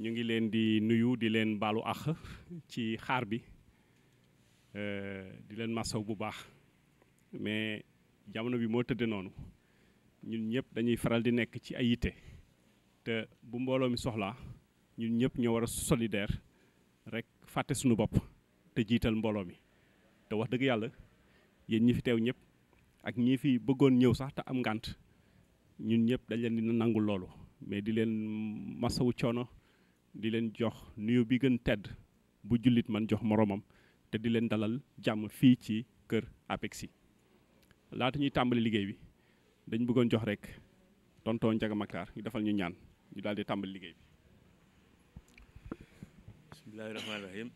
ñu ngi leen di nuyu di leen balu ax ci xaar bi euh, di leen massaw bu baax mais jamono bi moo tëdde noonu ñun ñëpp dañuy faral di nekk ci ay yite te bu mbooloo mi soxlaa ñun ñëpp ñoo war a solidaire rek fàtte suñu bopp te jiital mbooloo mi te wax dëgg yàlla yéen ñi fi teew ñëpp ak ñi fi bëggoon ñëw sax te am ngànt ñun ñëpp dañ leen di nangul loolu mais di leen masawu coono di leen jox nuyu bi gën tedd bu jullit man jox moromam te di leen dalal jàmm fii ci kër APEXI laata ñuy tàmbali liggéey bi dañ bëggoon jox rek tonton jaga Mactar ñu defal ñu ñaan ñu daal tàmbali liggéey bi bismillahi rahmaani rahim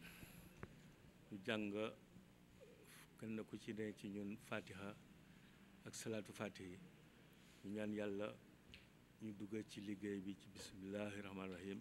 ñu jàng kenn ku ci ne ci ñun fatiha ak salaatu fatiha ñu ñaan yàlla ñu dugg ci liggéey bi ci bismillahi rahmaani rahim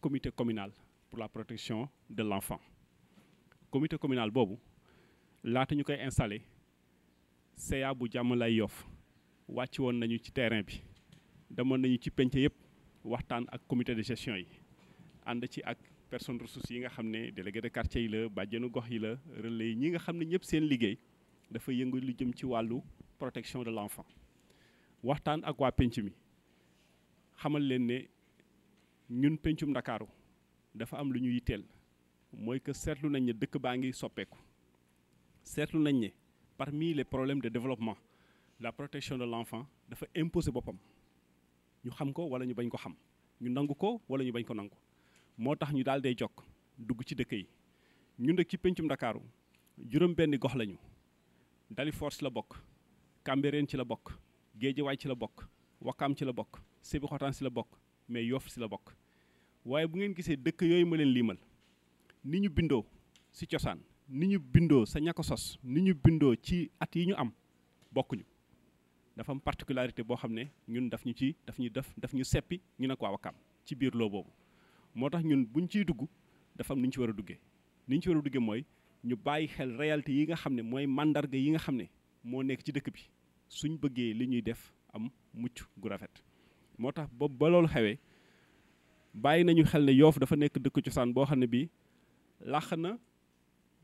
comité communal pour la protection de l'enfant. comité communal Bobo, laata ñu installé C'est bu jàmm lay yof wàcc woon nañu ci terrain bi demoon nañu ci penc yëpp waxtaan ak comité de gestion yi ànd ci ak personne ressources yi nga xam ne délégué de quartier le la bàjjenu gox yi la relais yi nga xam ne ñëpp seen liggéey dafa yëngu lu jëm ci protection de l'enfant. enfant waxtaan ak waa penc mi xamal leen ñun pencum dakaru dafa am lu ñu yitteel mooy que nañ ne dëkk baa ngi soppeeku nañ ne parmi les problèmes de développement la protection de l'enfant dafa imposer boppam ñu xam ko wala ñu bañ ko xam ñu nangu ko wala ñu bañ ko nangu moo tax ñu daal day jokk dugg ci dëkk yi ñun ci pencum dakaru juróom nous gox lañu dali la Wakam ci la la mais la waaye bu ngeen gisee dëkk yooyu ma leen liimal ni ñu bindoo si cosaan ni ñu bindoo sa ña sos ni ñu bindoo ci at yi ñu am bokkuñu dafa am particularité boo xam ne ñun daf ñu ci daf ñu def daf ñu seppi ñu ne ko waa Wakaam ci biir loo boobu moo tax ñun buñ ciy dugg dafa am ni ñu ci war a duggee ni ñu ci war duggee mooy ñu bàyyi xel réalité yi nga xam ne mooy màndarga yi nga xam ne moo nekk ci dëkk bi suñ bëggee li ñuy def am mucc gu rafet moo tax boobu ba loolu xewee bàyyi nañu xel ne yoof dafa nekk dëkk cosaan boo xam ne bii làq na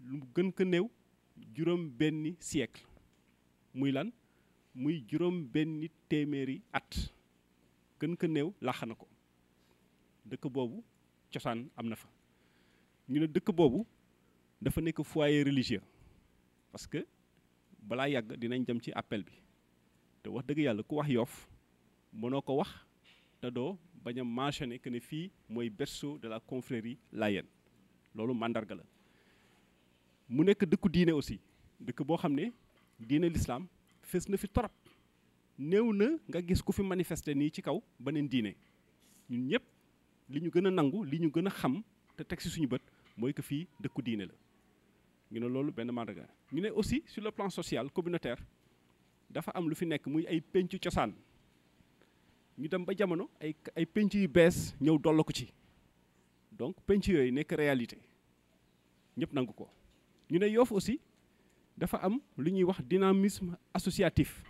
lu gën ko néew juróom benni siècle muy lan muy juróom benni téeméeri at gën ko néew làq na ko dëkk boobu cosaan am na fa ñu ne dëkk boobu dafa nekk foyer religieux parce que balaa yàgg dinañ jëm ci appel bi te wax dëgg yàlla ku wax yoof mënoo ko wax te doo bañ a mentionné que ne fi moy berceau de la confrérie layène lolu mandarga la mu nek dëkku diiné aussi dëkk bo xamné diiné l'islam fess na fi torop newna nga gis ku fi manifester ni ci kaw beneen diiné ñun ñep li ñu gëna nangu li ñu gëna xam te teg si suñu bëtt moy que fi dëkku diiné la ñu ne lolu benn mandarga ñu né aussi sur le plan social communautaire dafa am lu fi nek muy ay penchu cosaan ñu dem ba jamono ay ay penc yu bees ñëw dollo ko ci donc penc yooyu nekk réalité ñëpp nangu ko ñu ne Yoff aussi dafa am lu ñuy wax dynamisme associatif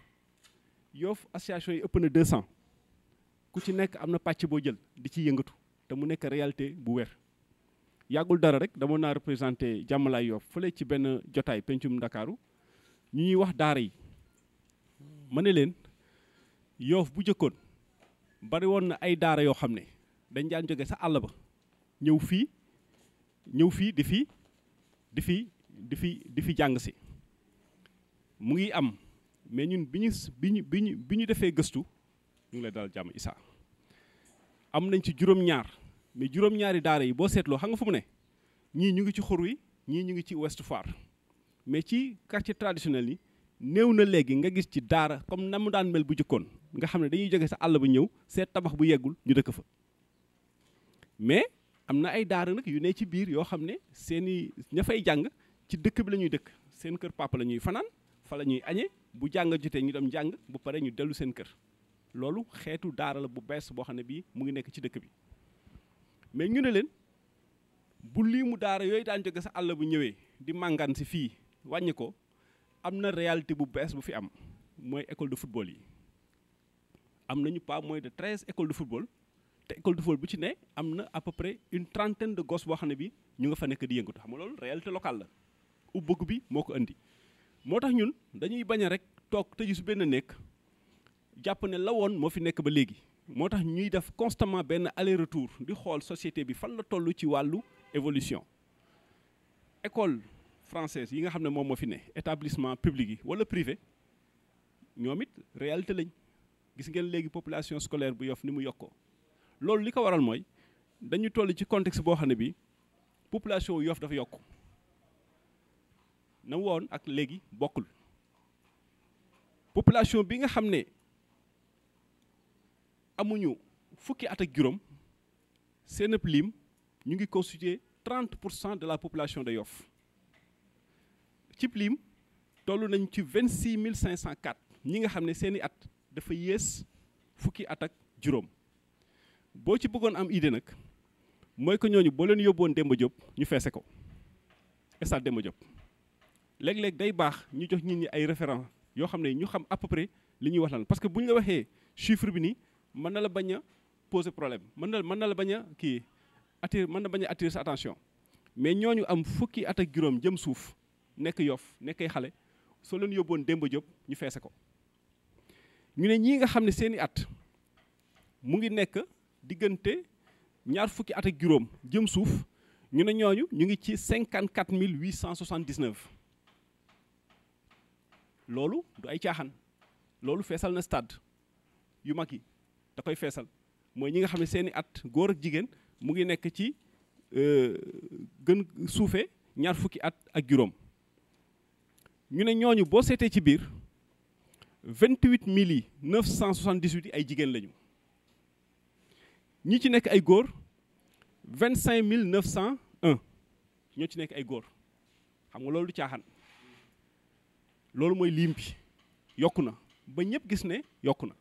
Yoff association yi ëpp na 200 ku ci nekk am na pàcc boo jël di ci yëngatu te mu nekk réalité bu wér yàggul dara rek dama naa représenté jàmmalaay Yoff fële ci benn jotaay pencum Ndakaaru ñu ñuy wax daara yi ma ne leen Yoff bu jëkkoon bari woon na ay daara yoo xam ne dañ daan jóge sa àll ba ñëw fii ñëw fii di fi di fi di fi di fi jàng si mu ngi am mais ñun bi ñu bi ñu bi ñu defee gëstu ñu ngi lay dal jàmm Issa am nañ ci juróom-ñaar mais juróom-ñaari daara yi boo seetloo xam nga fu mu ne ñii ñu ngi ci xur wi ñii ñu ngi ci Ouest Foire mais ci quartier traditionnel yi néew na léegi nga gis ci daara comme na mu daan mel bu jëkkoon nga xam ne dañuy jóge sa àll ba ñëw seet tabax bu yeggul ñu dëkk fa mais am na ay daara yu ne ci biir yoo xam ne seen i ña fay jàng ci dëkk bi la ñuy dëkk seen kër papa la ñuy fa la ñuy bu jàng jotee ñu dem jàng bu pare ñu dellu seen kër loolu xeetu daara la bu bees boo xam bi mu ngi nekk ci dëkk bi mais ñu ne leen bu lii daara yooyu daan sa àll bu ñëwee di màngaan si fi wàññi ko amna reality réalité bu bes bu fi am moy école de football yi am nañu pas moins de 13 écoles de football te école de football bu ci ne am na à peu près une trentaine de gosses boo xam ne bi ñu nga fa nekk di yëngatu xam nga loolu réalité locale la ubbëgg bi moo ko indi moo tax ñun dañuy bañ a rek toog tëju su benn nekk jàpp ne la woon moo fi nekk ba léegi moo tax ñuy def constamment benn aller retour di xool société bi fan la toll ci wàllu évolution école française yi nga xam ne moom moo fi ne établissement public yi wala privé ñoom it réalité lañ gis ngeen léegi population scolaire bu yof ni mu yokkoo loolu li ko waral mooy dañu toll ci contexte boo xam ne bi population yof dafa yokk na woon ak léegi bokkul population bi nga xam ne amuñu fukki at ak juróom seen ëpp ñu ngi constitué 30 pour cent de la population de yof cib lim toll nañ ci mille cinq cent 504 ñi nga xam ne seeni at dafa yées fukki at ak juróom boo ci bëggoon am idée nag mooy que ñooñu boo leen yóbboon Demba Diop ñu feese ko stade Demba Diop léeg-léeg day baax ñu jox nit ñi ay référents yoo xam ne ñu xam à peu près li ñuy wax parce que buñ la waxee chiffre bi ni mën na la bañ a poser problème mën na mën na la bañ a kii attirer mën na bañ a attirer sa attention mais ñooñu am fukki at ak juróom jëm suuf nekk yof nekkay xale soo leen yóbboon Demba Diop ñu feese ko. ñu ne ñii nga xam ne seeni at mu ngi nekk diggante ñaar fukki at ak juróom jëm suuf ñu ne ñooñu ñu ngi ci cinquante quatre mille huit cent soixante dix neuf loolu du ay caaxaan loolu feesal na stade yu mag yi da koy feesal mooy ñi nga xam ne seeni at góor ak jigéen mu ngi nekk ci euh, gën suufee ñaar fukki at ak juróom ñu ne ñooñu boo seetee ci biir vingt-huit mille yi neuf cent soixante-dix-huit yi ay jigéen lañu ñi ci nekk ay góor vingt-cinq mille neuf ñoo ci nekk ay góor xam nga loolu du caaxaan loolu mooy lim bi yokku na ba ñëpp gis ne yokk na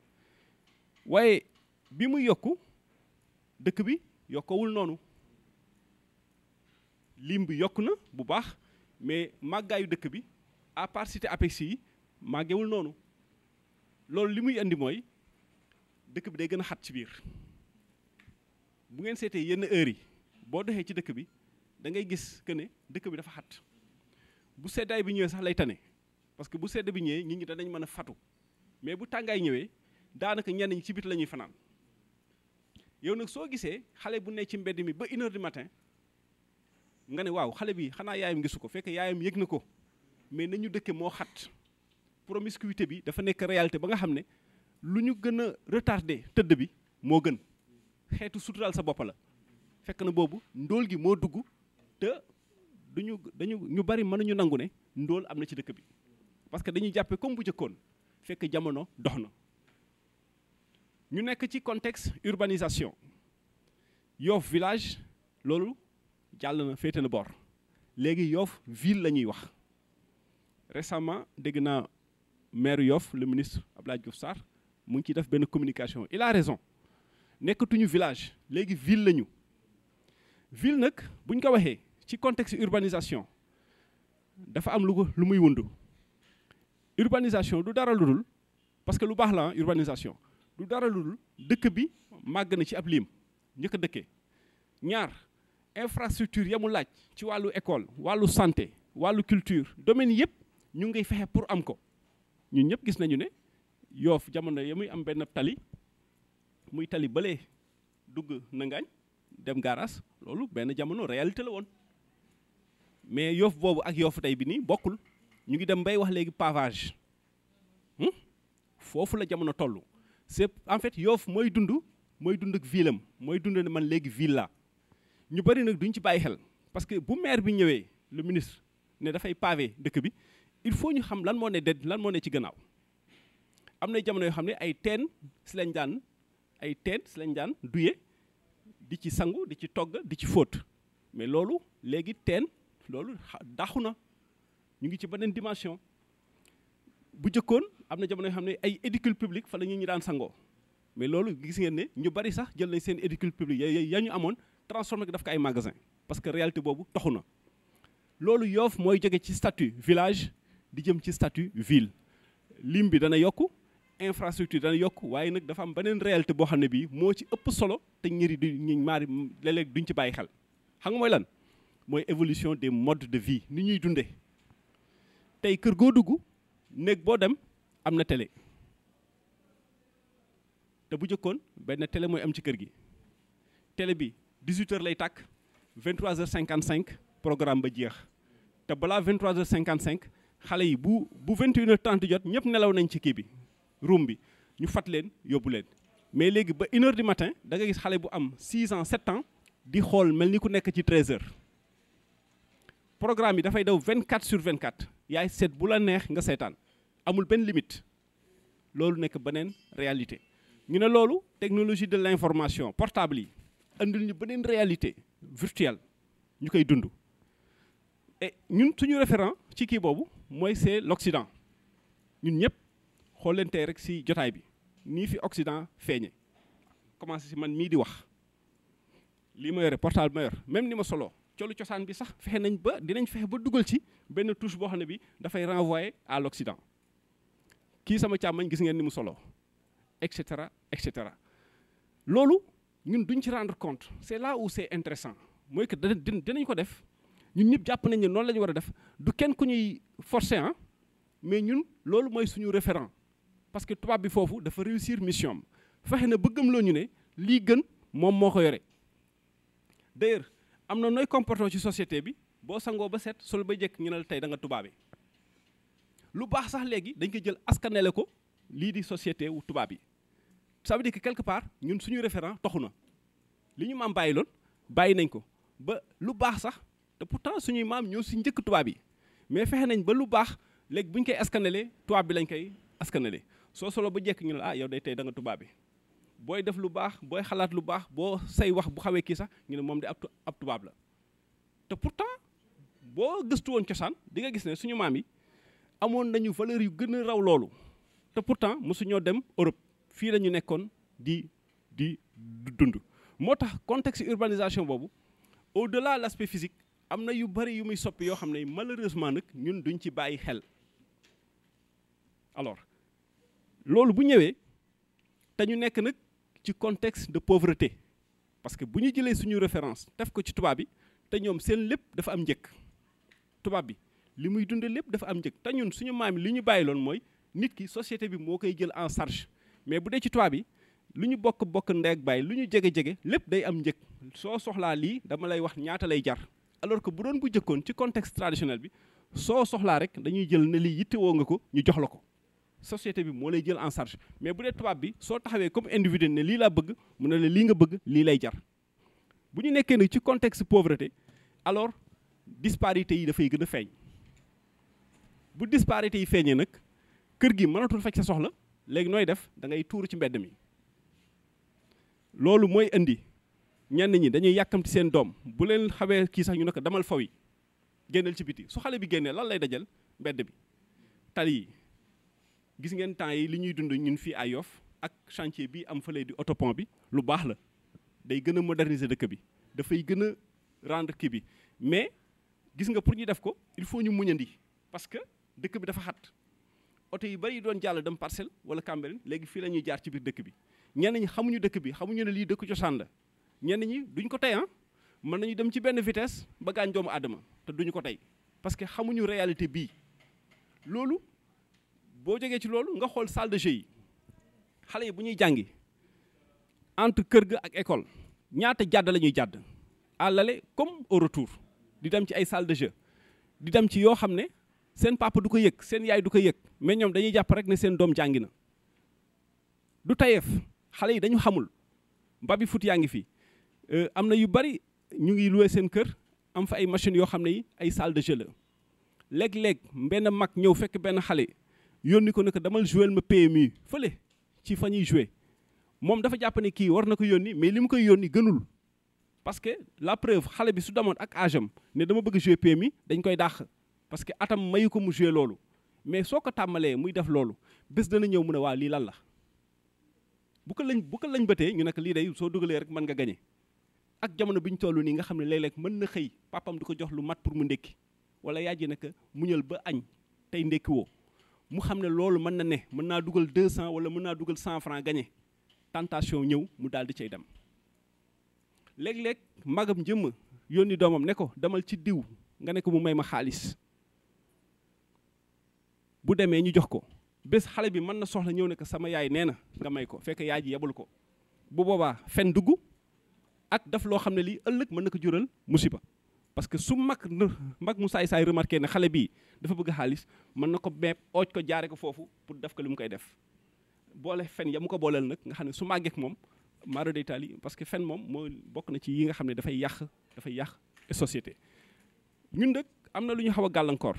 waaye bi muy yokku dëkk bi yokkowul noonu lim bi yokk na bu baax mais màggaayu dëkk bi à part cité APEX màggewul noonu loolu li muy andi mooy dëkk bi day gën a xat ci biir bu ngeen seetee yenn heures yi boo doxee ci dëkk bi da ngay gis que ne dëkk bi dafa xat bu seddaay bi ñëwee sax lay tane parce que bu sedd bi ñëwee nit ñi danañ mën a fatu mais bu tàngaay ñëwee daanaka ñenn ñi ci bit la ñuy fanaan yow nag soo gisee xale bu ne ci mbedd mi ba une matin nga ne waaw xale bi xanaa yaayam gisu ko fekk yaayam yëg na ko mais nañu dëkke moo xat promiscuité bi dafa nekk réalité ba nga xam ne lu ñu gën a retardé tëdd bi moo gën xeetu suturaal sa bopp la fekk na boobu ndóol gi moo dugg te duñu dañu ñu bari mënuñu nangu ne ndóol am na ci dëkk bi parce que dañuy jàppe comme bu jëkkoon fekk jamono dox na ñu nekk ci contexte urbanisation Yoff village loolu jàll na féete na boor léegi Yoff ville la ñuy wax récemment dégg naa maire Yoff le ministre Abdoulaye Diouf Sarr mu ngi def benn communication il a raison nekkatuñu village léegi ville lañu ville nag buñ ko waxee ci contexte urbanisation dafa am lu lu muy wundu urbanisation du dara lu parce que lu baax la ah, urbanisation du dara lu dul dëkk bi màgg na ci ab liim ñëkk dëkkee ñaar infrastructure ya laaj ci wàllu école wàllu santé wàllu culture domaine yépp ñu ngi fexe pour am ko ñu ñëpp gis nañu ne yoof jamono ya muy am benn tali muy tali balee dugg nangaañ dem gaaraas loolu benn jamono réalité la woon mais yoof boobu ak yoofu tey bi nii bokkul ñu ngi dem bay wax léegi pavage hmm? foofu la jamono toll c'est en fait yoof mooy dund mooy dund ak ville mooy dund ne man léegi ville ñu bëri nag duñ ci bàyyi xel parce que bu maire bi ñëwee lu ministre ne dafay pavé dëkk bi il faut ñu xam lan moo ne de lan moo ne ci gannaaw am na jamono yoo xam ne ay teen si lañ daan ay teen lañ daan duye di ci sangu di ci togg di ci fóot mais loolu léegi teen loolu daxu na ñu ngi ci beneen dimension bu jëkkoon am na jamono yoo xam ne ay édicule public fa la ñu ñu daan sangoo mais loolu gis ngeen ne ñu bari sax jël nañ seen édicule public ya ya ñu amoon transformé ko daf ko ay magasin parce que réalité boobu taxu na loolu yoof mooy jóge ci statut village di jëm ci statut ville lim bi dana yokk infrastructure dana yokk waaye nag dafa am beneen réalité boo xam ne bii moo ci ëpp solo te ñëri du ñu maari léeg-léeg duñ ci bàyyi xel xam nga mooy lan mooy évolution des modes de vie ni ñuy dundee tey kër goo dugg néeg boo dem am na télé te bu jëkkoon benn télé mooy am ci kër gi télé bi 18h lay tàkk 23h55 programme ba jeex te balaa 23h55 xale yi bu bu 21h30 jot ñep nelaw nañ ci kii bi room bi ñu fat leen yóbbu leen mais léegi ba 1h du matin da nga gis xale bu am 6 ans 7 ans di xool mel ni ku nekk ci 13h programme yi dafay daw 24 sur 24 yaay set bu la neex nga seetaan amul benn limite loolu nekk beneen réalité. ñu ne loolu technologie de l'information portable yi andil ñu réalité virtuelle ñu koy dund et ñun suñu référent ci kii boobu moy c'est l'Occident ñun ñep xolenté rek si jotay bi ni fi Occident feeñe commencé si man mi di wax li ma yoré portal ma yor même ni ma solo ciolu ciosan bi sax fexé nañ ba dinañ fexé ba duggal ci benn touche bo xam bi da fay renvoyer à l'Occident ki sama càmmañ gis ngeen ni mu solo etc etc lolu ñun duñ ci rendre compte c'est là où c'est intéressant moy que dinañ ko def ñun ñëpp jàpp nañ ne noonu la ñu war a def du kenn ku ñuy forcer ah mais ñun loolu mooy suñu référent parce que tubaab bi foofu dafa réussir mission am fexe na bëggam loo ñu ne lii gën moom moo ko yore d'ailleurs am na nooy comportement ci société bi boo sangoo ba set sol ba jekk ñu ne la tey da nga tubaabe lu baax sax léegi dañ ko jël askanele ko lii di société wu tubaab yi ça veut dire que quelque part ñun suñu référent toxu na li ñu maam bàyyi loon bàyyi nañ ko ba lu baax sax te pourtant suñuy maam ñoo si njëkk tubaab yi mais fexe nañ ba lu baax léegi buñ ñu koy askanale tubaab bi lañ koy askanele soo solo ba jekk ñu ne ah yow day tey da nga tubaab bi booy def lu baax booy xalaat lu baax boo say wax bu xawee kii sax ñu ne moom di ab tubaab la te pourtant boo gëstu woon cosaan di nga gis ne suñu maam yi amoon nañu valeur yu gën a raw loolu te pourtant mosuñoo dem Europe fii lañu nekkoon di di dund moo tax contexte urbanisation boobu au-delà l'aspect physique am na yu bëri yu muy sopp yoo xam ne malheureusement nag ñun duñ ci bàyyi xel alors loolu bu ñëwee te ñu nekk nag ci contexte de povreté parce que bu ñu jëlee suñu référence def ko ci tubaab bi te ñoom seen lépp dafa am njëkk tubaab bi li muy dunde lépp dafa am njëkk te ñun suñu maam li ñu bàyyi loon mooy nit ki société bi moo koy jël en charge mais bu dee ci tubaab bi lu ñu bokk bokk ndeeg bàyyi lu ñu jege jege lépp day am njëkk soo soxlaa lii dama lay wax ñaata lay jar alors que bu doon bu jëkkoon ci contexte traditionnel bi soo soxlaa rek dañuy jël ne lii yittewoo nga ko ñu jox la ko société bi moo lay jël en charge mais bu dee tubaab bi soo taxawee comme individu ne lii laa bëgg mu ne la lii nga bëgg lii lay jar bu ñu nekkee nag ci contexte pauvreté alors disparité yi dafay gën a feeñ bu disparité yi feeñee nag kër gi mënatul faj sa soxla léegi nooy def da ngay tuur ci mbedd mi loolu mooy indi ñenn ñi dañuy yàkkamti seen doom bu leen xawee kii sax ñu ne ko damal faw yi génneel ci biti su xale bi génnee lan lay dajal mbedd bi tali gis ngeen temps yi li ñuy dund ñun fii ay Yoff ak chantier bi am fële di oto autopont bi lu baax la day gën a moderniser dëkk bi dafay gën a rendre kii bi mais gis nga pour ñu def ko il faut ñu muñandi parce que dëkk bi dafa xat oto yi bari yi doon jàll dem parcelle wala Cambérène léegi fii la ñuy jaar ci biir dëkk bi ñenn ñi xamuñu dëkk bi xamuñu ne lii dëkk cosaan la ñenn ñi duñ ko tey ah mën nañu dem ci benn vitesse ba gaañ doomu aadama te duñu ko tey parce que xamuñu réalité bii loolu boo jegee ci loolu nga xool salle yi xale yi bu ñuy jàngi entre kër ga ak école ñaata jàdd la ñuy jàdd à l'aller comme au retour di dem ci ay salle di dem ci yoo xam ne seen papa du ko yëg seen yaay du ko yëg mais ñoom dañuy jàpp rek ne seen doom jàngi na du tayeef xale yi dañu xamul mbabi fut yaa ngi fi am na yu bari ñu ngi loué seen kër am fa ay machine yoo xam ne yi ay salle de jeu la léeg-léeg benn mag ñëw fekk benn xale yónni ko ne ko damal jouer ma PMU fële ci fa ñuy jouer moom dafa jàpp ne kii war na ko yónni mais li mu koy yónni gënul parce que la preuve xale bi su demoon ak âge am ne dama bëgg jouer PMU dañ koy dàq parce que atam mayu ko mu jouer loolu mais soo ko tàmmalee muy def loolu bés dana ñëw mu ne waa lii lan la bu ko lañ bu ko lañ bëtee ñu nekk lii day soo dugalee rek mën nga gañe ak jamono bi ñu toll nii nga xam ne léeg-léeg mën na xëy pàppam di ko jox lu mat pour mu ndékki wala yaay ji naka muñal ba añ tey ndékki mu xam ne loolu mën na ne mën naa dugal 200 wala mën naa dugal 100 francs gagné tentation ñëw mu daal di cay dem léeg-léeg magam jëmm yónni doomam ne ko demal ci diw nga ne ko mu may ma xaalis bu demee ñu jox ko bés xale bi mën na soxla ñëw ne ko sama yaay nee na nga may ko fekk yaay ji yebul ko bu boobaa f dugg ak daf loo xam ne lii ëllëg mën na ko jural musiba parce que su mag mag mu saay saay remarqué ne xale bii dafa bëgg xaalis mën na ko meeb ooj ko jaare ko foofu pour def ko li mu koy def boole fen ya mu ko booleel nag nga xam ne su màggeek moom maaro day yi parce que fen moom mooy bokk na ci yi nga xam ne dafay yàq dafay yàq société ñun nag am na lu ñu xaw a gàllankoor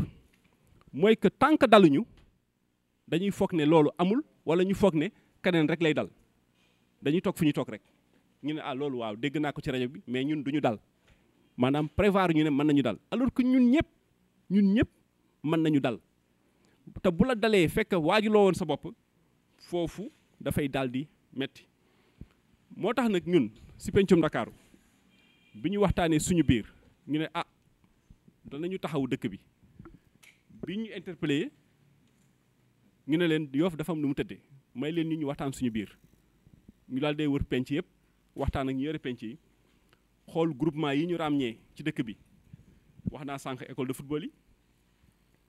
mooy que tant que daluñu dañuy foog ne loolu amul wala ñu foog ne keneen rek lay dal dañuy toog fu ñu toog rek ñu ne ah loolu waaw dégg naa ko ci rajo bi mais ñun duñu dal maanaam prévoir ñu ne mën nañu dal alors que ñun ñëpp ñun ñëpp mën nañu dal te bu la dalee fekk waajuloo woon sa bopp foofu dafay daal di metti moo tax nag ñun si pencum ndakaaru bi ñu waxtaanee suñu biir ñu ne ah danañu taxaw dëkk bi bi ñu interpellé ñu ne leen yoof dafa am nu mu tëddee may leen ñu ñu waxtaan suñu biir ñu daal day wër penc yëpp waxtaan ak ñi yore penc yi xool groupement yi ñu ràññee ci dëkk bi wax naa sànq école de football yi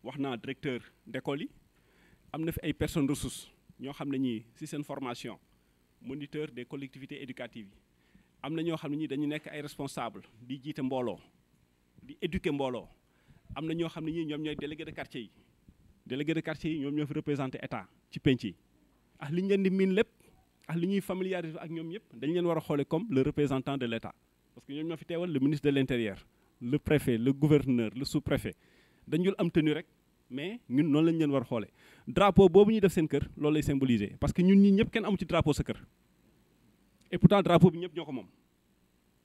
wax naa directeur d'école yi am na fi ay personne ressources ñoo xam ne ñii si seen formation moniteur des collectivités éducatives yi am na ñoo xam ne ñii dañu nekk ay responsable di jiite mbooloo di éduquer mbooloo am na ñoo xam ne ñii ñoom ñooy délégué de quartier yi délégué de quartier yi ñoom ñoo fi représenté état ci penc yi ah li ñu leen di miin lépp ak li ñuy familiariser ak ñoom yëpp dañ leen war a xoolee comme le représentant de l' état parce que ñoom ñoo fi teewal le ministre de l' intérieur le préfet le gouverneur le sous préfet dañul am tenue rek mais ñun noonu lañ leen war a xoolee drapeau boobu ñuy def seen kër loolu lay symboliser parce que ñun ñi ñëpp kenn amu ci drapeau sa kër et pourtant drapeau bi ñëpp ñoo ko moom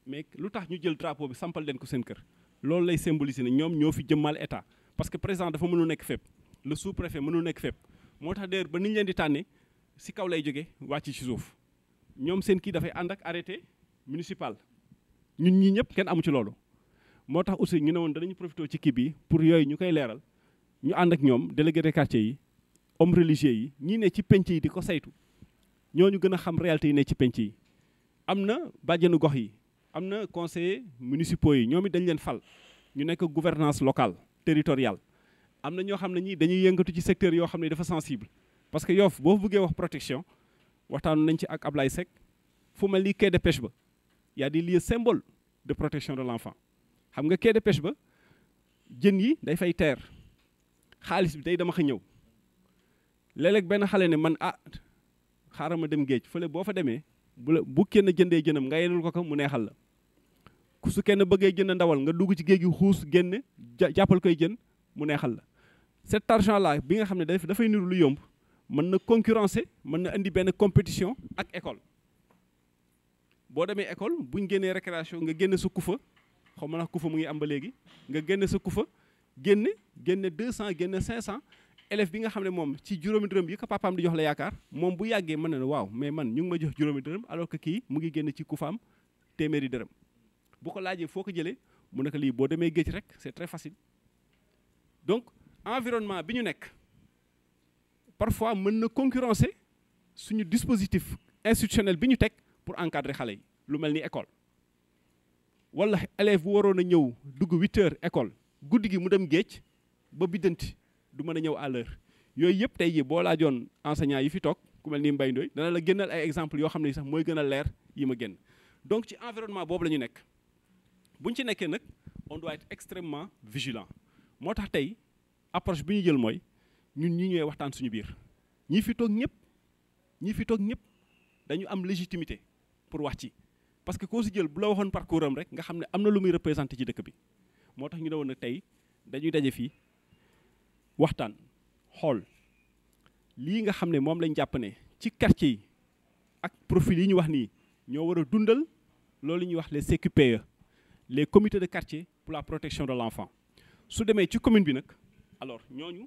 mais lu tax ñu jël drapeau bi sampal leen ko seen kër loolu lay symboliser ne ñoom ñoo fi jëmmal état parce que président dafa mënu nekk fépp le sous préfet mënu nekk fépp moo tax d'ailleurs ba ni ñu leen di tànnee si kaw lay jóge wàcc ci suuf ñoom seen kii dafay ànd ak arrêté municipal ñun ñii ñëpp kenn amu ci loolu moo tax aussi ñu ne woon danañu profité ci kii bi pour yooyu ñu koy leeral ñu ànd ak ñoom délégué de quartier yi homme religieux yi ñii ne ci penc yi di ko saytu ñooñu gën a xam réalité yi ne ci penc yi am na bàjjenu gox yi am na conseillers municipaux yi ñoom it dañ leen fal ñu nekk gouvernance locale territoriale am na ñoo xam ne ñii dañuy yëngatu ci secteur yoo xam ne dafa sensible parce que yof, boo bëggee wax protection waxtaanu nañ ci ak ablay Seck fu mel ni quai de pêche ba y a des lieux symboles de protection de l'enfant xam nga quai de pêche ba jën yi day fay teer xaalis bi day dama xa ñëw léeg-léeg benn xale ne man ah xaaral dem géej fële boo fa demee bu la bu kenn jëndee jënam nga yenul ko ko mu neexal la ku su kenn bëggee jënd ndawal nga dugg ci géej gi xuus génn jàppal koy jën mu neexal la cet argent là bi nga xam ne dafay niru lu yomb mën na concurrencer mën na indi benn compétition ak école boo demee école buñ génnee récréation nga génne sa kufa xawma ma ndax kufa mu ngi am ba léegi nga génne sa kufa génne génne 200 génne 500 élève bi nga xam ne moom ci juróomi dërëm yi ko papaam di jox la yaakaar moom bu yàggee mën na ne waaw mais man ñu ngi ma jox juróomi dërëm alors que kii mu ngi génne ci kufaam téeméeri dërëm bu ko laajee foo ko jëlee mu ne ko lii boo demee géej rek c'est très facile donc environnement bi ñu nekk parfois mën na concurrencer suñu dispositif institutionnel bi ñu teg pour encadrer xale yi lu mel ni école wala élève bu waroon a ñëw dugg 8 heures école guddi gi mu dem géej ba biddanti du mën a ñëw à l'heure yooyu yëpp tey jii boo laajoon enseignant yi fi toog ku mel ni Mbaye Ndoye dana la gënal ay exemple yoo xam ne sax mooy gën a leer yi ma génn donc ci environnement boobu la ñu nekk ci nekkee nag on doit être extrêmement vigilant moo tax tey approche bi ñu jël mooy ñun ñi ñooy waxtaan suñu biir ñi fi toog ñëpp ñi fi toog ñëpp dañu am légitimité pour wax ci parce que koo si jël bu la waxoon parcours am rek nga xam ne am na lu muy représenté ci dëkk bi moo tax ñu ne woon nag tey dañuy daje fii waxtaan xool lii nga xam ne moom lañ jàpp ne ci quartier yi ak profil yi ñu wax nii ñoo war a dundal loolu ñuy wax les CQPE les comités de quartier pour la protection de l'enfant su demee ci commune bi nag alors ñooñu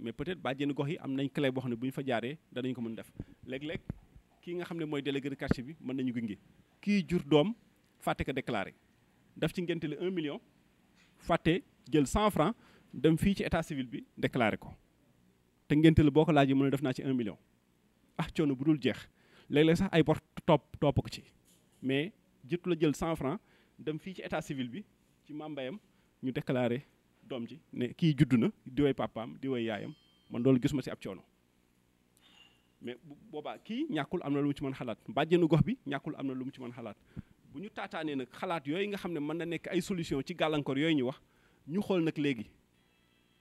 mais peut-être bàjjenu gox yi am nañ clé boo xam ne ñu fa jaaree danañ ko mën def léeg-léeg kii nga xam ne mooy délégué de quartier bi mën nañu gunge kii jur doom fàtte ko déclaré daf ci ngénte le un million fàtte jël 100 francs dem fii ci état civil bi déclaré ko te ngénte la boo ko laajee mën a def naa ci 1 million ah coono bu dul jeex léeg-léeg sax ay bor topp topp ko ci mais jëtu la jël 100 francs dem fii ci état civil bi ci mambayam ñu déclaré doom ji ne kii juddu na di way papaam di way yaayam man loolu gisuma si ab coono mais boobaa kii ñàkkul am na lu mu ci mën xalaat bàjjenu gox bi ñàkkul am na lu mu ci mën xalaat bu ñu taataanee nag xalaat yooyu nga xam ne mën na nekk ay solution ci gàllankoor yooyu ñu wax ñu xool nag léegi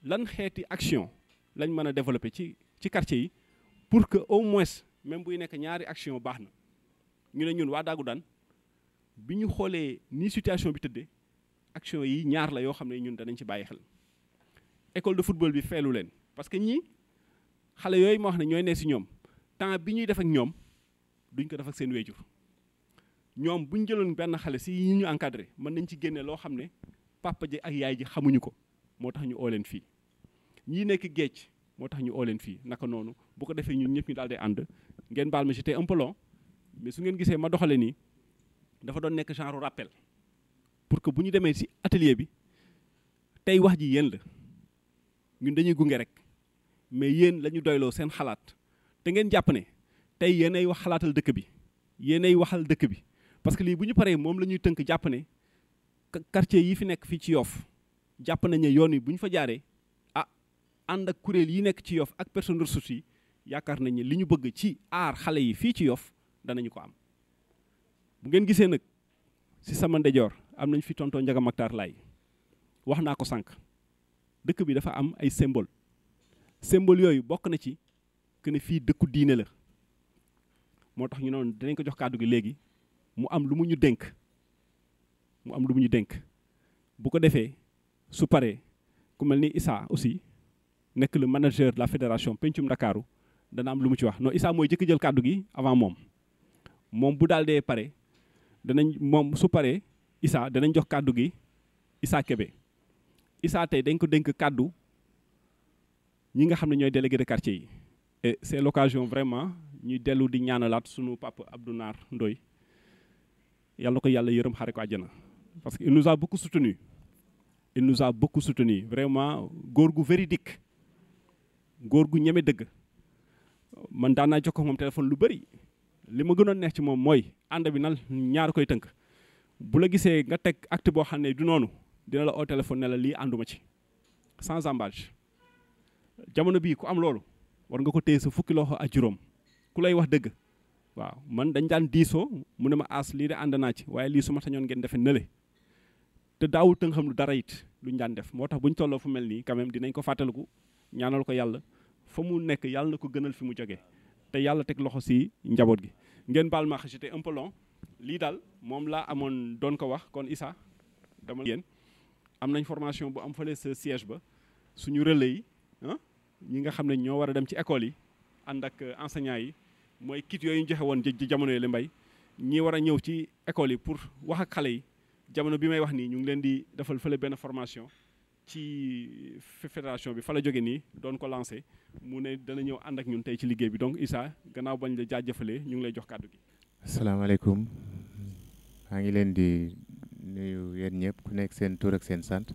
lan xeeti action lañ mën a développer ci ci quartier yi pour que au moins même buy nekk ñaari action baax na ñu ne ñun waa Dagoudane bi ñu xoolee nii situation bi tëddee action yi ñaar la yoo xam ne ñun danañ ci bàyyi xel école de football bi feelu leen parce que ñii xale yooyu ma wax ne ñooy ne si ñoom temps bi ñuy def ak ñoom duñ ko def ak seen wéjur ñoom buñ jëloon benn xale si ñu encadré mën nañ ci génne loo xam ne papa ji ak yaay ji xamuñu ko moo tax ñu oo leen fii ñii nekk géej moo tax ñu oo leen fii naka noonu bu ko defee ñun ñëpp ñu daal di ànd ngeen baal ma j'étais un peu mais su ngeen gisee ma doxale nii dafa doon nekk genre rappel pour que bu ñu demee si atelier bi tey wax ji yéen la ñun dañuy gunge rek mais yéen halat, tengen doyloo seen xalaat te ngeen jàpp ne tey yéenay wax xalaatal dëkk bi yéenay waxal dëkk bi parce que lii bu ñu paree moom la ñuy tënk jàpp ne quartier yi fi nekk fii ci yoof jàpp nañ ne yoon yi bu ñu fa jaaree ah ànd ak kuréel yi nekk ci yoof ak personne ressource yi yaakaar nañ ne li ñu bëgg ci aar xale yi fii ci yoof danañu ko am bu ngeen gisee nag si sama ndejoor am nañ fi tonton Ndiaga Mactar Laye wax naa ko sànq dëkk bi dafa am ay symbol symbole yooyu bokk na ci que ne fii dëkku diine la moo tax ñu noonu danañ ko jox kàddu gi léegi mu am lu mu ñu dénk mu am lu mu ñu dénk bu ko defee su paree ku mel ni Issa aussi nekk le manager de la fédération pencum Ndakaaru dana am lu mu ci wax noo Issa mooy jëkk jël kàddu gi avant moom moom bu daal dee pare danañ moom su paree Issa danañ jox kàddu gi Issa Kébé Issa tey dañ ko dénk kàddu ñi nga xam ne ñooy délégué de quartier yi e c'est l'occasion vraiment ñuy dellu di ñaanalaat sunu papa Abdou Naar Ndoy yàlla ko yàlla yërëm xare ko àjjana parce que il nous a beaucoup soutenu il nous vraiment góor gu dikk góor gu ñeme dëgg man daan naa jokkoo moom téléphone lu bëri li ma gën gënoon neex ci moom mooy ànd bi nal ñaar koy tënk bu la gisee nga teg act boo xam ne du noonu dina la oo téléphone ne la lii ànduma ci sans embâche jamono bii ku am loolu war nga ko téye sa fukki loxo ak juróom ku lay wax dëgg waaw man dañ daan diisoo mu ne ma aas lii de ànd naa ci waaye lii su ma sañoon ngeen defe nële te daawul tënk xam lu dara yit luñ daan def moo tax buñ tolloo fu mel nii quand dinañ ko ku ñaanal ko yàlla fa mu nekk yàlla na ko gënal fi mu jógee te yàlla teg loxo si njaboot gi ngeen baal ma j'étais un lii daal moom la amoon don ko wax kon Isa, dama yéen am nañ formation bu am fële sa siège ba suñu relais yi ah ñi nga xam ne ñoo war a dem ci école yi ànd ak euh, enseignants yi mooy kit yooyu ñu joxe ci jamono mbay ñi ci école yi pour wax ak yi jamono bi may wax nii ñu ngi leen di defal fële ben formation ci euh, fédération bi fala la jóge doon ko lancé mu ne dana ñëw ànd ak ñun tey ci liggéey bi donc isa gannaaw bañ la jaajëfalee ñu ngi lay jox gi asalaamaaleykum maa ngi leen di nuyu yéen ñëpp ku nekk seen tur ak seen sant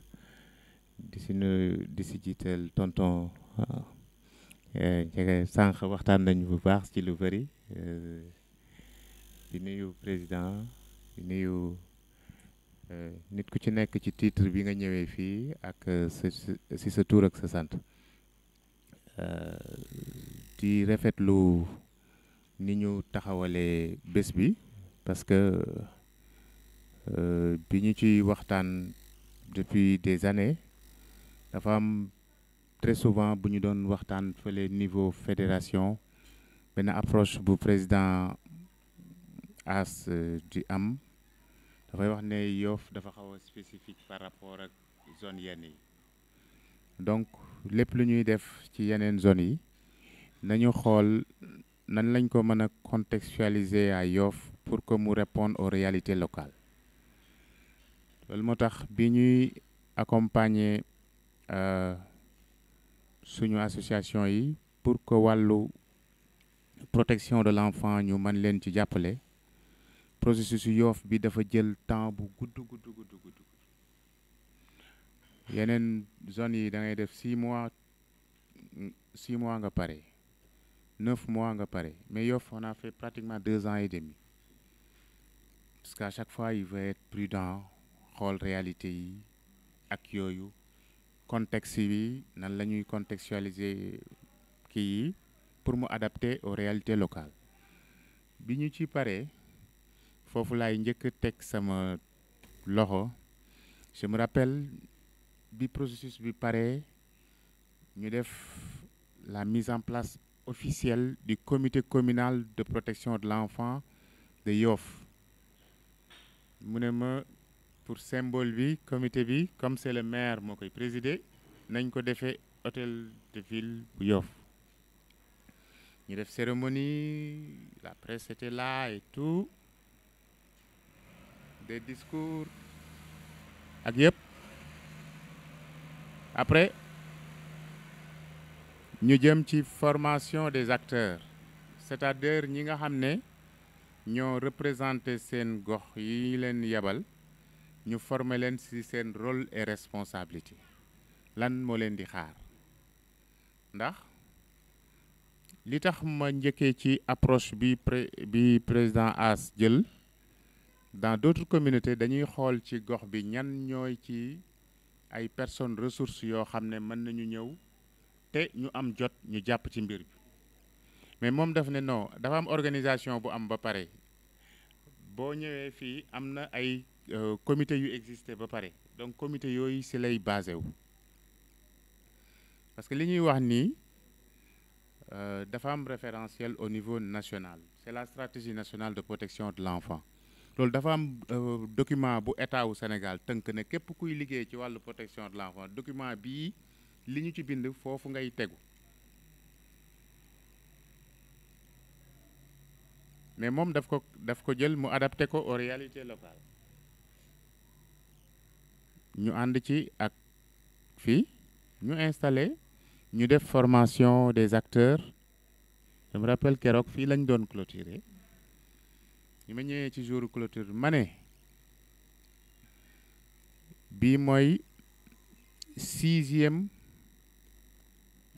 di si nuyu di si jiital tonton ah, eh, Ndiaga sànq waxtaan nañu bu baax ci lu bëri di nuyu président di nuyu eh, nit ku ci nekk ci titre bi nga ñëwee fii ak eh, sa si sa tur ak sa sant di rafetlu ni ñu taxawalee bés bi parce que euh, bi ñu ci waxtaan depuis des années dafa am très souvent bu ñu doon waxtaan fële niveau fédération benn approche bu président as euh, di am dafay wax ne Yoff dafa xaw a spécifique par rapport ak zone yenn yi donc lépp lu ñuy def ci yeneen zone yi nañu xool nous lañ ko contextualiser à pour que nous répondre aux réalités locales Nous avons euh, association pour que la protection de l'enfant ñu mën leen ci processus de bi dafa jël temps bu six mois six mois neuf mois nga Paris. mais on a fait pratiquement deux ans et demi parce qu'à chaque fois il faut être prudent rôle réalité accueil, contexte civil, la nuit contextualiser qui pour m'adapter adapter aux réalités locales Quand ci il faut que je me rappelle le processus bi nous la mise en place officiel du comité communal de protection de l'enfant de Yoff pour symbole vie comité vie comme c'est le maire qui préside. présider nous hôtel de ville bu Yoff ñu une cérémonie la presse était là et tout des discours après nous jëm ci formation des acteurs c'est-à-dire ñi nga avons représenter représenté seen gox yi leen yebal ñu former leen ci rôle et responsabilités. lan moo leen di xaar ndax li tax ma ci approche bi pré bi président As jël dans d'autres communautés nous avons ci gox bi ñan ñoy ci ay personnes ressources yo xamné ne mën nañu ñëw nous ñu am jot ñu mais mom daf non dafa am organisation bu am ba euh, comité yu donc comité basé parce que li ñuy wax euh, avons référentiel au niveau national c'est la stratégie nationale de protection de l'enfant loolu dafa am euh, document bu état au Sénégal tënk ne képp kuy liggéey ci la protection de l'enfant document bi liñu ci bind foofu ngay tegu mais moom daf ko daf ko jël mu adapté ko au réalité locale ñu ànd ci ak fii ñu installé ñu def formation des acteurs je me rappelle keroog fii lañ doon clôturer ñu ma ñëwee ci jour clôture ma ne bii mooy sixième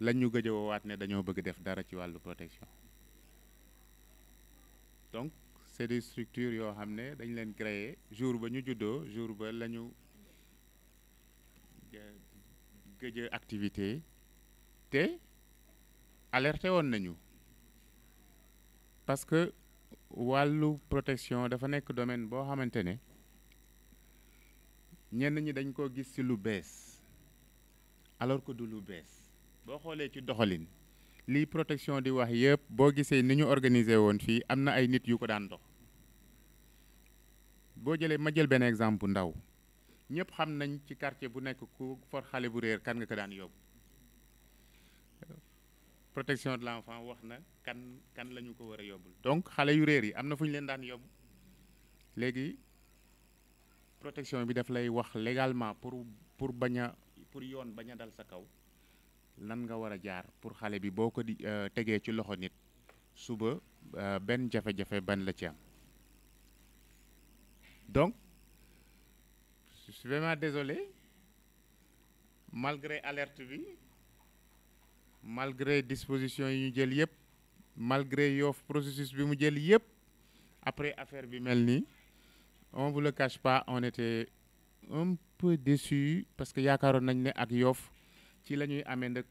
nous avons besoin de faire de la protection donc c'est des structures yoo xam ne dañ leen créer jour ba ñu le jour où nous avons des activités activité te alerté woon parce que la protection dafa un domaine qui xamante ne maintenu. Nous, dañ ko gis ci lu alors que du lu boo xoolee ci doxalin lii protection di wax yëpp boo gisee ni ñu organiser woon fii am na ay nit yu ko daan dox boo jëlee ma jël benn exemple ndaw ñëpp xam nañ ci quartier bu nekk ku for xale bu réer kan nga ko daan yóbbu protection de l'enfant wax na kan kan lañu ko war a yóbbul donc xale yu réer yi am na fu ñu leen daan yóbbu léegi protection bi daf lay wax légalement pour pour bañ a pour yoon bañ a dal sa kaw lan nga war a jaar pour xale bi boo ko di euh, tegee ci loxo nit suba euh, benn jafe-jafe ban la ci am donc je suis vraiment désolé malgré alerte bi malgré disposition yi ñu jël yépp malgré yoof processus bi mu jël yépp après affaire bi mel nii on vous le cache pas on était un peu déçu parce que yaakaaroon nañ ne ak yoof ci lañuy amé amee nag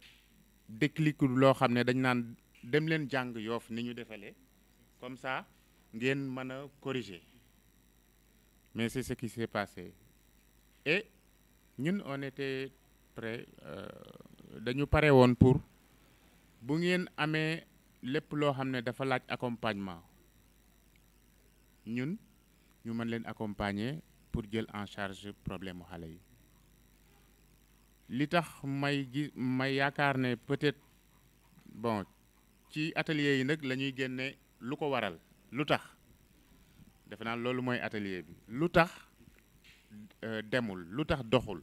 déclic loo xam dañ nan dem len jang yof ni ñu comme ça ngeen mëna corriger mais c'est ce qui s'est passé et ñun on était prêt euh, dañu paré won pour bu ngeen amé lépp lo xamné dafa laaj accompagnement ñun ñu mën leen accompagner pour jël en charge problème xalé yi li tax may gi may yaakaar ne peut-être bon ci atelier yi nag lañuy ñuy génne lu ko waral lu tax defe naa loolu mooy atelier bi lu tax euh, demul lu tax doxul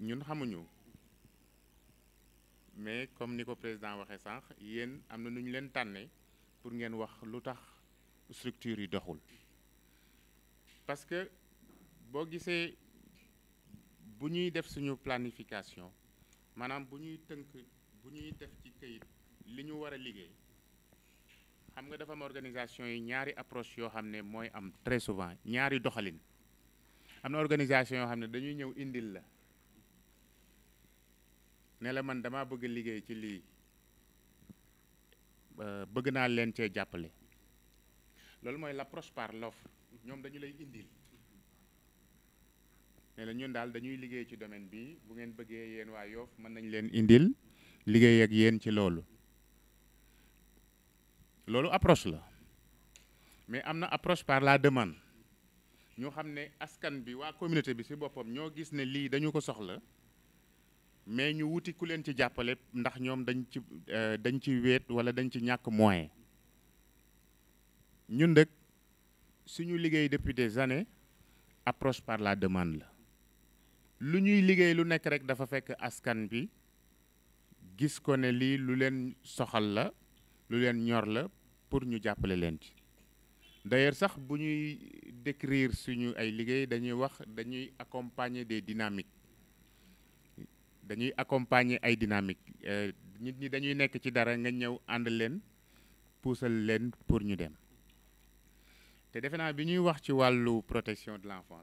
ñun xamuñu mais comme ni ko président waxee sànq yéen am na nu ñu leen tànnee pour ngeen wax lu tax structure yi doxul parce que boo gisee bu ñuy def suñu planification maanaam bu ñuy tënk bu ñuy def ci këyit li ñu war a liggéey xam nga dafa am organisation yi ñaari approche yoo xam ne mooy am très souvent ñaari doxalin am na organisation yoo xam ne dañuy ñëw indil la ne la man damaa bëgg liggéey ci lii euh, bëgg naa leen cee jàppale loolu mooy l'approche par lof ñoom dañu lay indil ne ñun daal dañuy liggéey ci domaine bi bu ngeen bëggee yeen waa Yoff mën nañ leen indil liggéey ak yeen ci loolu loolu approche la mais am na approche par la demande ñu xam ne askan bi waa communauté bi si boppam ñoo gis ne lii dañu ko soxla mais ñu wuti ku leen ci jàppale ndax ñoom dañ ci euh, dañ ci wéet wala dañ ci ñàkk moyen ñun nag suñu liggéey depuis des années approche par la demande la lu ñuy liggéey lu nekk rek dafa fekk askan bi gis ko ne lu leen pour ñu leen d'ailleurs si bu ñuy décrire suñu ay liggéey dañuy wax accompagner des dynamiques dañuy accompagner ay dynamiques euh, nit ñi dañuy nekk ci dara pour nous dem protection de l'enfant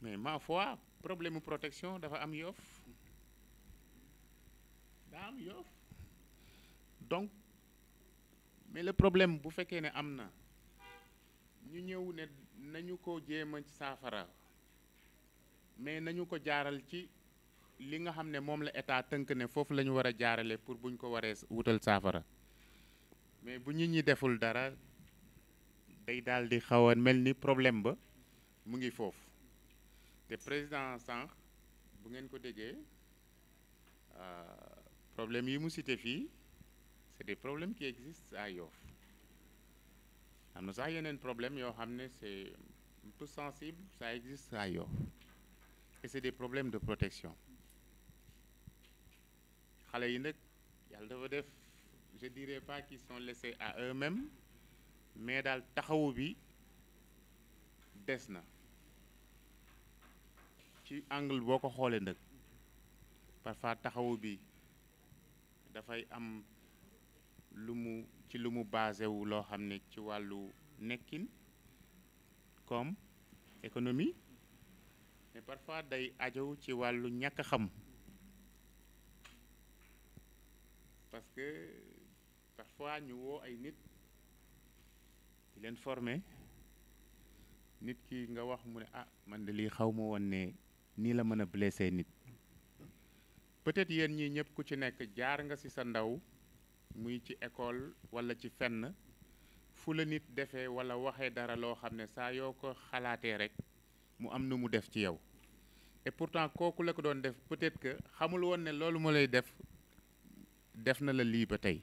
mais ma foi problème protection dafa am Yoff daa am Yoff donc mais le problème bu fekkee ne amna ñu ñew ne nañu ko jéem ci safara mais nañu ko jaaral ci li nga xam ne la état teunk ne fofu lañu wara war jaarale pour buñ ko waré wutal safara mais bu nit ñi deful dara day daal di xaw problème ba mu ngi fofu des président sans bu problèmes euh, problème yi c'est des problèmes qui existent à Nous Nous problème c'est sensible ça existe ailleurs. et c'est des problèmes de protection Je ne dirais pas qu'ils sont laissés à eux-mêmes mais dans le bi Desna. ci angle boo ko xoolee nag parfois taxawu bi dafay am lu mu ci lu mu basé wu loo xam ne ci wàllu nekkin comme économie mais parfois day ajowu ci wàllu ñàkk xam parce que parfois ñu woo ay nit di leen former nit ki nga wax mu ne ah man de lii xaw ma woon ne ni la mën blessé nit peut-être yéen ñi ñëpp ku ci nekk jaar nga ci sa ndaw muy ci école walla ci fenn fu la nit défé walla waxé dara lo xamné ne saa ko xalaatee rek mu am nu mu def ci yow et pourtant koku la ko doon def peut-être que xamul won né loolu mo lay def def na la li ba tay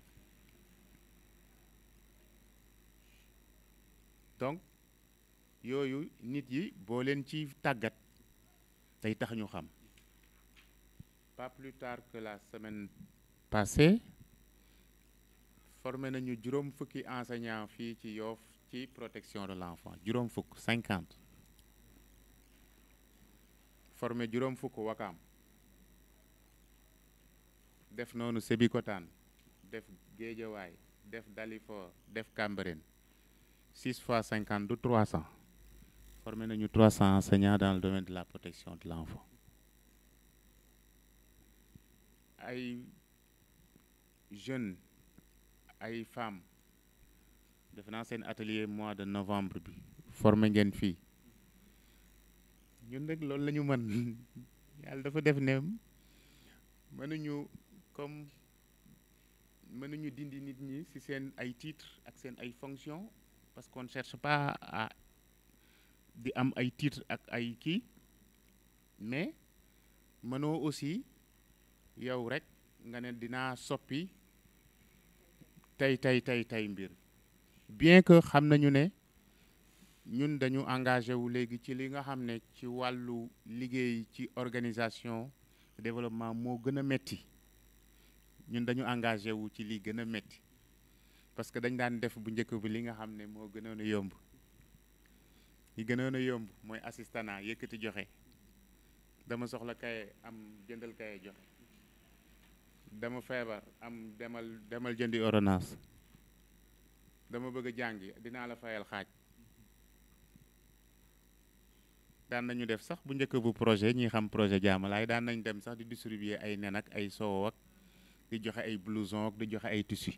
donc yooyu nit yi boo leen ci tàggat day tax ñu xam pas plus tard que la semaine passée formé nañu juróom fukki enseignant fii ci Yoff ci protection de l'enfant juróom fukk cinquante formé juróom fukk Wakaam def noonu Sébikotane def Guédiawaye def dalifo def Cambérène six fois cinquante du trois cents formé nous 300 enseignants dans le domaine de la protection de l'enfant ay jeunes ay femmes def naa seen atelier mois de novembre bi formé fille. Nous, ñun rek loolu la ñu mën yàlla dafa def comme mënuñu dindi nit ñi ci seen ay titres ak seen ay parce qu'on ne cherche pas à di am ay titre ak ay kii mais mënoo aussi yow rek nga ne dinaa soppi tey tey tey tey mbir bien que xam nañu ne ñun dañu engagé wu léegi ci li nga xam ne ci wàllu liggéey ci organisation développement moo gën a metti ñun dañu engagé wu ci li gën a metti parce que dañ daan def bu njëkk bi li nga xam ne moo gënoon a yomb yi gënoon a yomb mooy assistana yëkkati joxe dama soxla kaye am jëndal kaye joxe dama feebar am demal demal jëndi ordonnance dama bëgg a jàngi dinaa la fayal xaaj daan nañu def sax bu njëkk bu projet ñi xam projet jaamalaay daan nañ dem sax di distribuer ay nen ak ay soow di joxe ay blouson ak di joxe ay tissus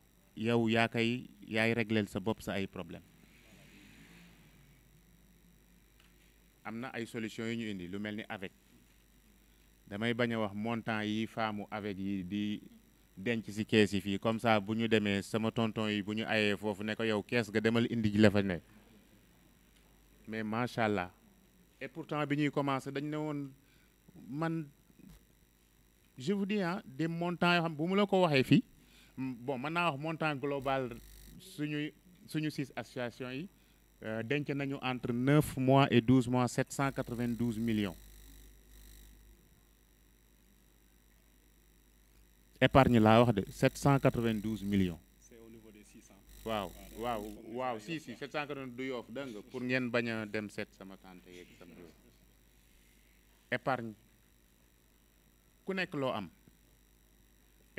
yow yaa koy yaay régleel sa bopp sa ay problème am na ay solution yu ñu indi lu mel ni avec damay bañ a wax montant yi faamu avec yi di denc si kees yi fii comme ça bu ñu demee sama tonton yi bu ñu ayee foofu ne ko yow kees ga demal indi ji la fa ne mais macha allah et pourtant bi ñuy commencé dañ ne woon man je vous dis ah des montants yoo xam bu mu la ko waxee fii bon maintenant le montant global suñu suñu six associations yi euh, entre 9 mois et 12 mois 792 millions épargne là wax 792 millions c'est au niveau des 600 wow, wow, wow, si si 792 yof pour pour ngeen baña dem 7 sama tante yek sama épargne ku nek que am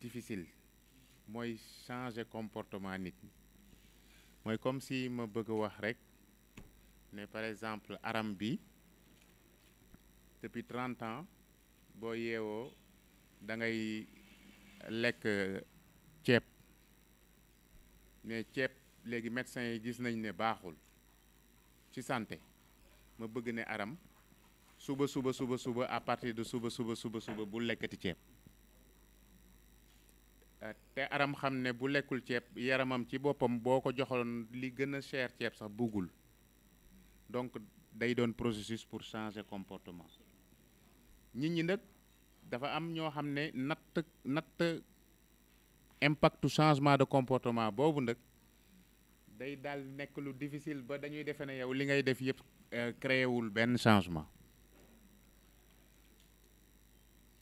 difficile Moi, changer comportement nit comportement. comme si je bëgg Mais par exemple Arambi, depuis 30 ans boyeo, dans da ngay lekk mais les médecins disent gis ne suis santé Je aram suba suba suba suba à partir de suba suba suba suba bul te aram xam ne bu lekkul ceeb yaramam ci boppam boo ko joxoon li gën a cher ceeb sax buggul donc day doon processus pour changer comportement nit ñi nag dafa am ñoo xam ne natt natt impactu changement de comportement boobu nag day daal nekk lu difficile ba dañuy defe ne yow li ngay def yëpp euh, créé wul benn changement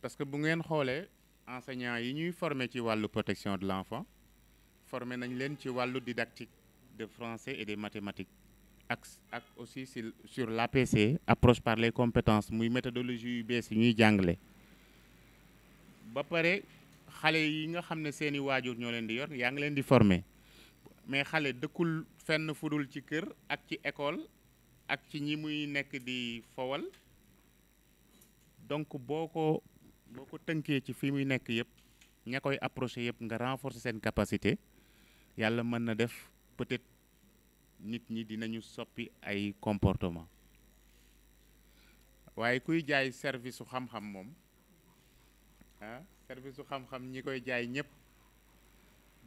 parce bu ngeen xoolee enseignants yi ñuy former ci walu protection de l'enfant former nañ leen ci walu didactique de français et de mathématiques ak aussi sur l'APC approche par les compétences muy méthodologie yu bees yi ñuy jàngale ba paré xalé yi nga xamné seeni wajur ñoo leen di yor yaa ngi leen di former mais xalé dëkkul fenn fudul ci kër ak ci école ak ci ñi muy nekk di fowal donc boko boo ko tënkee ci fi muy nekk yëpp ña koy approché yëpp nga renforcer seen capacité yàlla mën na def peut-être nit ñi dinañu soppi ay comportement waaye kuy jaay service su xam-xam moom ah service su xam-xam ñi koy jaay ñëpp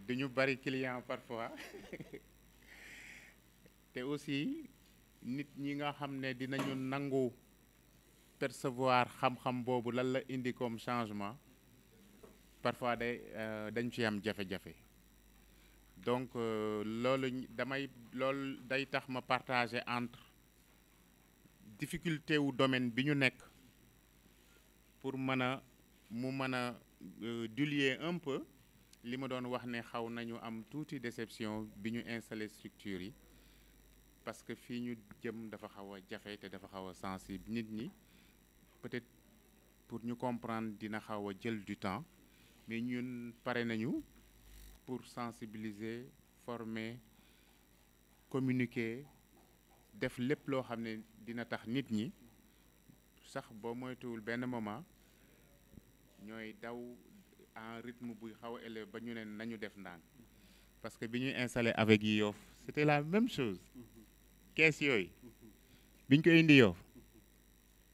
duñu bari client parfois te aussi nit ñi nga xam ne dinañu nangu percevoir xam-xam bobu lan la indi comme changement parfois day euh, dañ ci am jafé jafé donc euh, loolu damay loolu day tax ma partager entre difficulté ou domaine biñu nek pour mën mu mën euh, dulier un peu li ma doon wax ne xaw nañu am tuuti déception bi ñu installé structure yi parce que fii ñu jëm dafa xaw a jafe te dafa xaw a sensible nit ñi peut-être pour nous comprendre dina xaw a du temps mais ñun paré nañu pour sensibiliser former communiquer def lepp lo xamné dina tax nit ñi sax bo moytuul ben moment ñoy daw en rythme bu xaw a ba ñu nañu def ndang parce que bi installé avec yi c'était la même chose quest mm-hmm. yoy biñ ko indi yoof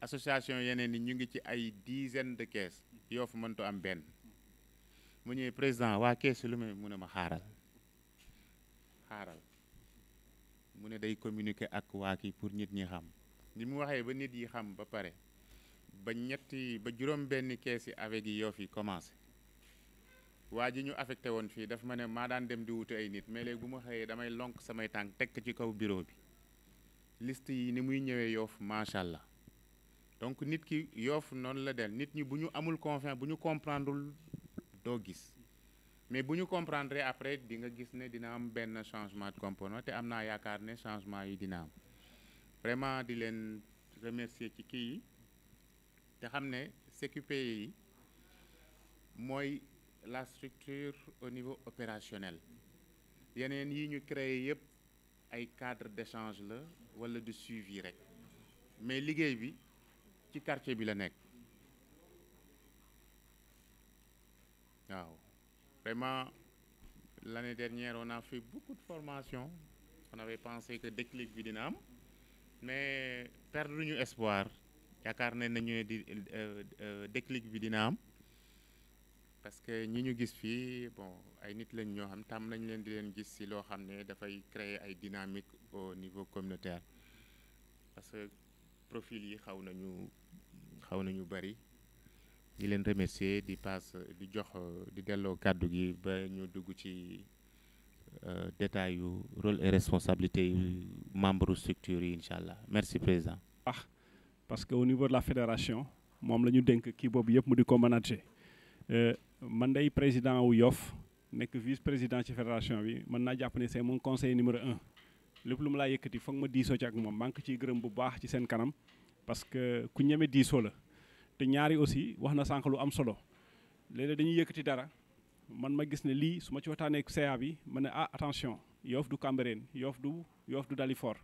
association yeneen yi ñu ngi ci ay dizaine de caisse yoo fa mëntu am benn mu ñëwee président waa caisse lu may mu ne ma xaaral xaaral mu ne day communiquer ak waa kii pour nit ñi xam ni mu waxee ba nit yi xam ba pare ba ñetti ba juróom benn kees yi avec yi yoo fi commencé waa ji ñu affecté woon fii daf ma ne maa daan dem di wute ay nit mais léegi bu ma xëyee damay lonk samay tànk tekk ci kaw bureau bi list yi ni muy ñëwee yoof macha allah donc nit ki yof non la del nit ñi buñu amul confiance buñu comprendre do gis mais buñu comprendre après di nga gis ne dina am ben changement de comportement té amna naa ne changement yi dina am vraiment di leen remercier ci ki té xamné xam ne yi moy la structure au niveau opérationnel yeneen yi ñu créer yépp ay cadre d'échange la wala de suivi rek mais liggéey bi quartier bi vraiment l'année dernière on a fait beaucoup de formations on avait pensé que déclic bi dina mais perdre ñu espoir yakar ne nañu di euh, euh, déclic bi dina parce que ñi ñu gis fi bon ay nit lañ ñoo xam tam nañ leen di leen gis ci créer ay dynamique au niveau communautaire parce que profil yi xaw nañu xaw ñu bari di leen remercier di passe di jox di delloo kàddu gi ba ñu dugg ci euh, détail yu rôle et responsabilité yu membre structure yi incha allah merci président ah parce que au niveau de la fédération moom la ñu dénk kii boobu yëpp mu di ko manager euh, man day président wu yof nekk vice président ci fédération bi mën naa jàpp ne c'est mon conseiller numéro 1 lépp lu mu laa yëkkati foog ma diisoo ci ak moom maa ngi ko gërëm bu baax ci seen kanam parce que ku ñeme diisoo la te ñaari aussi wax na sànq lu am solo léeg-léeg dañuy yëkkati dara man ma gis ne lii su ma ci waxtaanee CA bi ma ne ah attention Yoff du Cambérène yoof du Yoff du Dalifort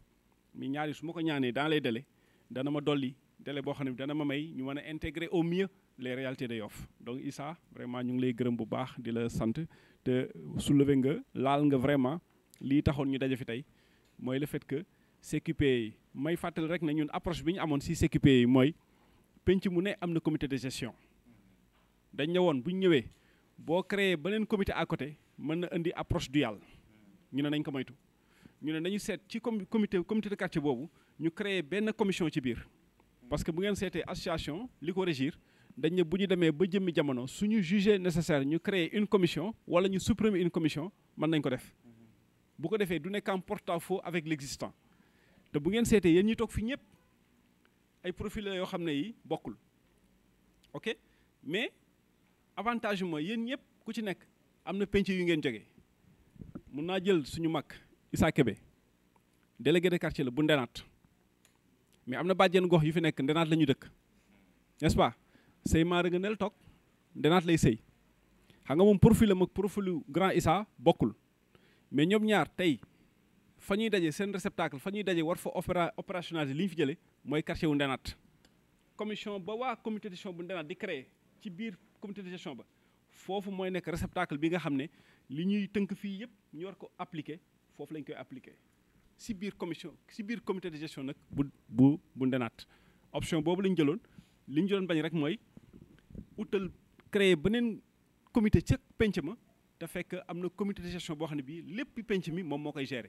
mi ñaari su ma ko ñaanee dans lay délais dana ma dolli délai boo xam ne bi dana ma may ñu mën a intégrer au mieux les réalités de Yoff donc Issa vraiment ñu ngi lay gërëm bu baax di la sant te soulever nga laal nga vraiment lii taxoon ñu daje fi tey mooy le fait que s'occuper may fàttali rek ne ñun approche bi ñu amoon si CQP yi mooy penc mu ne am na comité de gestion dañ ne bu ñu ñëwee boo créé beneen comité à côté mën na indi approche dual. ñu ne nañ ko moytu ñu ne nañu seet ci comité comité de quartier boobu ñu créé benn commission ci biir. parce que bu ngeen seetee association li ko régir dañ ne bu ñu demee ba jëmmi jamono suñu jugé nécessaire ñu créer une commission wala ñu supprimer une commission mën nañ ko def bu ko defee du nekk en porte-à-faux avec l'existant te bu ngeen seetee yéen ñi toog fii ñëpp ay profil yoo xam ne yi bokkul ok mais avantage ma yéen ñëpp ku ci nekk am na penc yu ngeen jógee mun naa jël suñu mag Issa Kébé délégué de quartier la bu ndenaat mais am na bàjjen gox yu fi nekk ndenaat la dëkk nest pas sëy maa nga nel toog ndenaat lay sëy xam nga moom profil am ak profilu grand Issa bokkul mais ñoom ñaar tey fa ñuy daje seen réceptacle fa ñuy daje war fa opéra opérationnaliser li ñu fi jëlee mooy quartier wu commission ba waa comité de gestion bu ndenaat di créer ci biir comité de gestion ba foofu mooy nekk réceptacle bi nga xam ne li ñuy tënk fii yëpp ñu war ko appliquer foofu lañ koy appliquer si biir commission si biir comité de gestion nag bu bu bu option boobu lañ jëloon li ñu jëloon bañ rek mooy utal créer beneen comité ca penc ma te fekk am na comité de gestion boo xam ne bii lépp penc mi moom moo koy gérer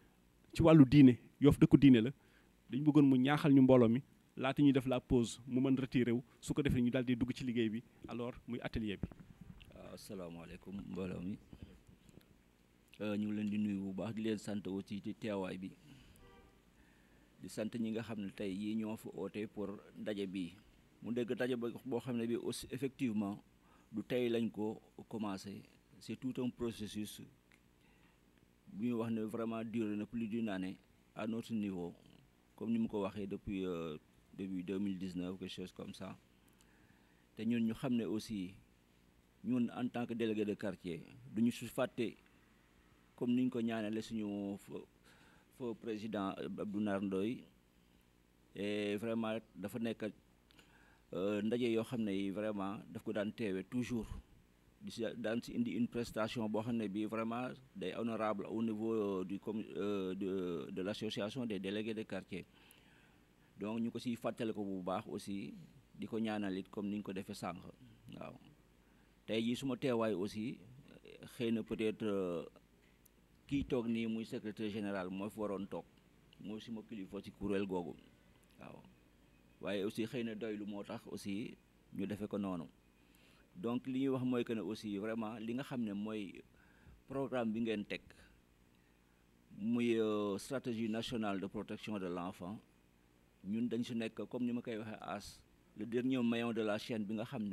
ci wàllu diine Yoff dëkku diine la dañ bëggoon mu ñaaxal ñu mbooloo mi laata ñuy def la pause mu mën retiré wu su ko defee ñu daal di dugg ci liggéey bi alors muy atelier bi. waaw ah, asalaamaaleykum mbooloo mi euh, ñu ngi leen di nuyu bu baax di leen sant aussi ci teewaay bi di sant ñi nga xam ne tey yii ñoo fa oote pour daje bi mu dégg daje ba boo xam ne bi aussi effectivement du tey lañ ko commencé c'est tout un processus. Nous avons vraiment duré plus d'une année à notre niveau comme ni mu ko depuis euh, début 2019 quelque chose comme ça té ñun ñu aussi ñun en tant que délégué de quartier nous nous su comme nous l'avons ko le suñu président Abdou Nar et vraiment dafa euh ndaje yo xamné vraiment daf ko daan toujours di si daan si indi une prestation boo xam ne bii vraiment day honorable au niveau euh, du com euh, de de l' association des délégués de quartier donc ñu ko siy fàttale ko bu baax aussi di ko ñaanalit comme ni ñu ko defee sànq waaw tey jii suma teewaay aussi xëy na peut-être euh, kii toog nii muy secretaire général mooy fi waroon toog moo suma kilifa si kuréel googu waaw waaye aussi xëy na doylu moo tax aussi ñu defe ko noonu donc ce ñuy wax que ne aussi vraiment li nga xam ne programme bi ngeen euh, stratégie nationale de protection de l'enfant nous, dañ comme nous ma koy le dernier maillon de la chaîne bi nga xam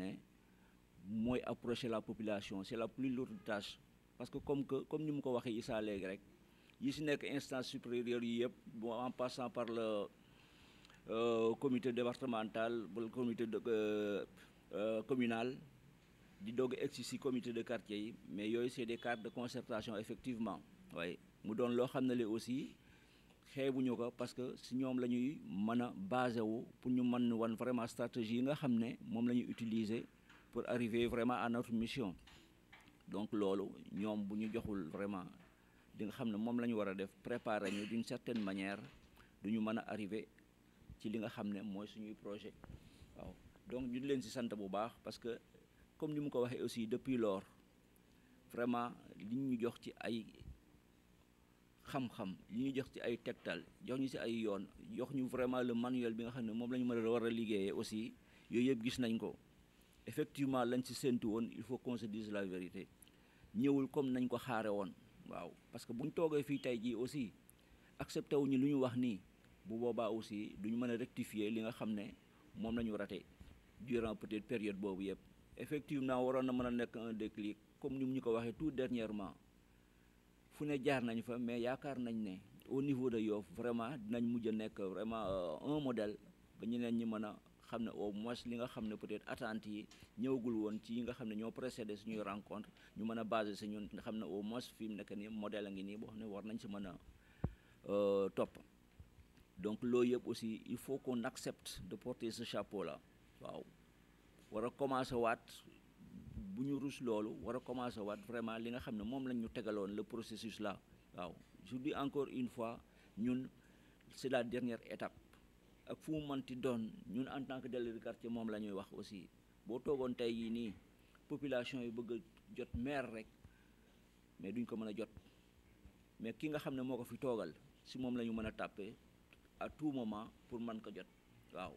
approcher la population c'est la plus lourde tâche parce que comme nous comme ni mu ko waxee isa léegi rek instance supérieure en passant par le euh, comité départemental le comité euh, communal di doog a egsi comité de quartier yi mais yooyu c'est des cartes de concertation effectivement waaye mu doon loo xam ne le aussi xeebuñu ko parce que si ñoom la ñuy mën a basé wu pour ñu mën wan vraiment stratégie yi nga xam ne moom la ñuy utiliser pour arriver vraiment à notre mission donc loolu ñoom bu ñu joxul vraiment di nga xam ne moom la ñu war a def préparer ñu d'une certaine manière du ñu mën a arriver ci li nga xam ne mooy suñuy projet waaw donc ñu di leen si sant bu baax parce que comme ni mu ko waxee aussi depuis lors vraiment li ñu jox ci ay xam-xam li ñu jox ci ay tegtal jox ñu ci ay yoon jox ñu vraiment le manuel bi nga xam ne moom la ñu mën a war a liggéeyee aussi yooyu yëpp gis nañ ko effectivement lañ ci séntu woon il faut qu'on la vérité ñëwul comme nañ ko xaare woon waaw parce que bu ñu toogee fii tey jii aussi accepté wuñu lu ñu wax nii bu boobaa aussi duñu mën a rectifier li nga xam ne moom la ñu raté durant peut-être période boobu yëpp effectivement waroon na mën a nekk un déclic comme ni mu ñu ko waxee tout dernièrement fu ne jaar nañ fa mais yaakaar nañ ne au niveau de yow vraiment dinañ mujj a nekk vraiment euh, un modèle ba ñeneen ñi mën a xam ne au moins li nga xam ne peut-être attentes yi ñëwagul woon ci yi nga xam ne ñoo précédé suñuy rencontre ñu mën a basé si ñun nga xam ne au moins fi mu nekk nii model a ngi nii boo xam ne war nañ si mën a euh, topp donc loo yëpp aussi il faut qu'on accepte de porter ce chapeau là waaw war a commencé waat bu ñu rus loolu war a commencé waat vraiment li nga xam ne moom lañ ñu tegaloon le processus là waaw je dis encore une fois ñun c'est la dernière étape ak fu mu mënti doon ñun en tant que délégué quartier moom la ñuy wax aussi boo toogoon tey yii nii population yi bëgg jot maire rek mais duñ ko mën a jot mais ki nga xam ne moo ko fi toogal si moom la ñu mën a tàppe à tout moment pour ko jot waaw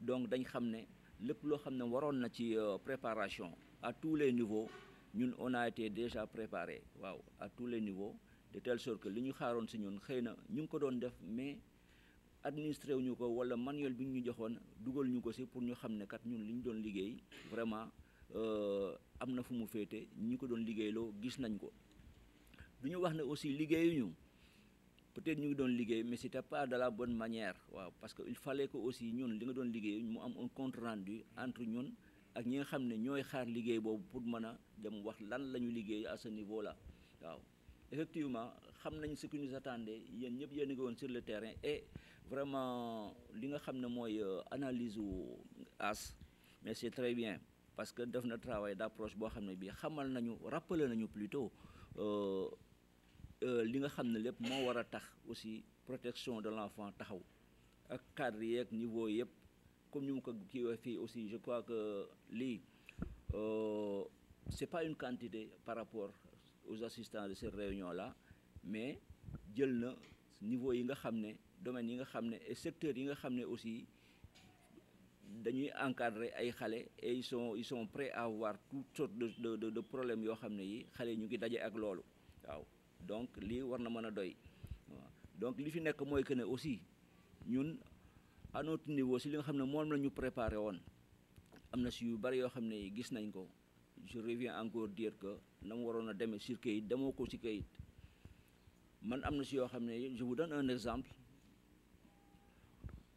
donc dañ xam ne lépp loo xam ne waroon na ci euh, préparation à tous les niveaux ñun on a été déjà préparé waaw à tous les niveaux de telle sorte que li ñu xaaroon si ñun xëy na ñu ngi ko doon def mais administré wuñu ko wala manuel bi ñu joxoon dugal ñu ko si pour ñu xam ne kat ñun li ñu doon liggéey vraiment euh, am na fu mu féete ñi ko doon liggéeyloo gis nañ ko du ñu wax ne aussi liggéeyuñu peut-être ñu ngi doon liggéey mais c'était pas de la bonne manière waaw parce que il fallait que aussi ñun li nga doon liggéey mu am un compte rendu entre ñun ak ñi nga xam ne ñooy xaar liggéey boobu pour mën a dem wax lan la ñu liggéey à ce niveau là waaw effectivement xam nañ ce qui nous attendait yéen ñëpp yéen a ngi woon sur le terrain et vraiment li nga xam ne mooy euh, analyse wu as mais c'est très bien parce que def na travail d'approche boo xam ne bii xamal nañu rappeler nañu plutôt euh, Euh, li nga xam ne lépp moo tax aussi protection de l'enfant taxaw ak cadre yeeg niveau yëpp comme ñu mu ko kiiwee fii aussi je crois que lii euh, c'est pas une quantité par rapport aux assistants de ces réunions là mais jël na niveau yi nga xam ne yi nga xam et secteur yi nga xam aussi dañuy encadrer ay xale et ils sont ils sont prêts à avoir toutes sortes de de de problèmes yoo xam ne yi xale ñu ngi daje ak loolu waaw donc li war na mën a doy donc li fi est aussi ñun à notre niveau si li nga préparé yu je reviens encore dire que na mu waroon a je vous donne un exemple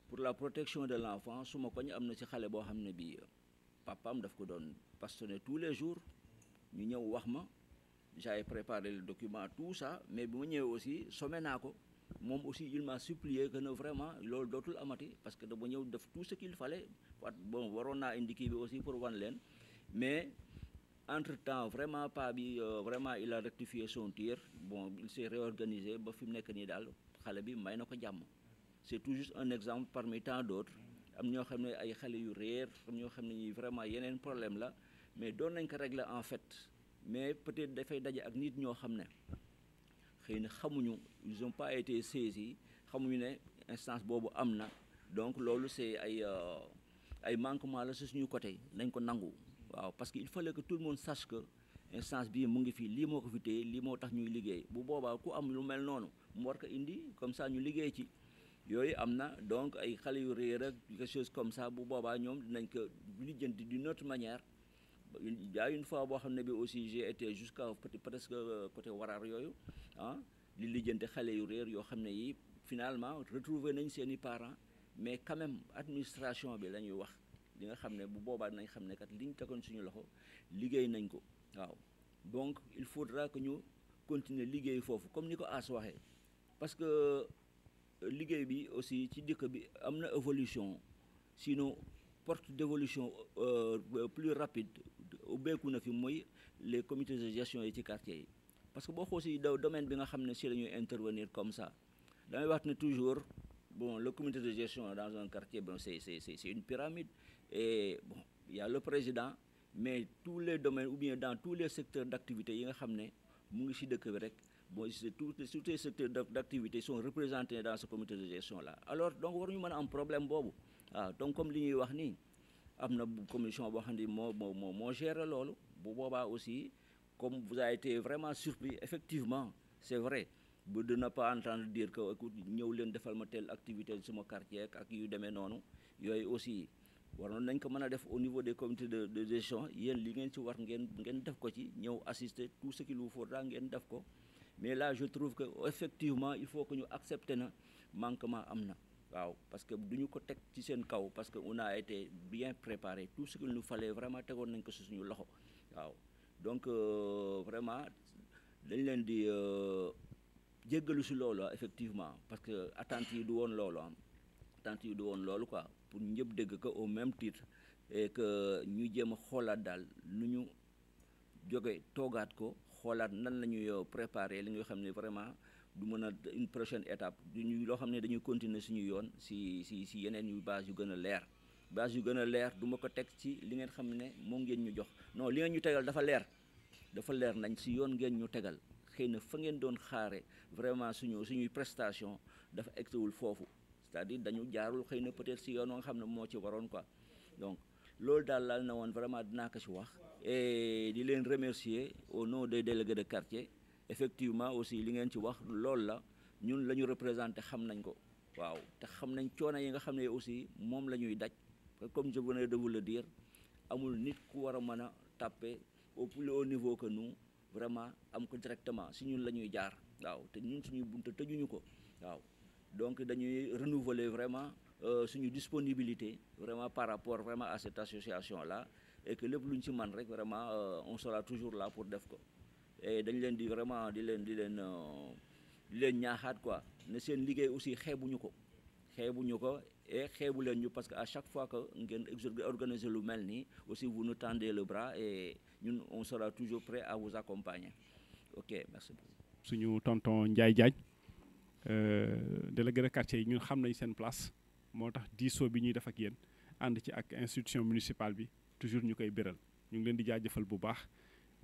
pour la protection de l'enfant koñ am si xale boo xam daf ko tous les jours ñu wax j'avais préparé le document, tout ça, mais bon, aussi, Somenako, moi aussi, il m'a supplié que non, vraiment, l'ol d'autres amati, parce que bon, il tout ce qu'il fallait, bon, on a indiqué aussi pour len, mais entre-temps, vraiment, Pabi, euh, vraiment, il a rectifié son tir, bon, il s'est réorganisé, bon, ni dal, C'est tout juste un exemple parmi tant d'autres. am avons xam ay xale yu vraiment un problème la mais nous avons ko régler en fait mais peut-être dafay dajé ak nit ñoo xamné xeyna xamuñu ils ont pas été saisis xamuñu né instance bobu amna donc lolu c'est ay euh, ay manquement la suñu côté nañ ko nangu waaw parce que il fallait que tout le monde sache que instance bi mu ngi fi li moo ko fi téye lii moo tax ñuy liggéey bu boobaa ku am lu mel nonu mu war ko indi comme ça ñu liggéey ci yoy amna donc ay xale yu ak quelque chose comme ça bu boobaa ñom dinañ ko lijjanti d'une autre manière il y a une fois boo xam bi aussi j'ai été jusqu'à presque euh, côté waraar yooyu ah li lijjante xalé yu réer yo xamné yi finalement retrouver nañ seen parents mais quand même administration bi lañuy wax li nga xam bu boba nañ xamné kat liñ tegoon suñu loxo liggéey nañ ko waaw donc il faudra que ñu continuer liggéey fofu comme niko As waxé parce que euh, liggéey bi aussi ci dëkk bi amna évolution sinon porte d'évolution euh, plus rapide au les comités de gestion et les quartier parce que beaucoup de domaine bi intervenir comme ça Dans toujours bon le comité de gestion dans un quartier bon c'est une pyramide et bon il y a le président mais tous les domaines ou bien dans tous les secteurs d'activité yi nga de tous les tous les secteurs d'activité sont représentés dans ce comité de gestion là alors donc a un problème ah, donc comme on dit, wax amna na commission bo xandi mo mo mo gérer lolu gère bu boba aussi comme vous avez été vraiment surpris effectivement c'est vrai bu de ne pas entendre dire que écoute ñëw leen defal ma telle activité suma quartier ak yu démé nonu yoy aussi waroon nañ ko mëna def au niveau des comités de de gestion yeen li ngeen ci war ngeen ngeen def ko ci ñëw assister tout ce qu'il vous faudra ngeen def ko mais là je trouve que effectivement il faut que ñu accepter na manquement am na waaw parce que duñu ko teg ci seen kaw parce que on a été bien préparé tout ce qu'il nous fallait vraiment tegoon nañ ko si suñu loxo waaw donc euh, vraiment dañ leen di euh, jéggalu si loolu effectivement parce que attente yi du woon loolu am attente yi du woon loolu quoi pour ñëpp dégg ko au même titre et que ñu jéem a xoolaat daal nu ñu jóge toogaat ko xoolaat nan la ñuy euh, préparé li nga xam ne vraiment du mën a une prochaine étape duñu loo xam ne dañuy continuer suñu yoon si si si yeneen yu base yu gën a leer base yu gën a leer duma ko teg ci li ngeen xam ne moom ngeen ñu jox non li ngeen ñu tegal dafa leer dafa leer nañ si yoon ngeen ñu tegal xëy na fa ngeen doon xaare vraiment suñu suñuy prestation dafa egsiwul foofu c'est-à-dire dañu jaarul xëy na peut-être si yoon nga xam ne moo ci waroon ko donc loolu daal laal na woon vraiment dinaa ko si wax et di leen remercier au nom des délégués de quartier effectivement aussi li ngeen ci wax loolu la ñun la ñu représenté xam nañ ko waaw te xam nañ coono yi nga xam ne aussi moom la ñuy daj comme je venais de vous le amul nit ku war a mën a tàppe au plus haut niveau que nu vraiment am ko directement si ñun la ñuy jaar waaw te ñun suñuy bunta tëjuñu ko waaw donc dañuy renouveler vraiment euh, suñu disponibilité vraiment par rapport vraiment à cette association la et que lépp lu ñu ci man rek vraiment euh, on sera toujours là pour def ko et eh, dañ leen di vraiment di leen di leen euh, di leen ñaaxaat quoi ne seen liggéey aussi xeebuñu ko xeebuñu ko et xeebu leen ñu parce que à chaque fois que ngeen organiser lu mel nii aussi vous nous tendez le bras et ñun on sera toujours prêt à vous accompagner ok merci beaucoup. suñu tonton Ndiaye Diagne euh, délégué de quartier ñun xam nañ seen place moo tax diisoo bi ñuy def ak yéen ànd ci ak institution municipale bi toujours ñu koy béral ñu ngi leen di jaajëfal bu baax.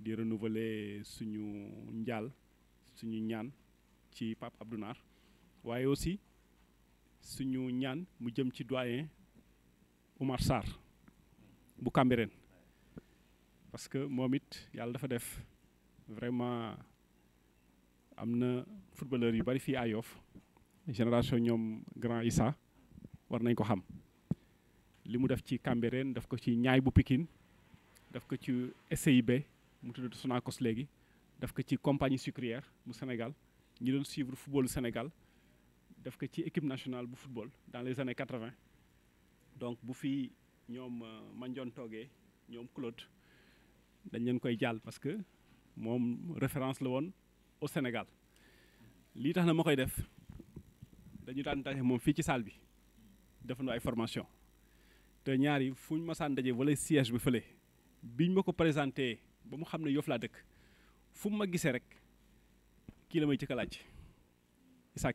di renouveler suñu njaal suñu ñaan ci Pape Abdou waaye aussi suñu ñaan mu jëm ci doyen Oumar Sarr bu Cambérène parce que moom it yàlla dafa def vraiment am na footballeur yu bari fii Ayof génération ñoom grand Issa war nañ ko xam li mu def ci Cambérène daf ko ci ñaay bu Pikine daf ko ci SIB mu tudd Sonacos léegi daf ko ci compagnie sucrière au Sénégal ñi allons suivre football Sénégal daf ko ci équipe nationale bu football dans les années 80 donc bu fi ñoom euh, Mandione toogee ñoom Claude dañ leen koy jàll parce que mon référence la woon au Sénégal L'idée tax na ma def dañu daan daje moom fii ci salle bi defandoo ay formation te ñaar yi fu ñu ma saan daje wala siège bi fële biñ ma ba mu xam ne Yoff laa dëkk fu mu ma gisee rek kii la may jëkk a laaj Issa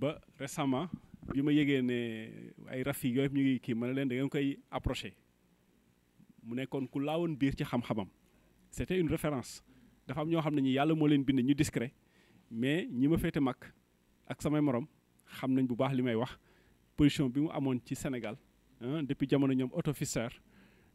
ba récemment bi ma yëgee ne ay rafet yooyu ñu ngi kii ma ne leen da koy approché mu nekkoon ku laawoon biir ci xam-xamam c'était une référence dafa am ñoo xam ne ñi yàlla moo leen bind ñu discret mais ñi ma féete mag ak samay morom xam nañ bu baax li may wax position bi mu amoon ci Sénégal depuis jamono ñoom auto officer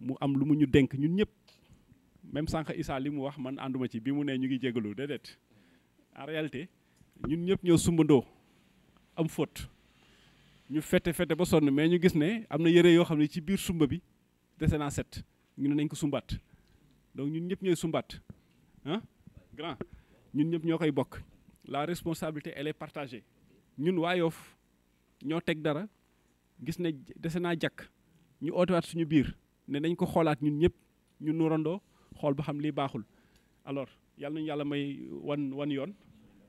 mu am lu mu ñu dénk ñun ñëpp même sànq Issa li mu wax man ànduma ci bi mu nee ñu ngi jégalu déedéet en réalité ñun ñëpp ñoo sumbandoo am faute ñu fete fete ba sonn mais ñu gis ne am na yëre yoo xam ne ci biir sumba bi dese naa set ñu ne nañ ko sumbaat donc ñun ñëpp ñooy sumbaat ah ñun ñëpp ñoo koy bokk la responsabilité elle est partagée ñun waayoof ñoo teg dara gis ne dese naa jàkk ñu ootewaat suñu biir ne nañ ko xoolaat ñun ñëpp ñu nurandoo xool ba xam lii baaxul alors yàlla nañu yàlla may wan wan yoon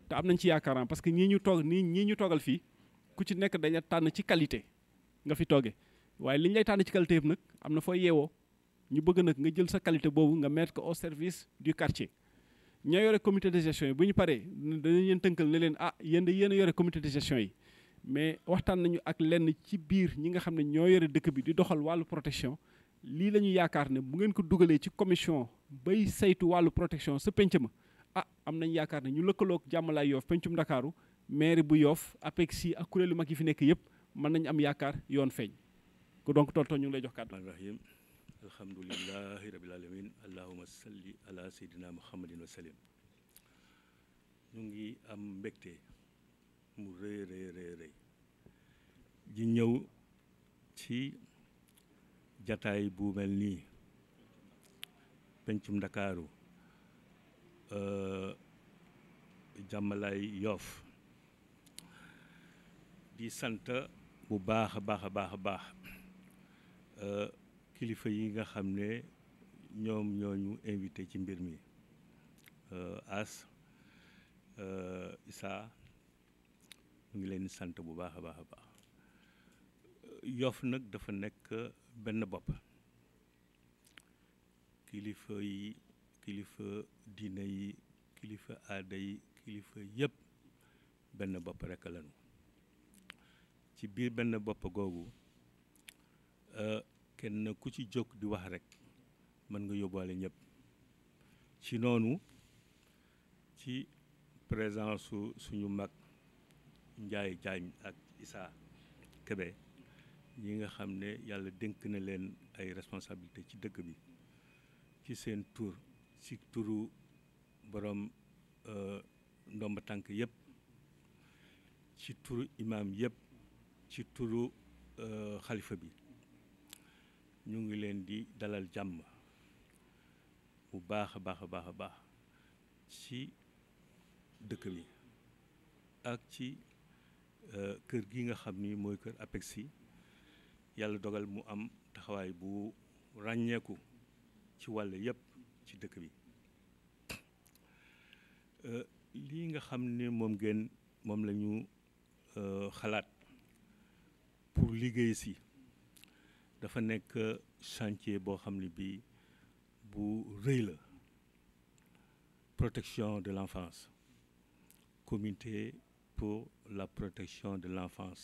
te am nañ ci yaakaar parce que ñii ñu toog nii ñii ñu toogal fii ku ci nekk daña tànn ci qualité nga fi toogee waaye liñ ñu lay tànn ci qualité yëpp nag am na fooy yeewoo ñu bëgg nag nga jël sa qualité boobu nga mettre ko au service du quartier ñoo yore comité de gestion yi bu ñu paree danañ leen tënkal ne leen ah yenn de yéen a yore comité de gestion yi mais waxtaan nañu ak lenn ci biir ñi nga xam ne ñoo yore dëkk bi di doxal wàllu protection lii la ñu yaakaar ne bu ngeen ko dugalee ci commission bay saytu wàllu protection sa penc ma ah am nañ yaakaar ne ñu lëkkaloog jàmmalaay yoof pencum ndakaaru maire bu yoof si ak kuréelu mag yi fi nekk yëpp mën nañ am yaakaar yoon feeñ ko donc tonton ñu ngi lay jox kàddu rahim alhamdulilahi rabil alamin allahuma salli ala seydina muhammadin wa salim ñu ngi am mbégte mu rëy rëy rëy rëy ji ñëw ci jataay bu mel nii pencum ndakaaru euh, jàmmalaay yoof di sant bu baax a baax a baax a baax euh, kilifa yi nga xam ne ñoom ñooñu invité ci mbir mi euh, as Issa mu ngi leen sant bu baax a baax a baax yoof nag dafa nekk benn bopp kilifa yi kilifa diine yi kilifa aada yi kilifa yëpp benn bopp rekk lañu ci biir benn bopp googu euh, kenn ku ci jóg di wax rekk mën nga yóbbaale ñëpp ci noonu ci présent su suñu mag Njaay Jaañ ak isaa Kébé ñi nga xam ne yàlla dénk na leen ay responsabilité ci dëkk bi ci seen tur ci turu borom euh, ndomb tànk yëpp ci turu imaam yëpp ci turu euh, xalifa bi ñu ngi leen di dalal jàmm bu baax a baax a baax a baax ci dëkk bi ak ci euh, kër gi nga xam ni mooy kër APECSY yalla dogal mu am taxaway bu ràññeeku ci wàll yépp ci dëkk bi euh, li nga xam ne moom ngeen moom la ñu euh, xalaat pour liggéey si dafa nekk chantier boo xam ne bu rëy la protection de l'enfance comité pour la protection de l'enfance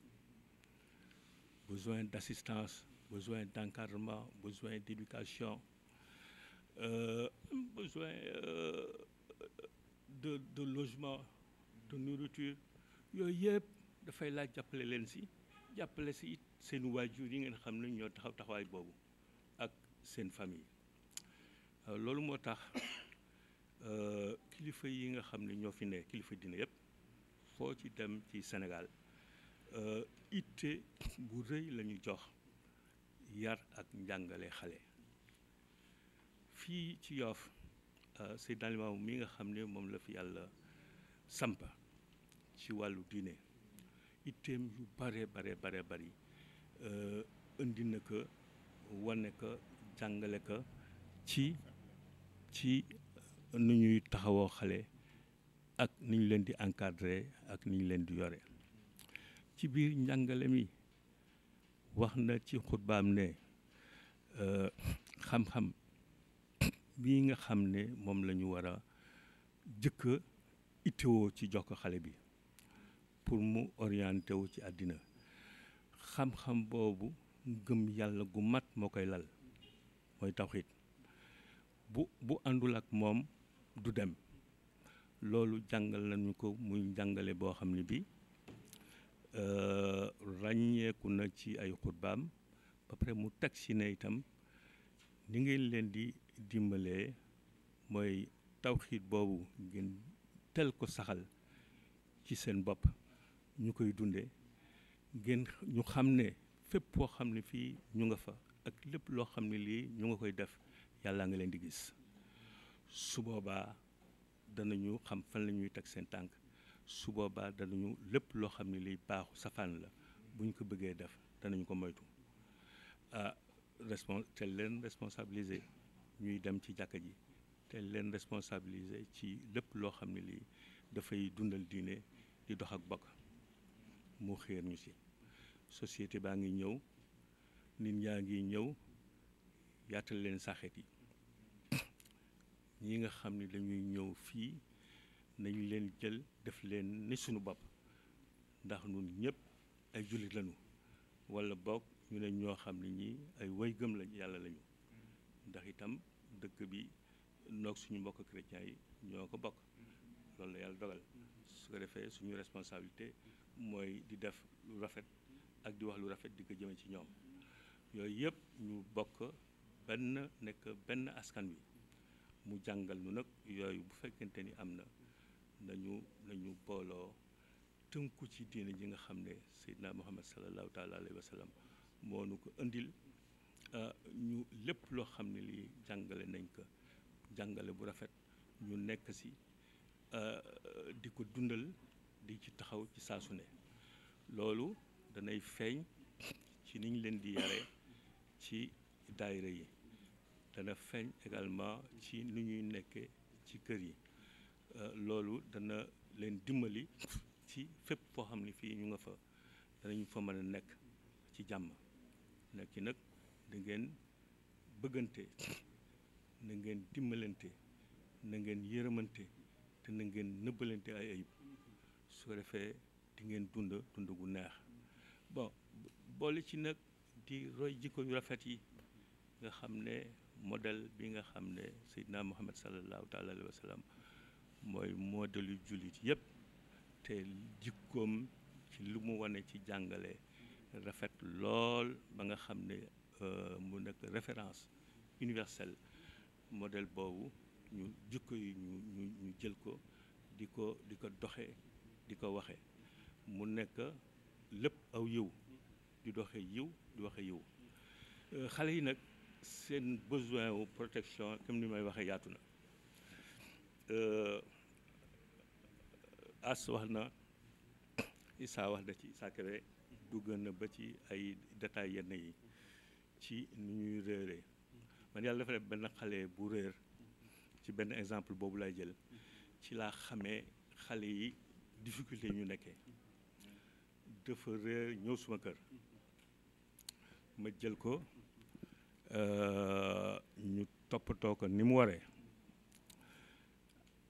besoin d'assistance, besoin d'encadrement, besoin d'éducation, euh, besoin euh, de, de, logement, de nourriture. yooyu de dafay la jàppale leen si jàppale si it seen waajur yi ngeen xam ne ñoo taxaw taxawaay boobu ak seen famille euh, loolu moo tax euh, kilifa yi nga xam ne ñoo fi fait kilifa dina yëpp foo ci dem ci Sénégal Euh, itte bu rëy la ñu jox yar ak njàngale xale fii ci Yoff euh, Seydina Limaamu mi nga xam ne moom la fi yàlla samp ci wàllu diine itteem yu bare bare bare bari euh, indi na ko wane ko jàngale ko ci ci nu ñuy taxawoo xale ak ni ñu leen di encadrer ak ni ñu leen di yore ci biir njàngale mi wax na ci xutbaam ne euh, xam-xam bii nga xam ne moom la ñu war a jëkk itewoo ci jokk xale bi pour mu orienté wu ci àddina xam-xam boobu ngëm yàlla gu mat moo koy lal mooy tawxiit bu bu àndul ak moom du dem loolu jàngal lañu ko muy jàngale boo xam ne bi Euh, ràññeeku na ci ay xutbaam ba pare mu teg si ne itam ni ngeen leen di dimbalee mooy tawxiit boobu ngeen tel ko saxal ci seen bopp ñu koy dunde ngeen ñu xam ne fépp foo xam ne fii ñu nga fa ak lépp loo xam ne lii ñu nga koy def yàlla nga leen di gis su boobaa danañu xam fan la ñuy teg seen tànk su boobaa danañu lépp loo xam ne liy baaxu safaan la buñ ko bëggee def danañ ko moytu ah respons te leen responsabiliser ñuy dem ci jàkka ji te leen responsabiliser ci lépp loo xam ne lii dafay dundal diine di dox ak bokk mu xéer ñu si société baa ngi ñëw nit ñaa ngi ñëw yaatal leen saxet yi ñi nga xam ne dañuy ñëw fii nañu leen jël def leen ni suñu bopp ndax ñun ñëpp ay jullit lañu wala boog ñu ne ñoo xam ni ñi ay wëy gëm lañ yàlla lañu ndax itam dëkk bi noog suñu mbokk chrétiens yi ñoo ko bokk loolu la yàlla dogal su ko defee suñu responsabilité mooy di def lu rafet ak di wax lu rafet di ko jëme ci ñoom yooyu yëpp ñu bokk benn nekk benn askan wi mu jàngal nu nag yooyu bu fekkente ni am na nañu nañu booloo tënku ci diine ji nga xam ne Seydina Muhammad sallallahu taala alayhi wa sallam moo nu ko indil ah, ñu lépp loo xam ne lii jàngale nañ ko jàngale bu rafet ñu nekk si ah, di ko dundal di ci taxaw ci saasu ne loolu danay feeñ ci niñ leen di yare ci daayira yi dana feeñ également ci nu ñuy nekkee ci kër yi Euh, loolu dana leen dimbali ci fépp foo xam ne fii ñu nga fa danañu fa mën a nekk ci jàmm nekk ci nag da bëggante na ngeen dimbalante na ngeen yërëmante te na ngeen nëbbalante ay ayib su ko defee di ngeen dund dund gu neex bon boole ci nag di roy jikko yu rafet yi nga xam ne modèle bi nga xam ne Seydina Muhammad sallallahu taala alayhi wa sallam moy moodalu julit yëpp té de ci lu mu wone ci jàngale rafet lool ba nga xam ne euh, mu référence universelle modèle boobu ñu jikko yi ñu ñu ñu jël ko di ko di ko mu nekk aw di di besoin protection comme ni may waxee Euh, as wax na Issa wax na ci Sacré dugg gën ba ci ay détails yenn yi ci ni ñuy réeree man yàlla dafa def benn xale bu réer ci benn exemple boobu lay jël ci laa xamee xale yi difficulté yi ñu nekkee dafa réer ñëw suma kër ma jël ko euh, ñu toppatoo ko ni mu waree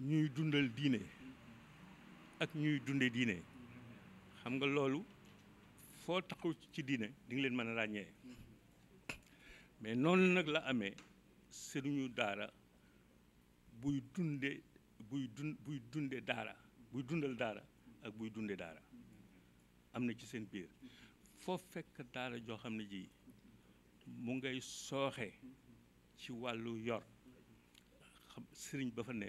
ñuy dundal diine ak ñuy dunde diine xam nga loolu foo taxaw ci diine di leen mën a ràññee mais noonu nag la amee sëriñu daara buy dunde buy dun buy dunde daara buy dundal daara ak buy dunde daara am na ci seen biir foo fekk daara joo xam ne ji mu ngay sooxe ci wàllu yor xam sëriñ ba fa ne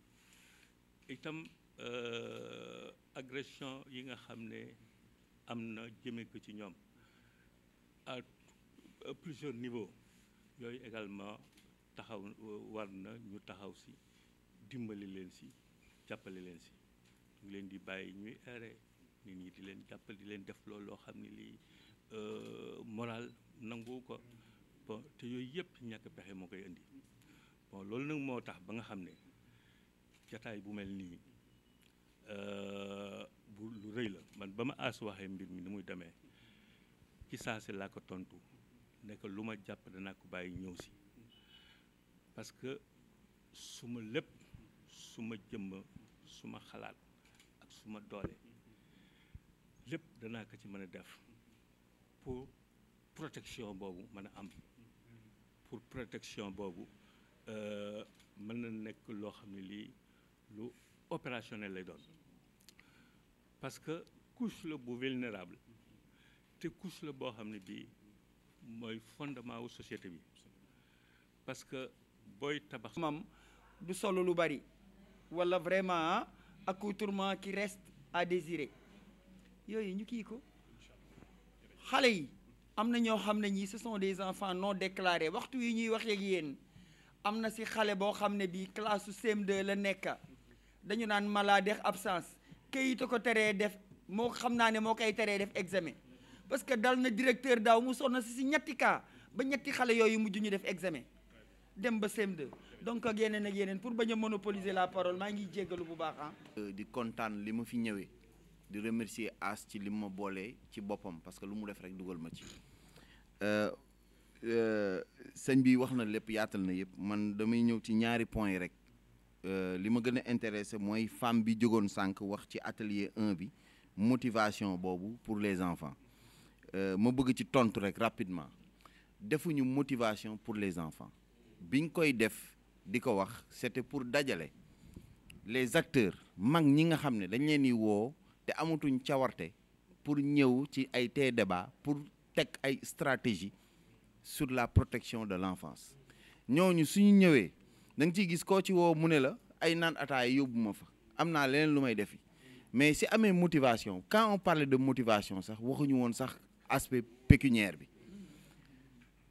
itam euh, agression yi nga xam ne am na jëme ko ci ñoom à plusieurs niveaux yooyu également taxaw war na ñu taxaw si dimbali leen si jàppale leen si ñu leen di bàyyi ñuy erré nit ñi di leen jàppale di leen def loolu loo xam ni lii euh, moral nangu ko bon te yooyu yëpp ñàkk pexe moo koy indi bon loolu nag moo tax ba nga xam ne jataay bu mel nii euh, bu lu rëy la man ba ma aas waxee mbir mi ni muy demee ci saasi laa ko tontu nekk lu ma jàpp danaa ko bàyyi ñëw si parce que suma lépp suma jëmm ma xalaat ak suma doole lépp danaa ko ci mën a def pour protection boobu mën a am pour protection boobu euh, mën na nekk loo xam ne lii l'opérationnel les lay parce que couche le bu vulnérable te couche le boo xam bi, bii fondement aux société bi parce que boy tabax. Mam, du solo lu bari wala vraiment accoutrement qui reste à désirer yooyu ñu kii ko xale yi ñoo xamné ne ce sont des enfants non déclarés waxtu yi ñuy wax ak yeen amna ci xalé bo xamné bi classe CM2 la nekk. dañu naan malaa malade absence këyit ko teree def moo xam naa ne moo koy teree def examen parce que dal na directeur daaw mu sonn si si ñetti kaa ba ñetti xale yooyu mujj ñu def examen dem ba CM2 donc ak yeneen ak yeneen pour bañ a monopoliser la parole maa ngi jéggalu bu baax ah. Euh, di kontaan li ma fi ñëwee di remercier As ci li ma boolee ci boppam parce que lu mu def rek dugal ma ci. Euh, euh, sëñ bi wax na lépp yaatal na yëpp man damay ñëw ci ñaari points yi rek. Euh, li ma gën intéressé moy femme bi jógoon sank wax ci atelier 1 bi motivation bobu pour les enfants euh, ma bëgg ci tontu rek rapidement defuñu motivation pour les enfants biñ koy def diko wax c'était pour dajale les acteurs mag ñi nga xamné dañ leen ni wo te amatuñ cawarte pour ñëw ci ay té débat pour tek ay stratégie sur la protection de l'enfance ñooñu suñu ñëwé da nga gis ko ci wo mu la ay nan ataay yobuma fa amna leneen lu mais si amé motivation quand on parlait de motivation sax waxuñu won sax aspect pécuniaire bi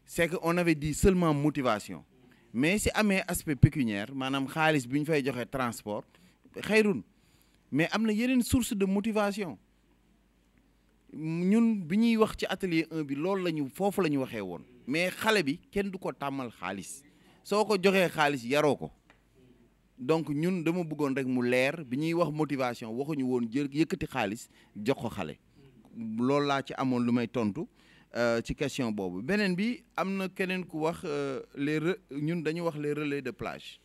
c'est que on avait dit seulement motivation mais si amé aspect pécuniaire manam xaalis bi fay joxe transport khairun mais amna yeneen source de motivation ñun bi ñuy wax ci atelier 1 bi loolu la ñu foofu la ñu mais xalé bi kenn du ko tàmmal xaalis soko ko joxee yaroko donc ñun dama bëggoon rek mu leer bi ñuy wax motivation waxuñu woon jël yëkkati xaalis jox ko xale loolu laa ci amoon lu may tontu euh, ci question boobu beneen bi am na keneen ku wax euh, les re ñun dañu wax les relais de plage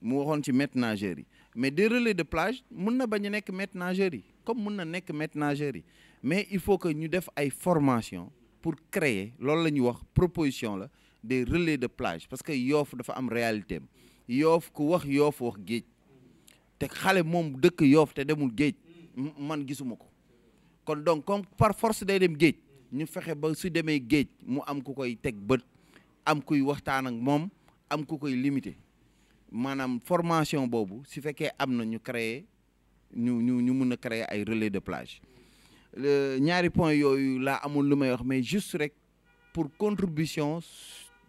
mu waxoon ci maîtres nageurs yi mais des relais de plage mun na bañ a nekk maîtres nageurs yi comme mun na nekk maîtres nageurs yi mais il faut que ñu def ay formation pour créer loolu la ñu wax proposition la des relais de plage parce que yof dafa am réalité yof ku wax yof wax te xalé mom dëkk yof te demul man kon donc comme par force day dem ñu ba su démé mu am ku koy am kuy waxtaan ak mom am ku limité manam formation des su féké am ñu créer ñu ñu ñu créer relais de plage ñaari point yoyu la amul lu wax mais juste rek pour contribution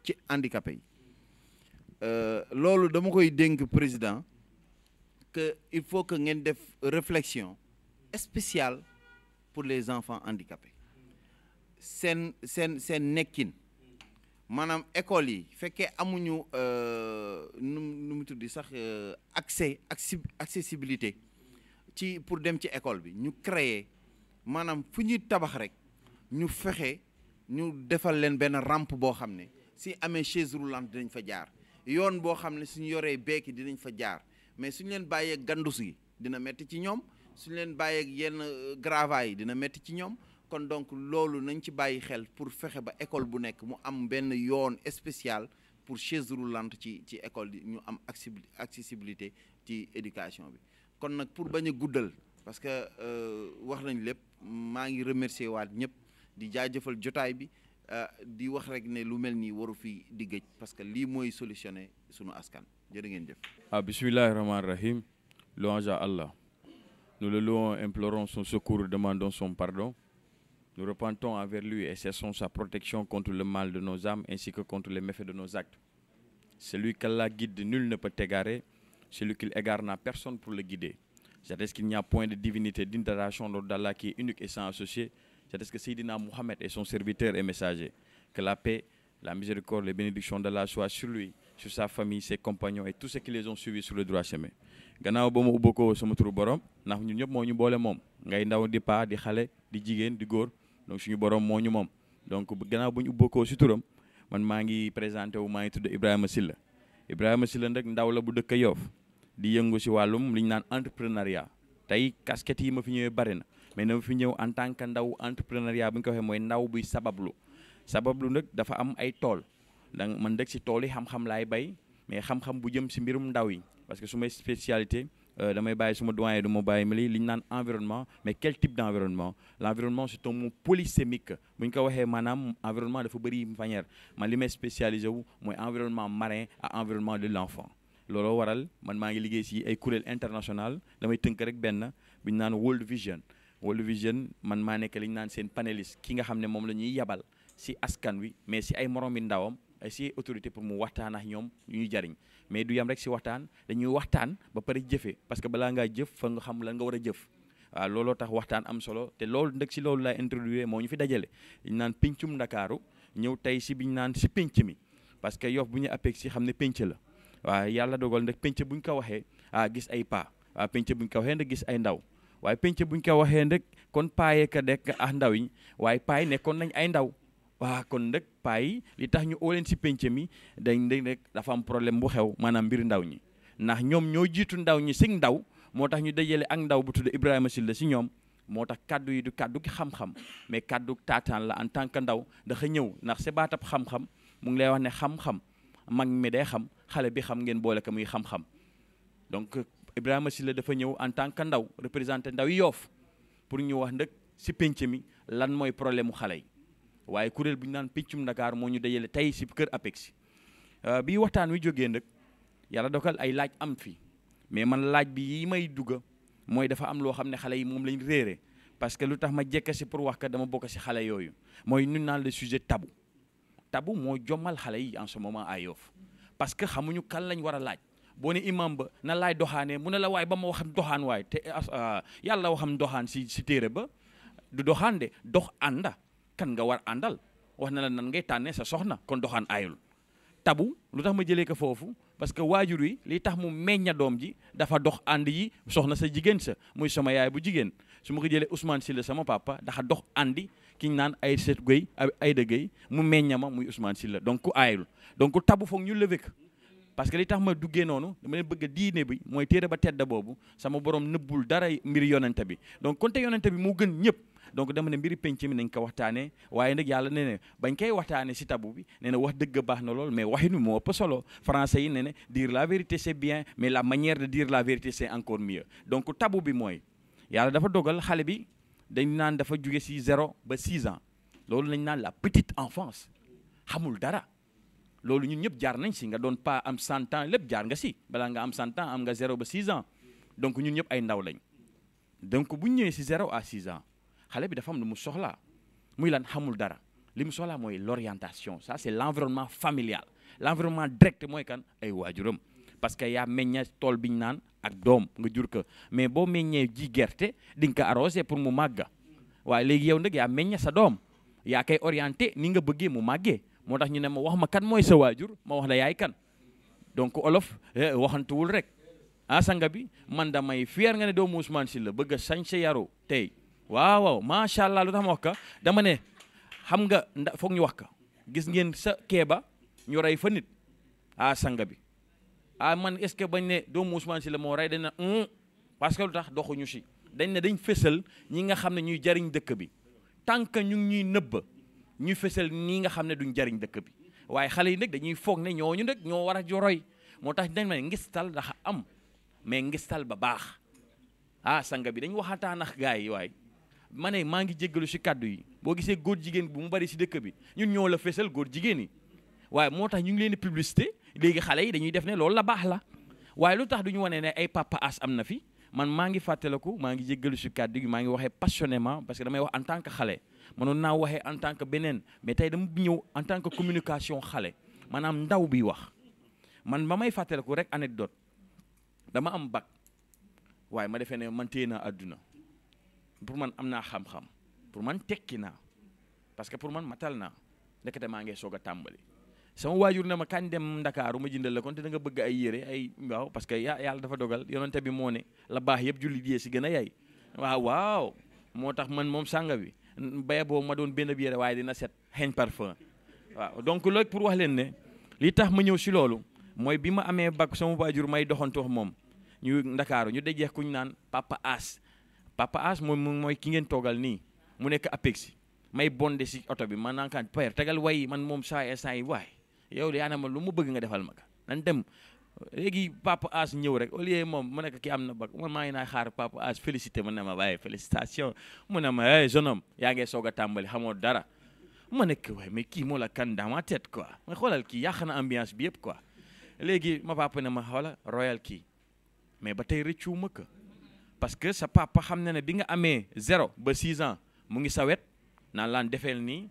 ci handicapé yi euh, loolu dama koy dénk président que il faut que ngeen def réflexion spéciale pour les enfants handicapés sen sen sen nekkin manam école yi féké amuñu euh nu mu tuddi sax euh, accès accessibilité ci pour dem ci école bi ñu créer manam fu tabax rek ñu fexé ñu défal len ben rampe bo xamné si amé chaise roulante dinañ fa jaar yoon boo xam ne suñ yoree beeki dinañ fa jaar mais suñ leen bàyyee gandus dina metti ci ñoom suñ leen bàyyee yenn euh, gravats dina ci kon donc loolu pour fexe ba école bu mu am spécial pour chaise roulante ci ci école accessibilité ci éducation pour bañ parce que euh, wax nañ di euh, di wax rek ne lu waru fi parce que li moy solutionné sunu askan ah rahim. Louange à Allah. Nous le louons, implorons son secours, demandons son pardon. Nous repentons envers lui et cessons sa protection contre le mal de nos âmes ainsi que contre les méfaits de nos actes. Celui qu'Allah guide, nul ne peut égarer. Celui qu'il égare n'a personne pour le guider. J'adresse qu'il n'y a point de divinité, d'interaction d'Allah qui est unique et sans associé. C'est ce que Sayyidina Mohamed et son serviteur et messager. Que la paix, la miséricorde, les bénédictions de Allah soient sur lui, sur sa famille, ses compagnons et tous ceux qui les ont suivis sur le droit chemin. gannaaw ba uboko ubba ko sama turu borom ndax ñun ñëpp moo ñu boole moom ngay ndaw di paa di xale di jigéen di donc suñu borom moo ñu donc gannaaw bu ñu ubba ko man mangi ngi présenté wu maître ngi Ibrahim Ibrahima Ibrahim Silla nak ndaw la bu dekk yof di yëngu ci walum liñ nane naan entrepreneuriat casquette yi ma fi ñëwee bari na mais nous fi en tant que ndaw entrepreneuriat buñ ko waxe moy ndaw buy sabablu sabablu nak dafa am ay tool da man dëkk si tool yi xam-xam lay bay mais xam-xam bu jëm ci mbirum ndaw yi parce que suma may spécialité euh, damay bàyyi su ma doyen du ma bàyyi ma li nane environnement mais quel type d'environnement l'environnement c'est un mot polysémique buñ ko waxe manam environnement dafa bëri manière man limay spécialisé wu moy environnement marin à environnement de l'enfant lolo waral man ma ngi liggéey ci ay kuréel international damay teunk rek ben buñ nane World Vision Walf Vision man maa nekk li naan seen panéliste ki nga xam ne moom lañuy ñuy yabal si askan wi mais si ay moromi ndawam si autorité pour mu waxtaan ak ñoom ñuy jariñ mais du yam rek si waxtaan dañuy waxtaan ba pare jëfe parce que balaa ngaa jëf fa nga xam lan nga war a jëf waaw looloo tax waxtaan am solo te loolu ndëg si loolu laay introduire moo ñu fi dajale ñu naan pincum ndakaaru ñëw tey si biñ naan si pénc mi parce que yof bu ñu appeeg si xam ne pénc la waaw yàlla dogal nag pénc buñ ko waxee ah, gis ay paa waaw pénc buñ ko waxee nag gis ay ndaw waaye penc buñ ko waxee rek kon paaye ka dekk ah ndaw yi waaye paay nekkoon nañ ay ndaw waa kon nag paay li tax ñu oo leen si penc mi dañ de rek dafa am problème bu xew maanaam mbir ndaw ñi ndax ñoom ñoo jiitu ndaw ñi si ndaw moo tax ñu dajale ak ndaw bu tudd Ibrahima Silla si ñoom moo tax kaddu yi du kaddu gi xam-xam mais kaddu taataan la en tant que ndaw dafa ñëw ndax si baatab xam-xam mu ngi lay wax ne xam-xam mag mi day xam xale bi xam ngeen boole ko muy xam-xam donc Ibrahima Sylla dafa ñëw en tant que ndaw représenté ndaw yoof pour ñu wax ndëkk si pénc mi lan mooy problème mu xale yi waaye kuréel bu ñu naan péncum Dakar moo ñu dajale tey si kër APEX euh, bi waxtaan wi jógee ndëkk yàlla dogal ay laaj am fi mais man laaj bi yi may dugga mooy dafa am loo xam ne xale yi moom lañ réere parce que lu tax ma jekka si pour wax ka dama bokk si xale yooyu mooy nun naan le sujet tabou tabu moo jommal xale yi en ce moment à parce que xamuñu kan lañ war a laaj boo ne imam ba na laay doxaanee mu ne la waay ba ma waxam doxaan waay te ah, yàlla waxam doxaan si si téere ba du doxaan de dox ànda kan nga war àndal wax na la nan ngay tànnee sa soxna kon doxaan aayul tabu lu tax ma jëlee ko foofu parce que waajur wi li tax mu meñña doom ji dafa dox ànd yi soxna sa jigéen sa muy sama yaay bu jigéen su ma ko jëlee si la sama papa daxa dox àndi kiñ naan ay set guy ay ay dëgëy mu meñña ma muy Ousmane Sylla donc ku aayul donc tabu foog ñu lever ko parce que li tax ma duggee noonu dama leen bëgg diine bi mooy téere ba tedd boobu sama borom nëbbul dara mbir yonente bi donc konte yonente bi moo gën ñëpp donc dama ne mbiri penc mi nañ ko waxtaanee waaye nag yàlla ne ne bañ koy waxtaanee si tabu bi ne na wax dëgg baax na lool mais waxinu moo ëpp solo français yi ne ne dire la vérité c'est bien mais la manière de dire la vérité c'est encore mieux donc tabu bi mooy yàlla dafa dogal xale bi dañ naan dafa jóge si zéro ba six ans loolu lañ naan la petite enfance xamul dara loolu ñun ñëpp jaar nañ si nga doon pas am 100 ans lépp jaar nga si nga am 100 ans am nga 0 ba 6 ans donc ñun ay ndaw lañ donc bu ñu ñëwee 0 à 6 ans l'orientation ça c'est l'environnement familial l'environnement direct mooy kan ay parce que yaa meñña tool biñ naan ak doom nga jur que mais boo meññee ji gerte di ko arrosé pour mu yow orienté ni nga moo tax ñu ne ma wax ma kan mooy sa waajur ma wax la yaay kan donc olof eh, waxantuwul rek ah sanga bi man may fier nga ne doomu Ousmane Sylla bëgg a sañse yaru tey waaw waaw macha ma dama ne xam nga foog ñu wax ka gis ngeen sa keeba ñu rey fa nit ah sanga bi ah man est ce que bañ ne doomu Ousmane Sylla moo rey dañ ne parce que lu tax doxuñu si dañ ne dañ fesal ñi nga xam ne ñuy jariñ dëkk bi tant ñu ñuy nëbb ñu fësal nii nga xam ne duñ jariñ dëkk bi waaye xale yi nag dañuy foog ne ñooñu nag ñoo war a joroy moo tax dañ ma ne ngistal daxa am mais ngistal ba baax ah sanga bi dañ waxataan ak gars yi waaye ma maa ngi jéggalu si kàddu yi boo gisee góor jigéen bu mu bari si dëkk bi ñun ñoo la fësal góor jigéen yi waaye moo tax ñu ngi leen di publicité léegi xale yi dañuy def ne loolu la baax la waaye lu tax duñu wane ne ay papa as am na fi man maa ngi fàttaliku maa ngi jéggalu si kàddu gi maa ngi waxee passionnément parce que en tant que xale mënoon naa waxee en tant que beneen mais tey dama ñëw en tant que communication xale maanaam ndaw bi wax man ba may fàttaliku rek anecdote dama am bac waaye ma defee ne man téye naa àdduna pour man am naa xam-xam pour man tekki naa parce que pour man matal naa ndekete maa ngi soog a tàmbali sama waajur ne ma kañ dem ndakaaru ma jëndal la kon te da nga bëgg ay yére ay waaw parce que yàlla dafa dogal yonente bi moo ne la baax yëpp jullit yee si gën a yaay waaw waaw moo tax man moom sànga bi baye boobu ma doon benn bière waaye dina set xeeñ parfum waaw donc loolu pour wax leen ne li tax ma ñëw si loolu mooy bi ma amee bac sama waajur may doxantoox moom ñu ndakaaru ñu dajee kuñ naan papa as papa as moom mooy ki ngeen toogal nii mu nekk APEX may bonde si oto bi man naan kan père tegal way man moom saa saa yi waay yow de anama lu mu bëgg nga defal ma ka nan dem léegi papa As ñëw rek au lieu moom mu nekk ki am na bac maa ngi naa xaar papa As félicité mu ne ma waaye félicitation mu ne ma hey jeune homme yaa ngee soog a tàmbali xamoo dara ma nekk waaye mais kii moo la kan dans ma tête quoi ma xoolal kii yàq na ambiance bi yëpp quoi léegi ma papa ne ma xoola royal kii mais ba tey rëccu ma parce que sa papa xam ne ne bi nga amee zéro ba six ans mu ngi sa wet naan laan defeel nii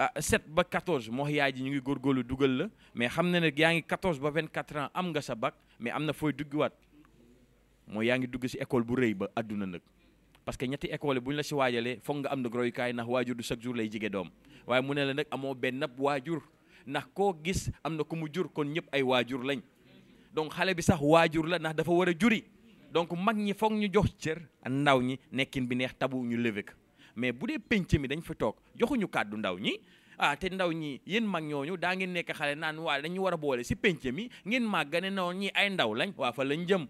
ah 7 ba 14 moo yaay ji ñu ngi góorgóorlu dugal la mais xam na ne yaa ngi 14 ba 24 ans am nga sa bag mais am na fooy waat mooy yaa ngi dugg si école bu rëy ba àdduna nag parce que ñetti école bu ñu la si waajalee foog nga am nag royukaay ndax waajur du chaque jour lay jige doom waaye mu ne la nag amoo benn waajur ndax koo gis am na ku mu jur kon ñëpp ay waajur lañ donc xale bi sax waajur la ndax dafa war a juri donc mag ñi foog ñu jox cër ndaw ñi nekkin bi neex tabu ñu lëvëk mais bu dee penc mi dañ fa toog joxuñu kàddu ndaw ñi ah te ndaw ñi yéen mag ñooñu daa ngeen nekk xale naan waa dañu war a boole si penc mi ngeen màgg ne noonu ñi ay ndaw lañ waa fa lañ jëm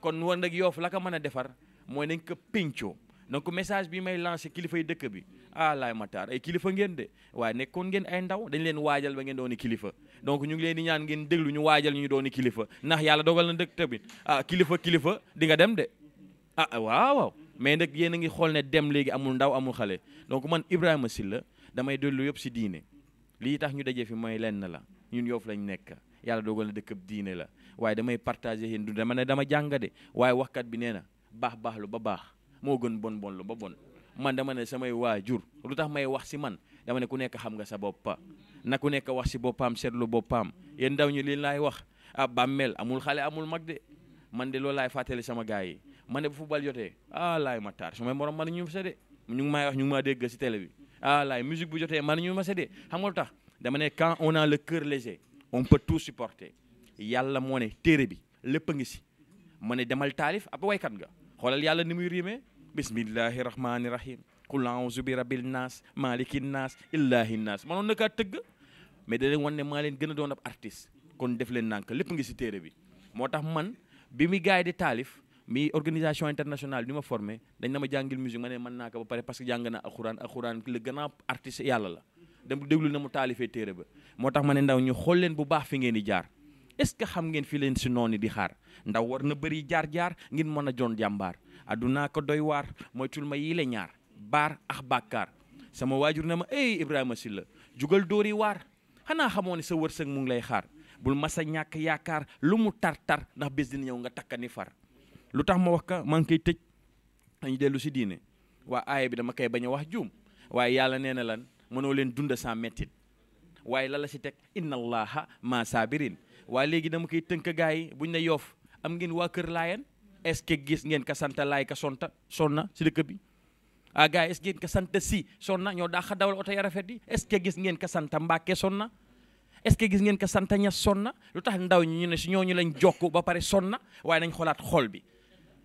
kon war nag yoof la ko mën a defar mooy nañ ko pencoo donc message bi may lancé kilifa dëkk bi ah laay mataar kilifa ngeen de waaye nekkoon ngeen ndaw dañ leen waajal ba ngeen dooni kilifa donc ñu ngi leen di ñaan ngeen déglu ñu waajal ñu dooni kilifa ndax yàlla dogal na dëkk tamit ah kilifa kilifa di nga dem de ah waaw waaw mais nag yéen a ngi xool ne dem léegi amul ndaw amul xale donc man Ibrahima Sylla damay dellu yëpp si diine lii tax ñu daje fi mooy lenn la ñun yoofu lañ nekk yàlla dogal na dëkkab diine la waaye damay partagé yéen du dama ne dama jàngade waaye waxkat bi nee na baax baax lu ba baax moo gën bon bon lu ba bon man dama ne samay waajur lu tax may wax si man dama ne ku nekk xam nga sa boppa na ku nekk wax si boppam seetlu boppam yéen ndaw ñi lii laay wax ah bàmmeel amul xale amul mag de man de loolu laay fàttali sama gars yi ma ne bu football jotee ah ma taar su may morom man ñu ma séddee ñu ngi may wax ñu ngi ah bu jotee man ñu ma séddee xam nga lu tax dama ne quand on a on peut tout supporter yàlla moo ne téere bi lépp a ngi si ma ne demal taalif ab waykat nga xoolal yàlla ni muy riimee bismillahi rahmaani rahim qul auzu bi rabbil naas maliki naas illahi naas manoon na kaa tëgg mais da leen wan ne maa leen gën a doon ab kon def leen nànk lépp ngi si téere bi moo tax man mi organisation internationale bi ma formé dañ na ma jàngil musique mana ne mën naa ko ba pare parce que jàng naa alxuraan alxuraan le grand artiste yàlla la dem déglu na mu taalifee téere ba moo tax ndaw ñu xool leen bu baax fi ngeen di jaar est-ce que xam ngeen fi leen si noonu di xaar ndaw war na bëri jaar-jaar ngeen mën ko doy ma yile ñaar baar ax bàkkaar sama na ma ey Ibrahima Sylla jugal dóori waar xanaa xamoo sa mu ngi lay xaar bul mas a ñàkk lu mu tar ndax bés dina nga far lu tax ma wax ka maa ngi koy tëj dañu dellu si diine waa aaya bi dama koy bañ a wax juum waaye yàlla nee na lan mënoo leen dunda saa mettit waaye la la si teg inna allaha ma sabirin waa léegi dama koy tënk gars yi buñ ne yoof am ngeen waa kër laayan est-ce gis ngeen ka santa laay ka sonta sonna si dëkk bi ah gars yi ngeen ka santa si sonna ñoo daa xa dawal oto ya yi est-ce que gis ngeen ka santa mbàkke sonna est-ce que gis ngeen ka santa ña sonna lu tax ndaw ñu ne si ñu lañ jokk ba pare sonna waaye nañ xoolaat xool bi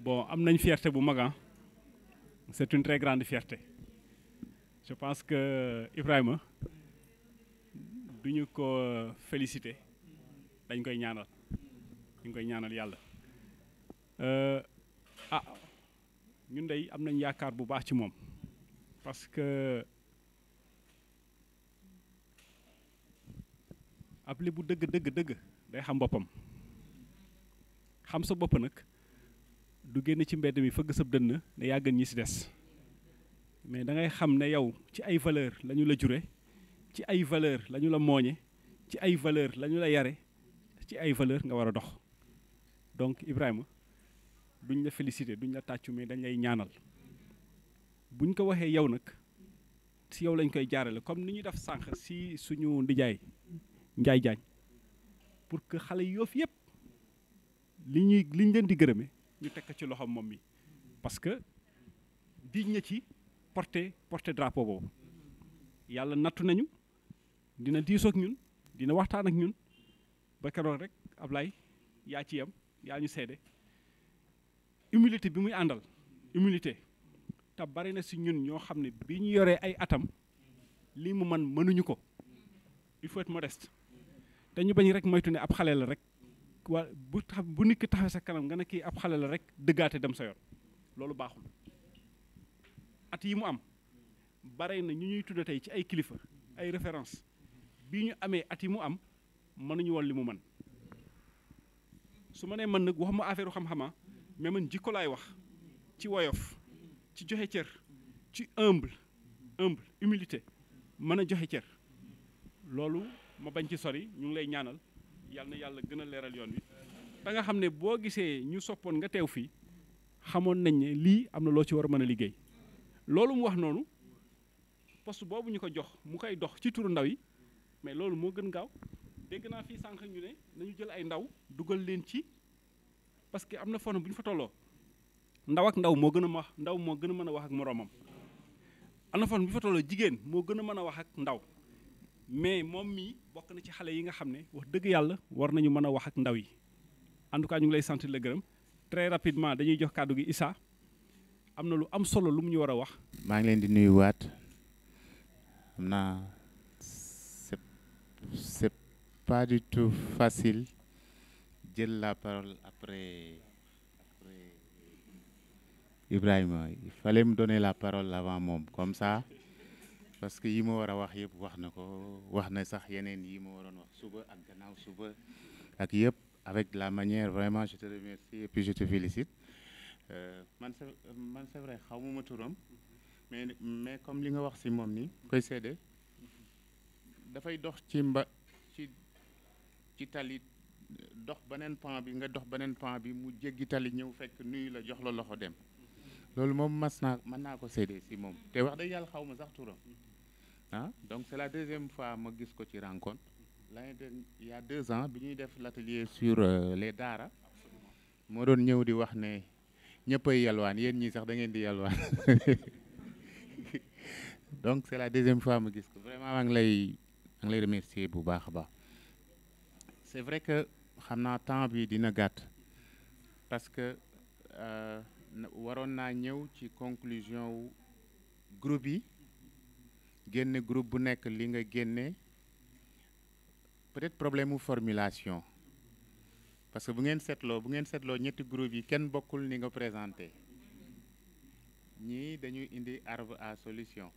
bon am fierté bu hein. c'est une très grande fierté je pense que Ibrahima du ko euh, féliciter dañ koy ñaanal dañ koy ñaanal Euh ah ñun day am nañ yaakaar bu baax ci mom. parce que ab bu deug deug deug day xam bopam. xam sa bop nak du génn ci mbedd mi fëgg sab dënn ne yaa gën ñi si des mais da ngay xam ne yow ci ay valeur la ñu la jure ci ay valeur la ñu la mooñe ci ay valeur la ñu la yare ci ay valeur nga war a dox donc Ibrahima duñ la féliciter duñ la tàccu mais dañ lay ñaanal buñ ko waxee yow nag si yow lañ koy jaarale comme ni ñuy def sànq si suñu ndijaay njaay jaañ pour que xale yoofu yëpp li ñuy liñ leen di gërëme ñu teg ci loxo moom mi parce que diñ na ci porté porter drapeau boobu yàlla nattu nañu dina diisoog ñun dina waxtaan ak ñun ba keroog rek Ablaye yaa ci yem yaa ñu seede humilité bi muy àndal humilité te bari na si ñun ñoo xam ne bi ñu yoree ay atam li mu man mënuñu ko il faut être modeste te bañ rek moytu ne ab xale la rek waa bu tax bu nikk ki sa kanam nga ne kii ab xale la rek dëggaate dem sa yoon loolu baaxul at yi mu am bare na ñu ñuy tudda tey ci ay kilifa ay référence bii ñu amee at yi mu am mën nañu woon li mu man su ma nee mën nag waxuma affaire xam-xama mais man jikko laay wax ci woyof ci joxe cër ci humble humble humilité mën a joxe cër loolu ma bañ ci sori ñu ngi lay ñaanal yàlla na yàlla gën a leeral yoon wi ba nga xam ne boo gisee ñu soppoon nga teew fii xamoon nañ ne lii am na loo ci war a mën a liggéey loolu mu wax noonu poste boobu ñu ko jox mu koy dox ci turu ndaw yi mais loolu moo gën gaaw dégg naa fii sànq ñu ne nañu jël ay ndaw dugal leen ci parce que am na fon bu ñu fa tolloo ndaw ak ndaw moo gën a max ndaw moo gën a mën a wax ak moroomam am na fon bu ñu fa tolloo jigéen moo gën a mën a wax ak ndaw mais moom mii bokk na ci xale yi nga xam ne wax dëgg yàlla war nañu mën a wax ak ndaw yi en tout cas ñu ngi lay sant la gërëm très rapidement dañuy jox kàddu gi Issa am na lu am solo lu mu ñu war a wax. maa ngi leen di nuyuwaat am na c'est c'est pas du tout facile jël la parole après après Ibrahima mu fallait me donner la parole avant moom comme sa parce que yi mo wara wax yëpp wax na ko wax na sax yeneen yi ma waroon wax suba ak gannaaw suba ak yëpp avec la manière vraiment je te remercie et puis je te félicite euh, man c'est man c'est vrai xamuma turam mais mais comme li nga wax ci moom ni koy seede dafay dox ci mba ci ci tali dox beneen pan bi nga dox beneen pan bi mu jéggi tali ñëw fekk nuyu la jox la loxo dem loolu moom mas naa mën naa ko seede ci moom te wax dëgg yàlla xawma sax turam ah donc c'est la deuxième fois ma gis ko ci rencontre il y a deux ans bi def l'atelier sur euh, les daara moo doon ñëw di wax ne ñëppay yalwaan yéen ñii sax da ngeen di yalwaan donc c'est la deuxième fois ma gis ko vraiment maa ngi lay maa lay remercier bu baax a c'est vrai que xam naa temps bi dina gàtt parce que euh, waroon naa ñëw ci conclusion wu groupe génne groupe bu nek li nga génne peut-être problème mu formulation parce que bu ngeen setlo bu ngeen setlo ñetti groupe yi kenn bokul ni nga présenté ñi dañuy indi arbre à solution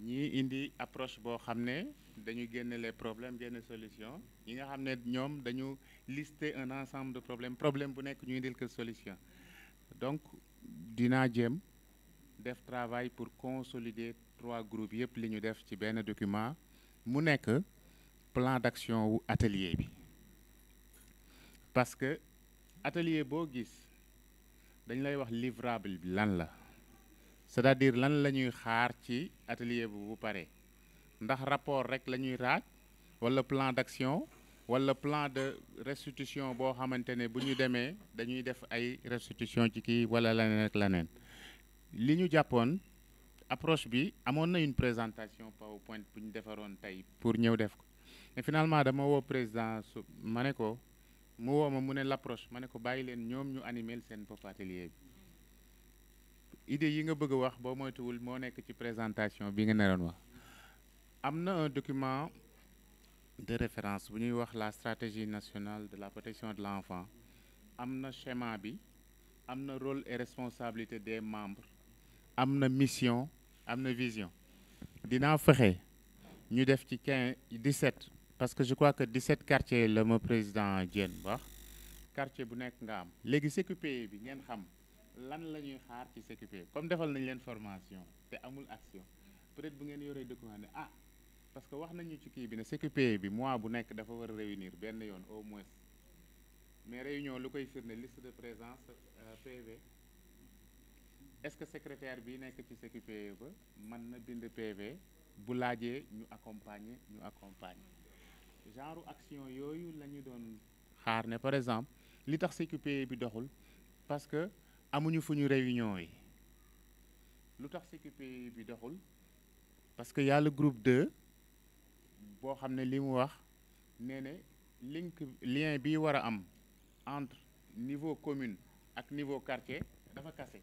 ñi indi approche bo xamné ne dañu génne les problèmes génné solution ñi nga xamné ñom dañu lister un ensemble de problèmes problème bu nek ñu indil que solution donc dina jéem def travail pour consolider trois groupes yëpp li ñu def ci benn document mu nek plan d'action ou atelier bi parce que atelier bo gis dañ lay wax livrable bi lan la c'est-à-dire lan la ñuy xaar ci atelier bu bu paré ndax rapport rek la ñuy raaj wala plan d'action wala plan de restitution bo xamante ne bu ñu demee dañuy def ay restitution ci ki wala lanen ak lanen li ñu approche bi amone une présentation PowerPoint nous ñu un tey pour ñeu def ko mais finalement dama wo président su ma ne ko mu woo ma l'approche Maneko, ne ko nous ñu animer sen bopp atelier idée yi nga bëgg wax bo boo moytuwul mo nek ci présentation bi nga néron wax amna un document de référence bu ñuy wax la stratégie nationale de la protection de l'enfant amna schéma bi amna rôle et responsabilité des membres am mission am vision Je vais ñu def ci 17 parce que je crois que 17 quartiers le ma président Diène quartier bu nekk nga am léegi CQPE bi ngeen xam lan la ñuy xaar ci CQPE comme defal nañ leen formation a amul action peut-être bu vous avez document ah parce que wax nañu ci kii bi ne CQPE bi mois bu nekk dafa réunir au moins mais réunion lu koy firnde liste de présence euh, PV est-ce que secrétaire bi nek ci SECUPE ba man na bind PV bu laajee ñu accompagner ñu accompagner genre action yoyu lañu doon xaar né par exemple li tax SECUPE bi doxul parce que amuñu fuñu réunion yi lu tax SECUPE bi doxul parce que y a le groupe 2 bo xamné limu wax nee link lien bi wara am entre niveau commune ak niveau quartier dafa casser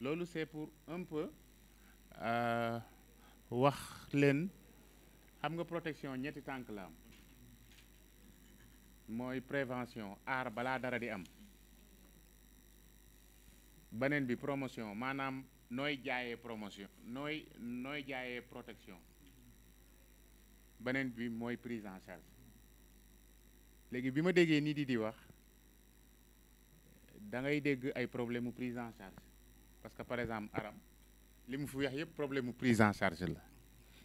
lolou c'est pour un peu euh, wax len xam nga protection ñetti tank la am moy prévention ar bala dara di am beneen bi promotion manam noy jaayé promotion noy noy jaayé protection beneen bi moy prise en charge légui bi ma ni di di wax da ngay dégg ay problème prise en charge parce que par exemple aram li mu fi problème prise en charge nous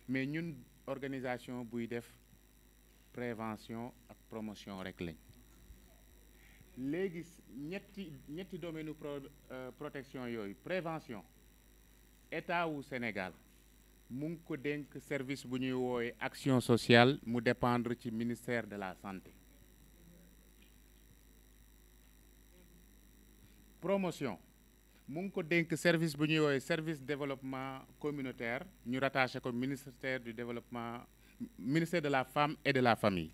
mais une organisation BOUIDEF, prévention la promotion rek Les léegi ñetti ñetti euh, protection yoy prévention état ou Sénégal nous avons ko service bu ñuy action sociale mu dépendre du ministère de la santé promotion mu Denk service bu ñuy service développement communautaire ñu rattaché ko ministère du développement ministère de la femme et de la famille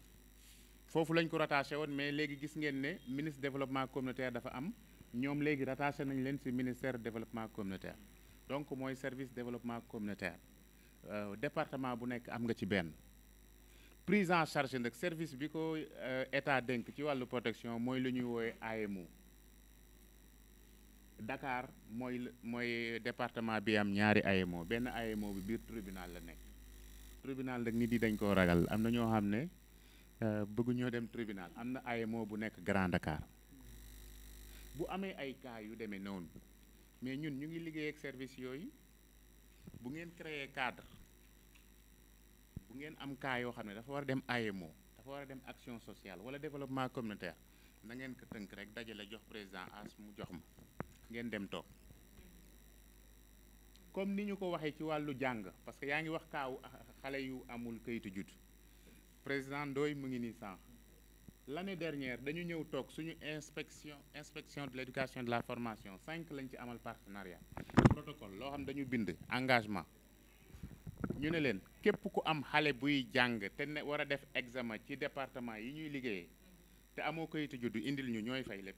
fofu lañ ko rattaché won mais légui gis ngeen né ministre développement communautaire dafa am ñom légui rattaché nañ leen ci ministère développement communautaire donc moy service développement communautaire euh, département bu nek am nga ci ben prise en charge service bi ko euh, état le ci walu protection moy lu ñuy dakaar mooy mooy département bi am ñaari AEMO benn AEMO bi biir tribunal la nekk tribunal nag nit yi dañ koo ragal am na ñoo xam ne euh, bëgguñoo dem tribunal am na AEMO bu nekk Grand Dakar bu amee ay cas yu demee noonu mais ñun ñu ngi liggéey ak service yooyu bu ngeen créer cadre bu ngeen am cas yoo xam ne dafa war a dem AEMO dafa war a dem action sociale wala développement communautaire na ngeen ko tënk rek dajale jox président as mu jox ma ngeen dem toog comme ni ñu ko waxee ci wàllu jàng parce que yaa ngi wax kaaw ah, xale yu amul kayitu judd président Ndoye mu ngi nii sànq l'année dernière dañu ñëw toog suñu inspection inspection de l'éducation de la formation cinq lañ ci amal partenariat protocole loo xam dañu bind engagement ñu ne leen képp ku am xale buy jàng te ne war a def examen ci département yi ñuy liggéeyee te amoo kayitu juddu indil ñu ñooy fay lépp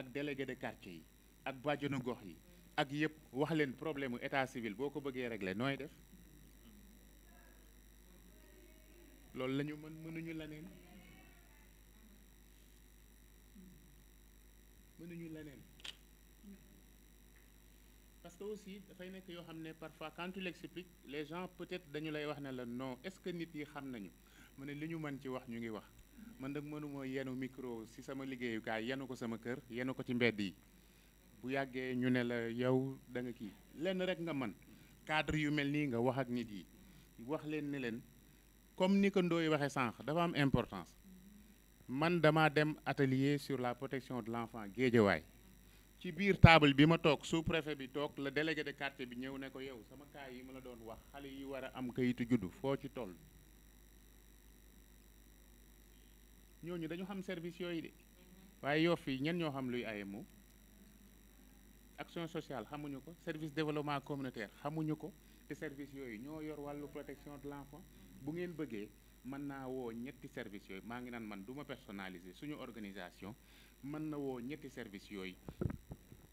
ak délégué de quartier yi ak bàjjenu gox yi ak yépp wax leen problème état civil boo ko bëggee régler nooy def loolu lañu mën mënuñu leneen mënuñu leneen parce que aussi dafay nekk yoo xam ne parfois quand tu explique les gens peut-être dañu lay wax ne la non est-ce que nit yi xam nañu mu ne li ñu mën ci wax ñu ngi wax man nag mënuma yenu micro si sama liggéeyukaay yenu ko sama kër yenu ko ci mbedd bu yàggee ñu ne la yow da nga lenn rek nga cadre yu mel nii nga wax ak nit comme ni ko importance man dama dem atelier sur la protection de l'enfant ci table bi ma le délégué de quartier bi ñëw ne ko yow sama kaay yi ma la wax yi ñooñu dañu xam service yooyu de waaye yoo fii ñen ñoo xam luy AMO action sociale xamuñu ko service développement communautaire xamuñu ko te service yooyu ñoo yor wàllu protection de l'enfant bu ngeen bëggee mën naa woo ñetti service yooyu maa ngi naan man duma ma suñu organisation mën na woo ñetti service yooyu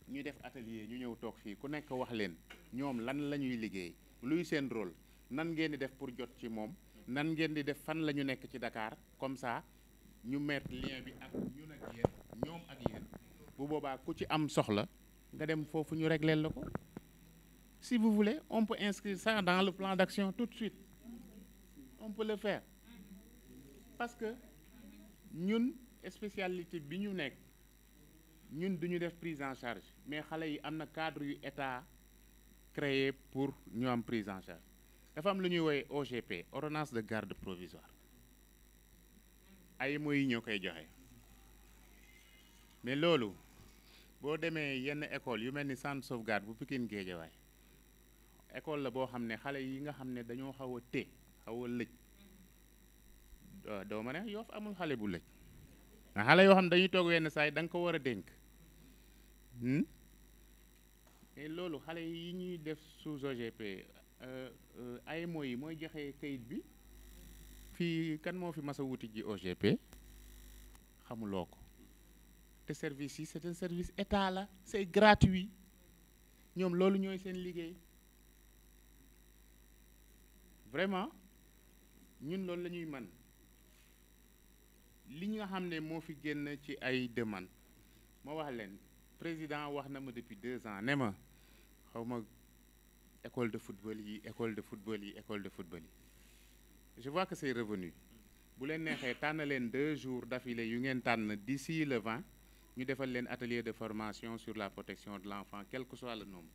ñu def atelier ñu ñëw toog fii ku nekk wax leen ñoom lan la ñuy liggéey luy seen rôle nan ngeen di def pour jot ci moom nan ngeen di def fan la ñu nekk ci Dakar comme ça ñu le lien bi ak ñun ak yeen ñom ak yeen ku ci am régler si vous voulez on peut inscrire ça dans le plan d'action tout de suite on peut le faire parce que ñun spécialité bi ñu nous ñun duñu def prise en charge mais xalé yi un cadre yu état créé pour ñu am prise en charge dafa am lu ñuy OGP ordonnance de garde provisoire ay moyens ñoo koy joxe mais loolu boo demee yenn école yu mel ni centre sauvegarde bu Pikine Guédiawaye école la boo xam ne xale yi nga xam ne dañoo xaw a té xaw a lëj euh, doo ma ne Yoff amul xale bu lëj nga xale yoo xam ne dañuy toog wenn saay da nga ko war a dénk mais hmm? loolu xale yi ñuy def sous OGP euh, euh, ay moyens yi mooy joxe kayit bi fi kan mo fi massa a wuti ji OGP xamuloko te service yi c'est un service état la c'est gratuit ñom lolu ñoy seen liggéey vraiment ñun loolu lañuy man li nga xamné mo fi génn ci ay demande ma wax len président wax na ma depuis deux ans néma xawma école de football yi école de football yi école de football yi je vois que c'est revenu Vous leen neexee deux jours d'affilée yu d'ici le 20 ñu faire un atelier de formation sur la protection de l'enfant quel que soit le nombre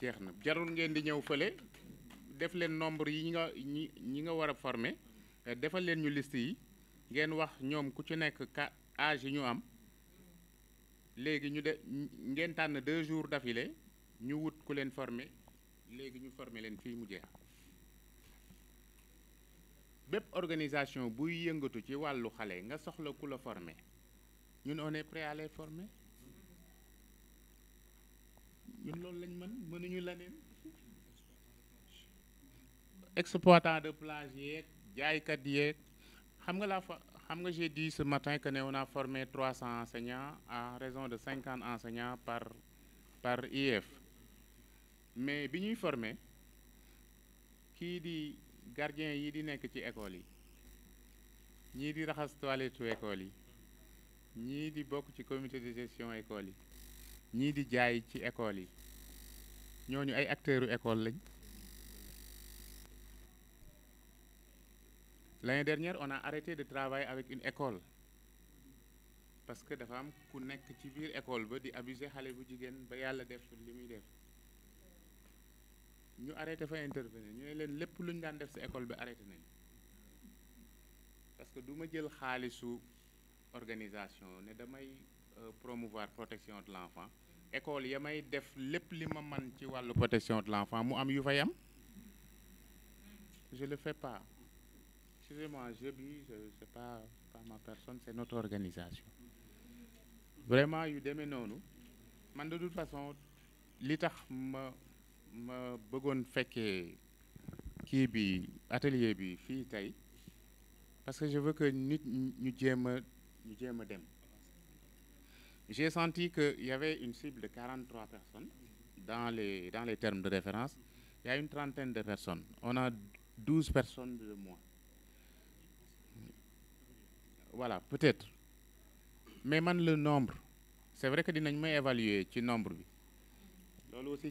jeex na jarul ngeen di ñëw nombre yi nga ñi ñi nga war a former eh, ñu liste yi nombre wax personnes ku ci un âge yi ñu am ñu deux jours d'affilée ñu wut ku leen former léegi ñu former leen fii mu bépp organisation buy yëngatu ci wàllu xale nga soxla ku la former ñun on est prêt à les former ñun loolu lañ mën mënuñu leneen exploitant de plage yeeg jaaykat yeeg xam nga la xam nga j'ai dit ce matin que ne on a formé 300 enseignants à raison de 50 enseignants par par IF mais bi ñuy former kii di gardien yi di nekk ci école yi ñii di raxas toilette école yi ñii di bokk ci comité de gestion école yi ñii di jaay ci école yi ñooñu ay acteurs école lañ l'année dernière on a arrêté de travailler avec une école parce que dafa am ku nekk ci biir école ba di abuser xale bu jigéen ba yàlla def li muy def ñu arrêté fa intervenir ñu ne leen lépp lu daan def école bi arrêté parce que nous jël xaalisu organisation ne damay euh, promouvoir protection de l'enfant. école ya may def lépp li ma man ci wàllu protection de l'enfant. mu am yu fay am je le fais pas excusez-moi je bi c'est pas pas ma personne C'est notre organisation vraiment yu demee noonu man de toute façon li tax ma ma bëggoon qui bi atelier bi parce que je veux que nous ñu jéem j'ai senti que y avait une cible de 43 personnes dans les dans les termes de référence il y a une trentaine de personnes on a 12 personnes de moins voilà peut-être mais man le nombre c'est vrai que nous évalué évaluer ci nombre bi aussi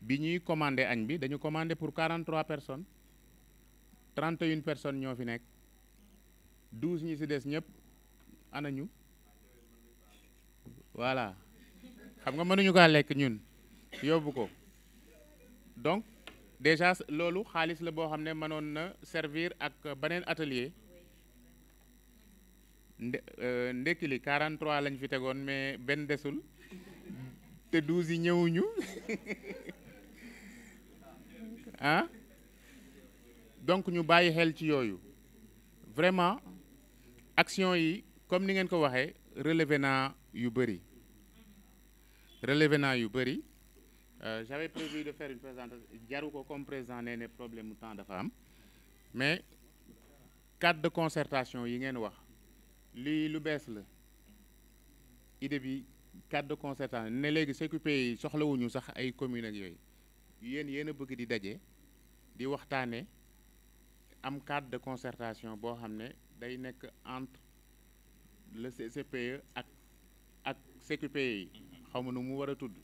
bi ñuy commandé añ bi dañu commandé pour 43 personnes 31 personnes ñoo fi nekk 12 ñi ci dess ñep anañu voilà xam nga mënuñu ka lekk ñun yóbbu ko donc déjà lolu xaliss la bo xamné mënon na servir ak benen atelier euh, ndekili 43 lañ fi tégon mais ben dessul te 12 ñewuñu hein? donc ñu bàyyi xel ci yooyu vraiment action yi comme ni ngeen ko waxee relevé na yu bëri relevé na yu Euh, j'avais prévu de faire une présentation Jaruko comme président nee ne problème mu temps dafa am mais cadre de concertation yi ngeen wax Li lu bees la idée bi cadre de concertation ne léegi s'occuper yi soxlawuñu sax ay communes ak yooyu yéen yéen a bëgg di daje di waxtaane am cadre de concertation boo xam ne day nekk entre le CCPE ak ak CQPE yi xaw nu mu war a tudd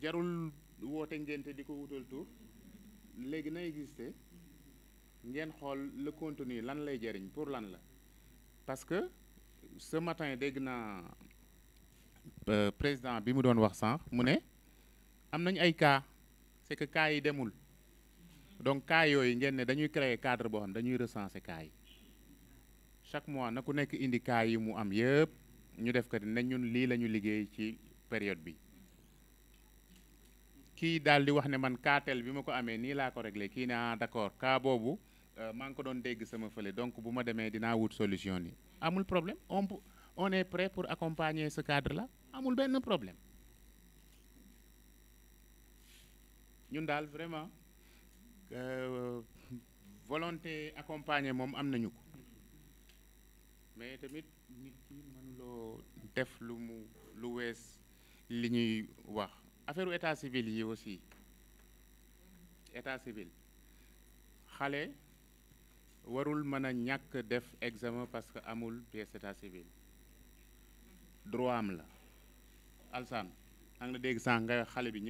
jarul woote ngénte di ko wutal tur léegi na existé ngeen xool le contenu lan lay jariñ pour lan la parce que ce matin dégg naa euh, président bi mu doon wax sànq mu ne am nañ ay cas c'est que cas yi demul donc cas yooyu ngeen ne dañuy créer cadre boo xam dañuy recenser cas yi chaque mois na ku nekk indi cas yi mu am yépp ñu def ko ne ñun lii la ñu liggéey ci période bi kii daal di wax ne man kaatel bi ma ko amee nii laa ko réglé kii ne ah, d'accord cas boobu euh, maa ko doon dégg sama fële donc bu ma demee dinaa wut solution amul problème on on est prêt pour accompagner ce cadre là amul benn problème ñun daal vraiment euh, volonté accompagner mon ami ko mais tamit nit ki mënuloo def lu mu lu wees li ñuy wax affaire état civil yi aussi état civil xale warul mën ñak def examen parce que amul pièce état civil droit am la alsan ang ngi la dégg sànq nga xale bi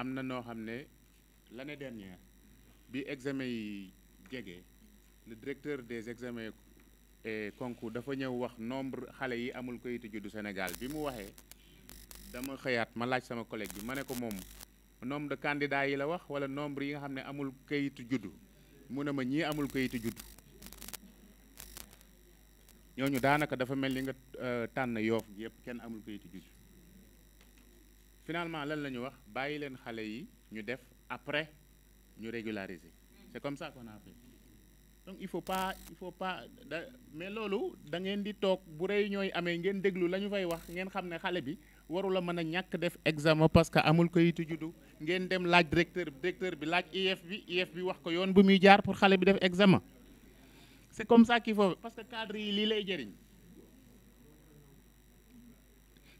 am na noo xam ne l'année dernière bi examen yi jege le directeur des examens et concours dafa ñëw wax nombre xale yi amul kayitu juddu Sénégal bi mu waxee dama xëyaat ma laaj sama collègue bi ma ne ko moom nombre de candidats yi la wax wala nombre yi nga xam ne amul kayitu judd mu ne ma ñii amul kayitu judd ñooñu daanaka dafa mel ni nga euh, tànn yoof yëpp kenn amul kayitu judd finalement lan wax def après ñu régulariser c'est comme ça qu'on a fait donc il faut pas il faut pas mais da ngeen di bu ngeen déglu examen parce que amul ngeen dem laaj directeur directeur bi laaj IF bi IF ko yoon bu muy pour bi c'est comme ça qu'il faut parce que cadre yi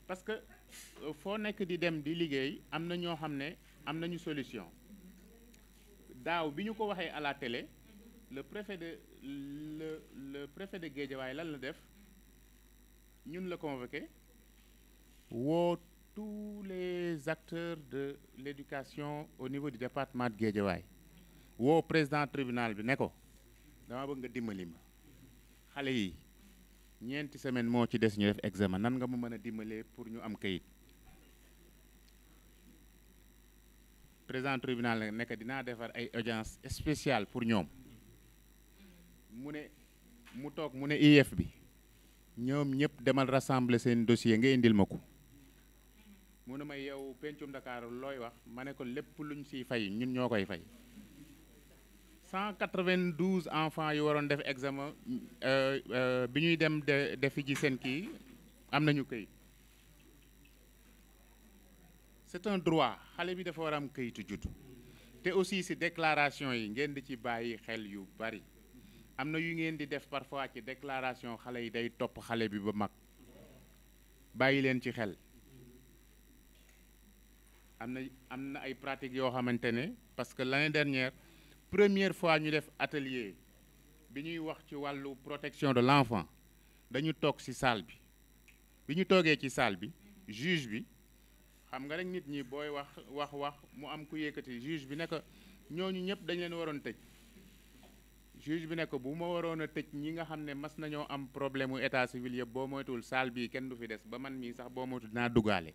parce que il faut di solution à la télé le préfet de le le préfet de convoqué tous les acteurs de l'éducation au niveau du département de Guédiaway wo président tribunal bi avons dama bëgg nga ñeenti semaine moo ci des ñu def examen nan nga ma mën a dimbalee pour ñu am kayit président tribunal nag nekk dinaa defar ay audience spéciale pour ñoom mu ne mu toog mu ne IEF bi ñoom ñëpp demal rassembler seen dossier nga indil ma ko mu ne ma yow pencum Dakar looy wax ma ne ko lépp luñ siy fay ñun ñoo koy fay 192 enfants yu waroon def examen euh, euh, bi ñuy dem de defi ji seen ont c'est un droit Les bi dafa war a am këyitu aussi ces déclarations yi ngeen di ci bàyyi xel yu bari am na yu ngeen di def parfois ci déclarations xale yi day top. xale bi ba Laissez-les leen ci xel y a des ay pratiques yoo xamante parce que l'année dernière première fois ñu def atelier bi ñuy wax ci walu protection de l'enfant dañu tok ci salle bi bi ñu toogee ci salle bi juge bi xam nga rek nit ñi boy wax wax wax mu am ku yëkkati juge bi ne ñoñu ñooñu ñëpp dañ leen waron tej juge bi ne bu ma warona tej ñi nga xamne mas nañu am problème état civil yëpp boo moytuwul salle bi kenn du fi dess ba man mi sax boo moytuwul dinaa dugalé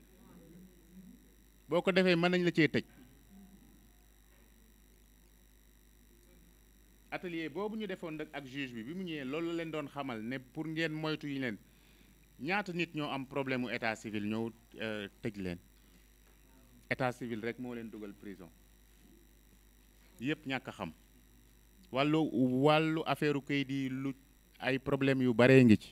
boo ko defee mën nañ la cee tëj atelier boobu ñu defoon nag ak juge bi bi mu ñëwee loolu la leen doon xamal ne pour ngeen moytu yu leen ñaata nit ñoo am problème mu état civil ñëw euh, tëj leen état civil rek moo leen dugal prison yëpp ñàkk a xam wallu wàllu affaire kayit di lu ay problème yu baree ngi ci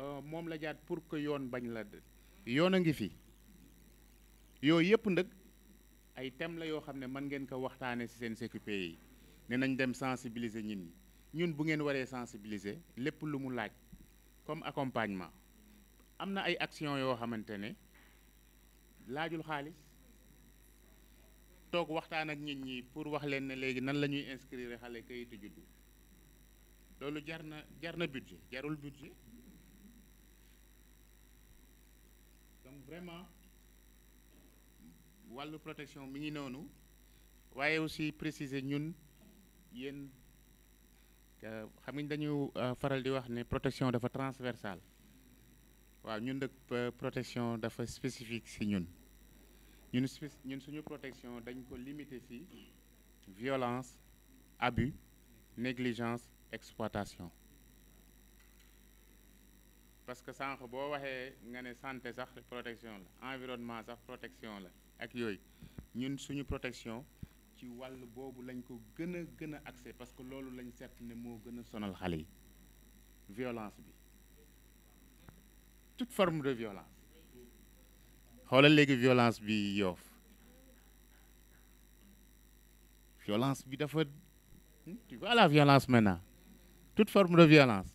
Euh, mom la jaat pour que yoon bañ la yoon a fi yooyu yëpp nag ay thème la yoo xam ne mën ngeen ko waxtaane si seen CQP yi ne nañ dem sensibiliser ñit ñi ñun bu ngeen waree sensibiliser lépp lu mu laaj comme accompagnement amna na ay action yoo xamante ne laajul xaalis tok waxtaan ak nit ñi pour wax leen ne léegi nan la ñuy inscrire xale kayitu juddu loolu jar na budget jarul budget donc vraiment la protection mi ngi aussi préciser nous, yéen xam nga euh, faral di wax protection transversale Nous avons une protection spécifique si nous. une ñun suñu protection dañ ko limité si violence abus négligence exploitation parce que sànq bo waxé nga santé sax protection la environnement sax protection la ak yoy ñun suñu protection ci walu le lañ ko gëna gëna accès parce que lolu lañ sét né mo gëna sonal xale violence bi toute forme de violence xoolal légui violence bi yof violence bi dafa hmm, tu vois la violence maintenant toute forme de violence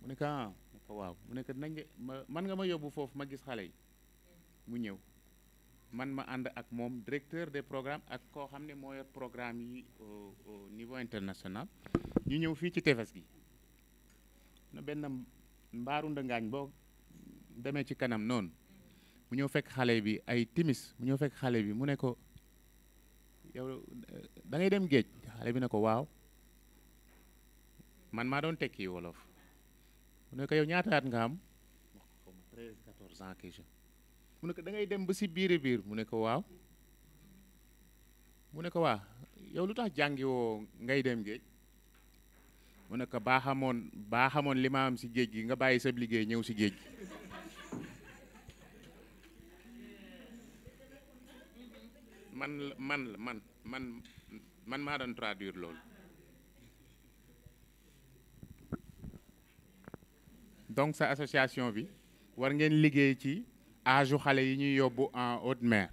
mu ne ah mu ne waaw mu ne ko ma man nga ma yóbbu foofu ma gis xale yi mu ñëw man ma ànd ak moom directeur des programme ak koo xam ne moo yor programme yi au, niveau international ñu ñëw fii ci tefes gi na benn mbaaru ngaañ boo demee ci kanam noonu mu ñëw fekk xale bi ay timis mu ñëw fekk xale bi mu ne ko yow eh, dem géej xale bi ne ko waaw man maa doon tekki wolof mu ne ko yow ñaata at nga am ko 13 14 ans kii mu ne ko da ngay dem ba si biir biir mu ne ko waaw mu ne ko waa yow lu tax jàngiwoo ngay dem géej mu ne ko baa xamoon baa xamoon li am si géej gi nga bàyyi sab liggéey ñëw si géej man man man man man maa doon traduire loolu donc sa association bi war ngeen liggéey ci âge xalé yi ñuy yobbu en haute mer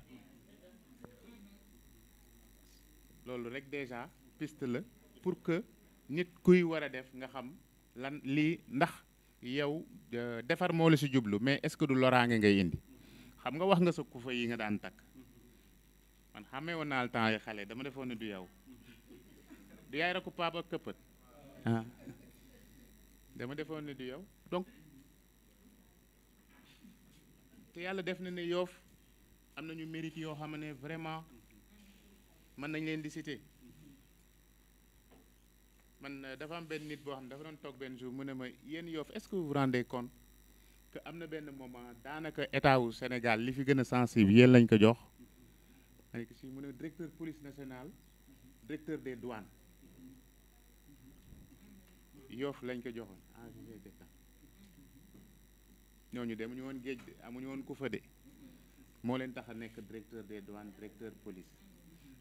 loolu rek déjà piste la pour que nit kuy wara def nga xam lan li ndax yow euh, defar mo la si jublu mais est-ce que du loraange ngay indi xam nga wax nga sa kufa yi nga daan tak man xamé woon naa temps yi xale dama defoon du yow du yaay rakku paab ak dama defoon ne du yow donc te yàlla def na ne yoof am nañu mérite yoo xam ne vraiment mën nañ leen di cité man euh, dafa am benn nit boo xam dafa doon toog benn jour mu ne ma yéen yoof est-ce que vous rendez compte que am na benn moment daanaka état wu Sénégal li fi gën a sensible yéen lañ ko jox ma ne ko si mu ne directeur police nationale directeur des douanes yoof lañ ko joxoon ancien détention ñooñu demuñu woon géej de amuñu woon ku fa de moo leen tax a nekk directeur des douanes directeur police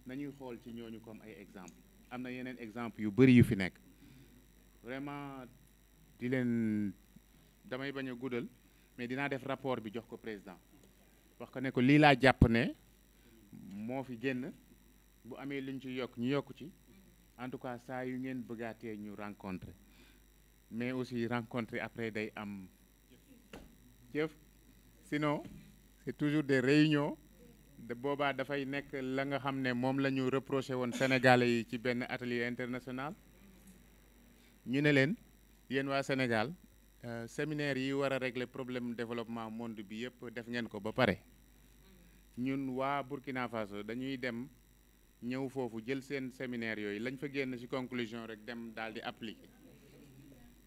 nañuy xool ci ñooñu comme ay exemple am na yeneen exemple yu bëri yu fi nekk vraiment di leen damay bañ a guddal mais dinaa def rapport bi jox ko président wax ko ne ko lii laa jàpp ne moo fi génn bu amee luñ ci yokk ñu yokk ci en tout cas saa yu ngeen bëggaatee ñu rencontrer mais aussi rencontrer après des am sinon c'est toujours des réunions de Boba dafay nekk la nga reproché et sénégalais yi ci ben atelier international Nous, ne leen Sénégal, Sénégal euh, séminaire yi wara a régler problème développement monde du billet def définir ko ba pare ñun Burkina Faso dañuy dem fait foofu jël un séminaire nous lañ fa une ci conclusion avec dem appliquer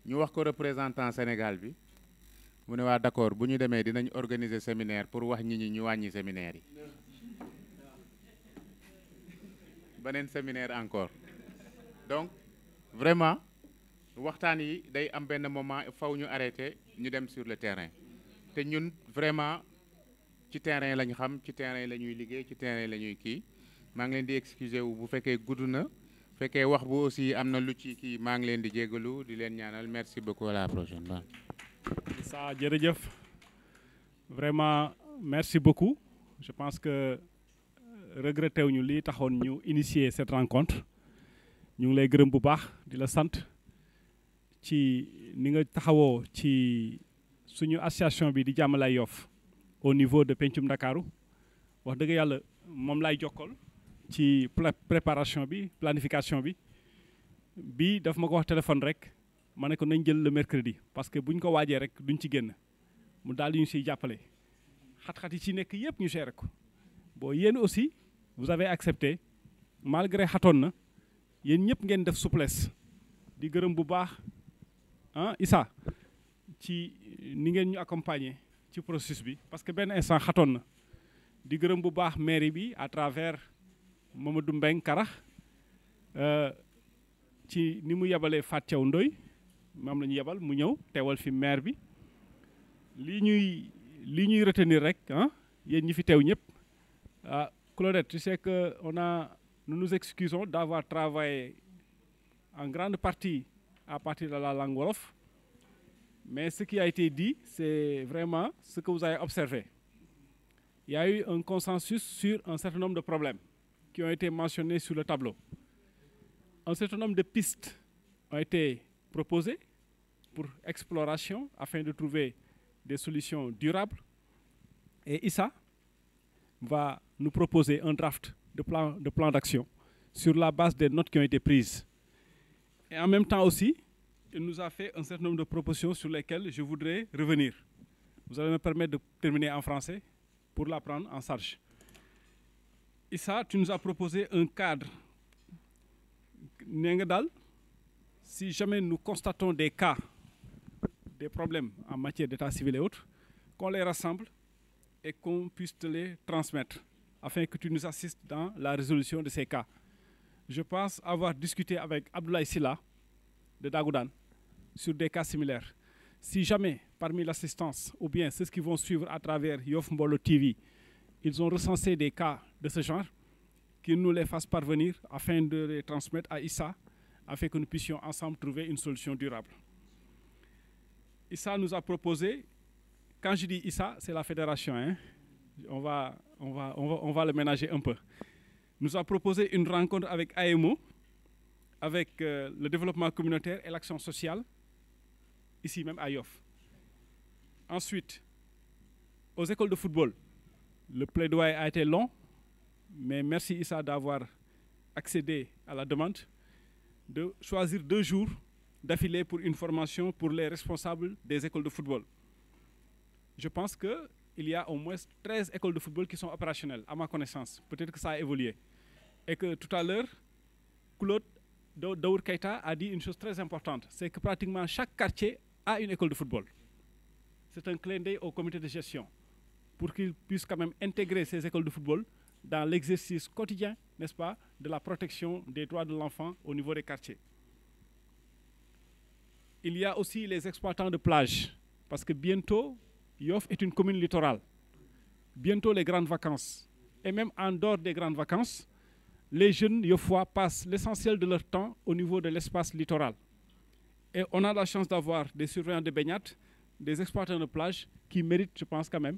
ñu wax ko représentant Sénégal bi mu ne waa d'accord bu ñu demee dinañ organiser séminaire pour wax ñi ñi ñu wàññi séminaire yi beneen séminaire encore donc vraiment waxtaan yi day am benn moment faw ñu arrêté ñu dem sur le terrain te ñun vraiment ci terrain lañ xam ci terrain la ñuy liggéey ci terrain la ñuy kii maa ngi leen di excusé wu bu fekkee gudd na fekkee wax bu aussi amna lu ci ki maa ngi leen di jégalu di leen ñaanal merci beaucoup la prochaine waaw. ça jërëjëf vraiment merci beaucoup je pense que euh, regretté wuñu li taxone ñu initier cette rencontre ñu ngi lay gërëm bu baax di la sant ci ni nga taxawoo ci suñu association bi di Jàmmalaay Yoff au niveau de Pencum Ndakaaru wax dëgg yàlla moom lay jokkal ci préparation bi planification bi bi, daf ma ko wax téléphone rek mané ko nañ jël le mercredi parce que buñ ko wajé rek duñ ci génn mu dal ñu ci jappalé xat-xat ci nek yépp ñu seere ko bon aussi vous avez accepté malgré xatoon yeen yéen ñëpp ngeen def souplesse di gërëm bu baax ah Issa ci ni ngeen ñu accompagner ci processus bi parce que ben instant xatoon di gërëm bu baax mairie bi à travers Mamadou Mbeng karach euh, ci ni mu yabalé Fatou Ndoy mam lañu yabal mu ñew fi maire bi retenir rek ah, ah, Claudette tu sais que nous nous excusons d'avoir travaillé en grande partie à partir de la langue wolof mais ce qui a été dit c'est vraiment ce que vous avez observé il y a eu un consensus sur un certain nombre de problèmes qui ont été mentionnés sur le tableau. Un certain nombre de pistes ont été proposées pour exploration afin de trouver des solutions durables. Et ISA va nous proposer un draft de plan de plan d'action sur la base des notes qui ont été prises. Et en même temps aussi, il nous a fait un certain nombre de propositions sur lesquelles je voudrais revenir. Vous allez me permettre de terminer en français pour la prendre en charge. Issa tu nous as proposé un cadre Nengedal. si jamais nous constatons des cas des problèmes en matière d'état civil et autres qu'on les rassemble et qu'on puisse te les transmettre afin que tu nous assistes dans la résolution de ces cas je pense avoir discuté avec Abdoulaye Silla de Dagoudan sur des cas similaires si jamais parmi l'assistance ou bien ceux qui vont suivre à travers Yoff Mbolo TV ils ont recensé des cas de ce genre, qu'ils nous les fassent parvenir afin de les transmettre à Issa, afin que nous puissions ensemble trouver une solution durable. Issa nous a proposé, quand je dis Issa, c'est la fédération, hein. on, va, on, va, on, va, le ménager un peu, nous a proposé une rencontre avec AMO, avec euh, le développement communautaire et l'action sociale, ici même à IOF. Ensuite, aux écoles de football, le plaidoyer a été long, mais merci Issa d'avoir accédé à la demande de choisir deux jours d'affilée pour une formation pour les responsables des écoles de football. Je pense qu'il y a au moins 13 écoles de football qui sont opérationnelles, à ma connaissance. Peut-être que ça a évolué. Et que tout à l'heure, Claude Daour a dit une chose très importante, c'est que pratiquement chaque quartier a une école de football. C'est un clin d'œil au comité de gestion pour qu'ils puissent quand même intégrer ces écoles de football dans l'exercice quotidien, n'est-ce pas, de la protection des droits de l'enfant au niveau des quartiers. Il y a aussi les exploitants de plages, parce que bientôt, Yoff est une commune littorale. Bientôt les grandes vacances. Et même en dehors des grandes vacances, les jeunes Yoffois passent l'essentiel de leur temps au niveau de l'espace littoral. Et on a la chance d'avoir des surveillants de baignade, des exploitants de plage, qui méritent, je pense quand même,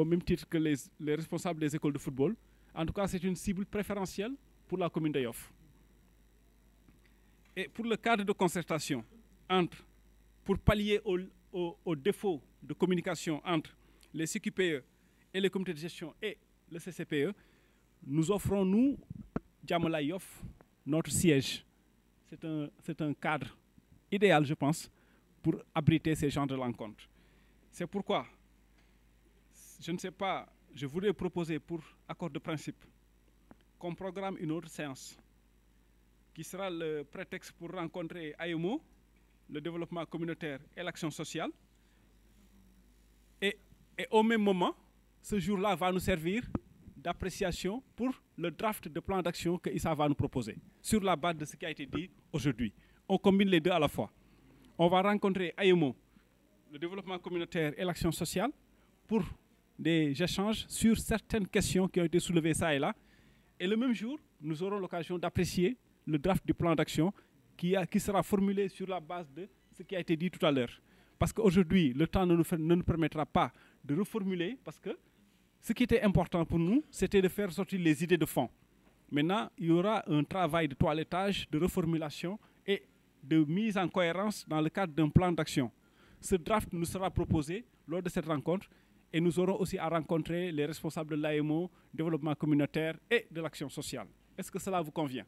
au même titre que les, responsables des écoles de football. En tout cas, c'est une cible préférentielle pour la commune d'Ayof. Et pour le cadre de concertation entre, pour pallier au, au, défaut de communication entre les CQPE et les comités de gestion et le CCPE, nous offrons, nous, Djamalayof, notre siège. C'est un, un, cadre idéal, je pense, pour abriter ces gens de rencontres. C'est pourquoi je ne sais pas, je voudrais proposer pour accord de principe qu'on programme une autre séance qui sera le prétexte pour rencontrer AEMO, le développement communautaire et l'action sociale. Et, au même moment, ce jour-là va nous servir d'appréciation pour le draft de plan d'action que Issa va nous proposer sur la base de ce qui a été dit aujourd'hui. On combine les deux à la fois. On va rencontrer AEMO, le développement communautaire et l'action sociale, pour des échanges sur certaines questions qui ont été soulevées ça et là. Et le même jour, nous aurons l'occasion d'apprécier le draft du plan d'action qui, qui sera formulé sur la base de ce qui a été dit tout à l'heure. Parce qu'aujourd'hui, le temps ne nous, ne nous permettra pas de reformuler, parce que ce qui était important pour nous, c'était de faire sortir les idées de fond. Maintenant, il y aura un travail de toilettage, de reformulation et de mise en cohérence dans le cadre d'un plan d'action. Ce draft nous sera proposé lors de cette rencontre et nous aurons aussi à rencontrer les responsables de l'AMO, développement communautaire et de l'action sociale. Est-ce que cela vous convient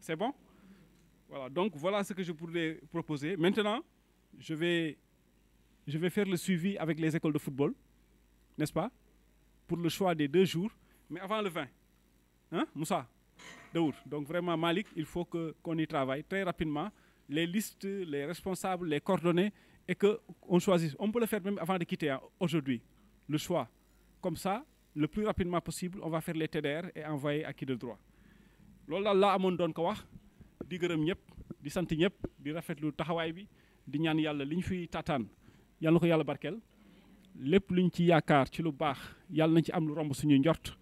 C'est bon Voilà, donc voilà ce que je pourrais proposer. Maintenant, je vais, je vais faire le suivi avec les écoles de football, n'est-ce pas Pour le choix des deux jours, mais avant le 20. Hein, Moussa Daour. Donc vraiment, Malik, il faut qu'on y travaille très rapidement. Les listes, les responsables, les coordonnées, et qu'on choisisse. On peut le faire même avant de quitter hein, aujourd'hui, le choix. Comme ça, le plus rapidement possible, on va faire les TDR et envoyer à qui de droit. loolu là, à mon don, ko wax di gërëm ñëpp di sant ñëpp di rafetlu taxawaay bi di ñaan yàlla li ñu fiy taataan yàlla na ko yàlla barkeel lépp luñ ci yaakaar ci lu ci am lu romb suñuy njort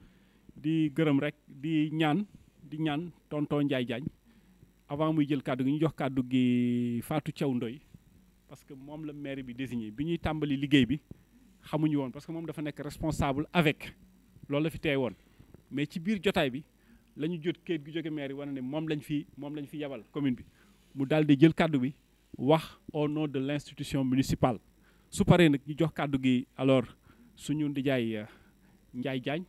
di gërëm rek di ñaan di ñaan tonton Ndiaye Diagne avant muy jël kàddu gi ñu jox gi fatu Thiaw parce que moom le maire bi désigné bi ñuy tàmbali liggéey bi xamuñu woon parce que moom dafa nekk responsable avec loolu la fi tey woon mais ci biir jotay bi lañu jot kayit gu jóge maire yi wane ne moom lañ fi mom lañ fi yabal commune bi mu daldi jël cadeau bi wax au nom de l'institution municipale su paré nak ñu jox cadeau gi alors suñu ndijay Njaay Jaañ euh,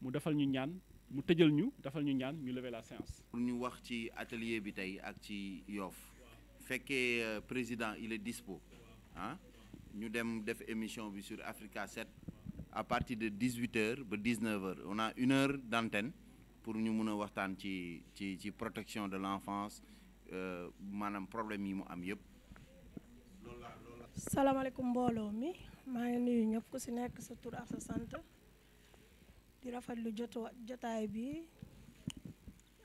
mu defal ñu ñaan mu tejeul ñu defal ñu ñaan ñu lever la séance. pour ñu wax ci atelier bi tay ak ci Yoff fait le euh, président il est dispo nous hein? ñu dem def émission sur Africa 7 à partir de 18 h à 19 h on a une heure d'antenne pour ñu mun a ci ci ci protection de l'enfance euh, maanaam problème yi mu am salam salaamaaleykum mbooloo mi ma ngi nuyu ñëpp ku ci nekk sa tour ak sa sant di rafet lu jotta jotaay bi.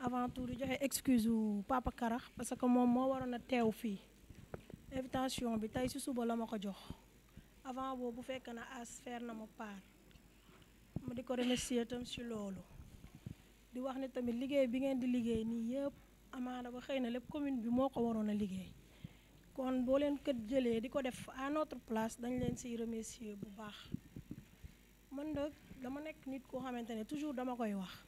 avant tout di joxe excuse u Papa Kara parce que moom moo waroon a teew fii invitation bi tey si suba la ma ko jox avant bu fekk na as faire na ma paar ma di ko remercier tam si loolu di wax ne tamit liggéey bi ngeen di liggéey nii yëpp amaana ba xëy na lépp commune bi moo ko waroon a liggéey kon boo leen kët jëlee di ko def en notre place dañ leen siy remercier bu baax mën nag dama nekk nit koo xamante ne toujours dama koy wax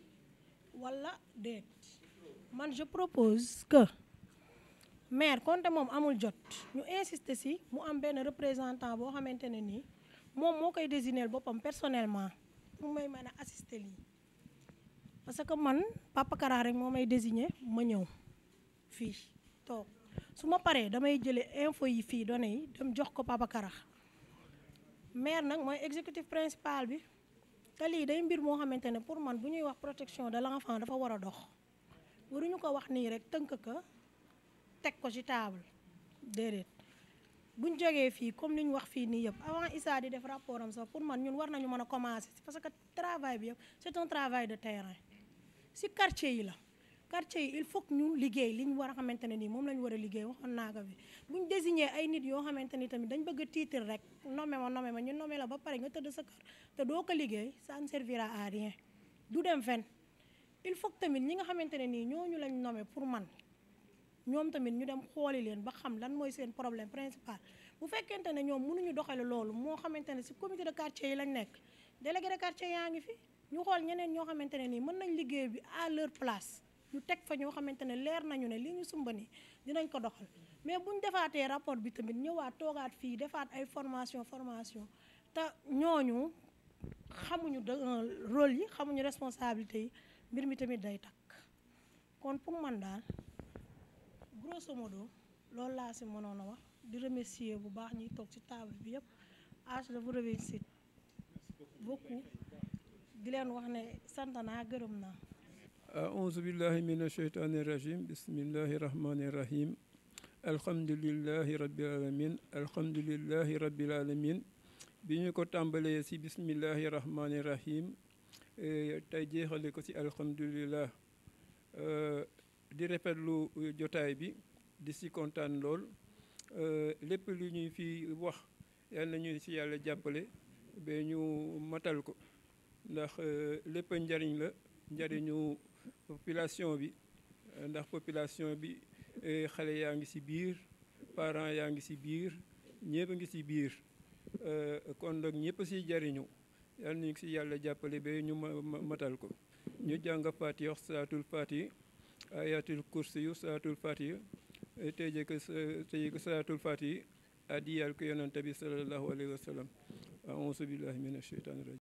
wala déet man je propose que maire konte mom amul jot ñu insister si mu am ben représentant bo xamante ni mom moom koy désigner bopam personnellement pour may mëna assister li parce que man Papa Kara rek momay désigner ma ñew fi tok suma paré damay jëlé info yi fi donné, yi dem jox ko Papa Kara maire nak moy exécutif principal bi te lii day mbir moo xamante ne pour man bu ñuy wax protection de l'enfant dafa war a dox waruñu ko wax nii rek tënk ko teg ko ci table déedéet buñ jogee fii comme li ñu wax fii nii yëpp avant Issa di def rapport sax pour man ñun war nañu mën a commencé parce que travail bi yëpp c'est un travail de terrain ci quartier yi la quartier yi il faut ñu liggéey li ñu war a xamante ne nii moom la ñu war a liggéey waxoon naa ko fi bu ñu désigné ay nit yoo xamante ni tamit dañ bëgg a titre rek nome ma nommé ma ñu nommé la ba pare nga tëdd sa kër te doo ko liggéey ça ne servira à du dem fen il faut tamit ñi nga xamante ne nii ñooñu lañ nommé pour man ñoom tamit ñu dem xooli leen ba xam lan mooy seen problème principal bu fekkente ne ñoom mënuñu doxale loolu moo xamante ne si comité de quartier yi lañ nekk délégué de quartier yaa ngi fi ñu xool ñeneen ñoo xamante ne nii mën nañ liggéey bi à leur place ñu teg fa ñoo xamante ne leer nañu ne li ñu sumba ni dinañ ko doxal mais buñ defaatee rapport bi tamit ñëwaat toogaat fii defaat ay formation formation te ñooñu xamuñu euh, rôle yi xamuñu responsabilité yi mbir mi tamit day takk kon pour man daal grosso modo loolu laa si mënoon a wax di remercier bu baax ñuy toog ci table bi yëpp ah je vous remercie beaucoup di leen wax ne sant naa gërëm naa أعوذ بالله من الشيطان الرجيم بسم الله الرحمن الرحيم الحمد لله رب العالمين الحمد لله رب العالمين بني كتامبلي سي بسم الله الرحمن الرحيم تاي جيخالي كو الحمد لله دي ريبلو جوتاي بي دي سي كونتان لول لب لي ني في واخ يالنا ني سي يالا جابلي بي ني ماتال كو ndax e, lépp population bi euh, ndax population bi euh, xale yaa ngi ci biir parent yaa ngi ci biir ñëpp a ngi ci biir euh, kon nag ñëpp a ciy jariñu yàlla jàppale ba ñu matal ko ñu jàng faati yox salaatul faati ayatul kursi yu salaatul faati tëjee ko tëjee ko salaatul faati adiyal ko yonante bi sallallahu alayhi wa sallam auzu billahi mina sheytaani rajim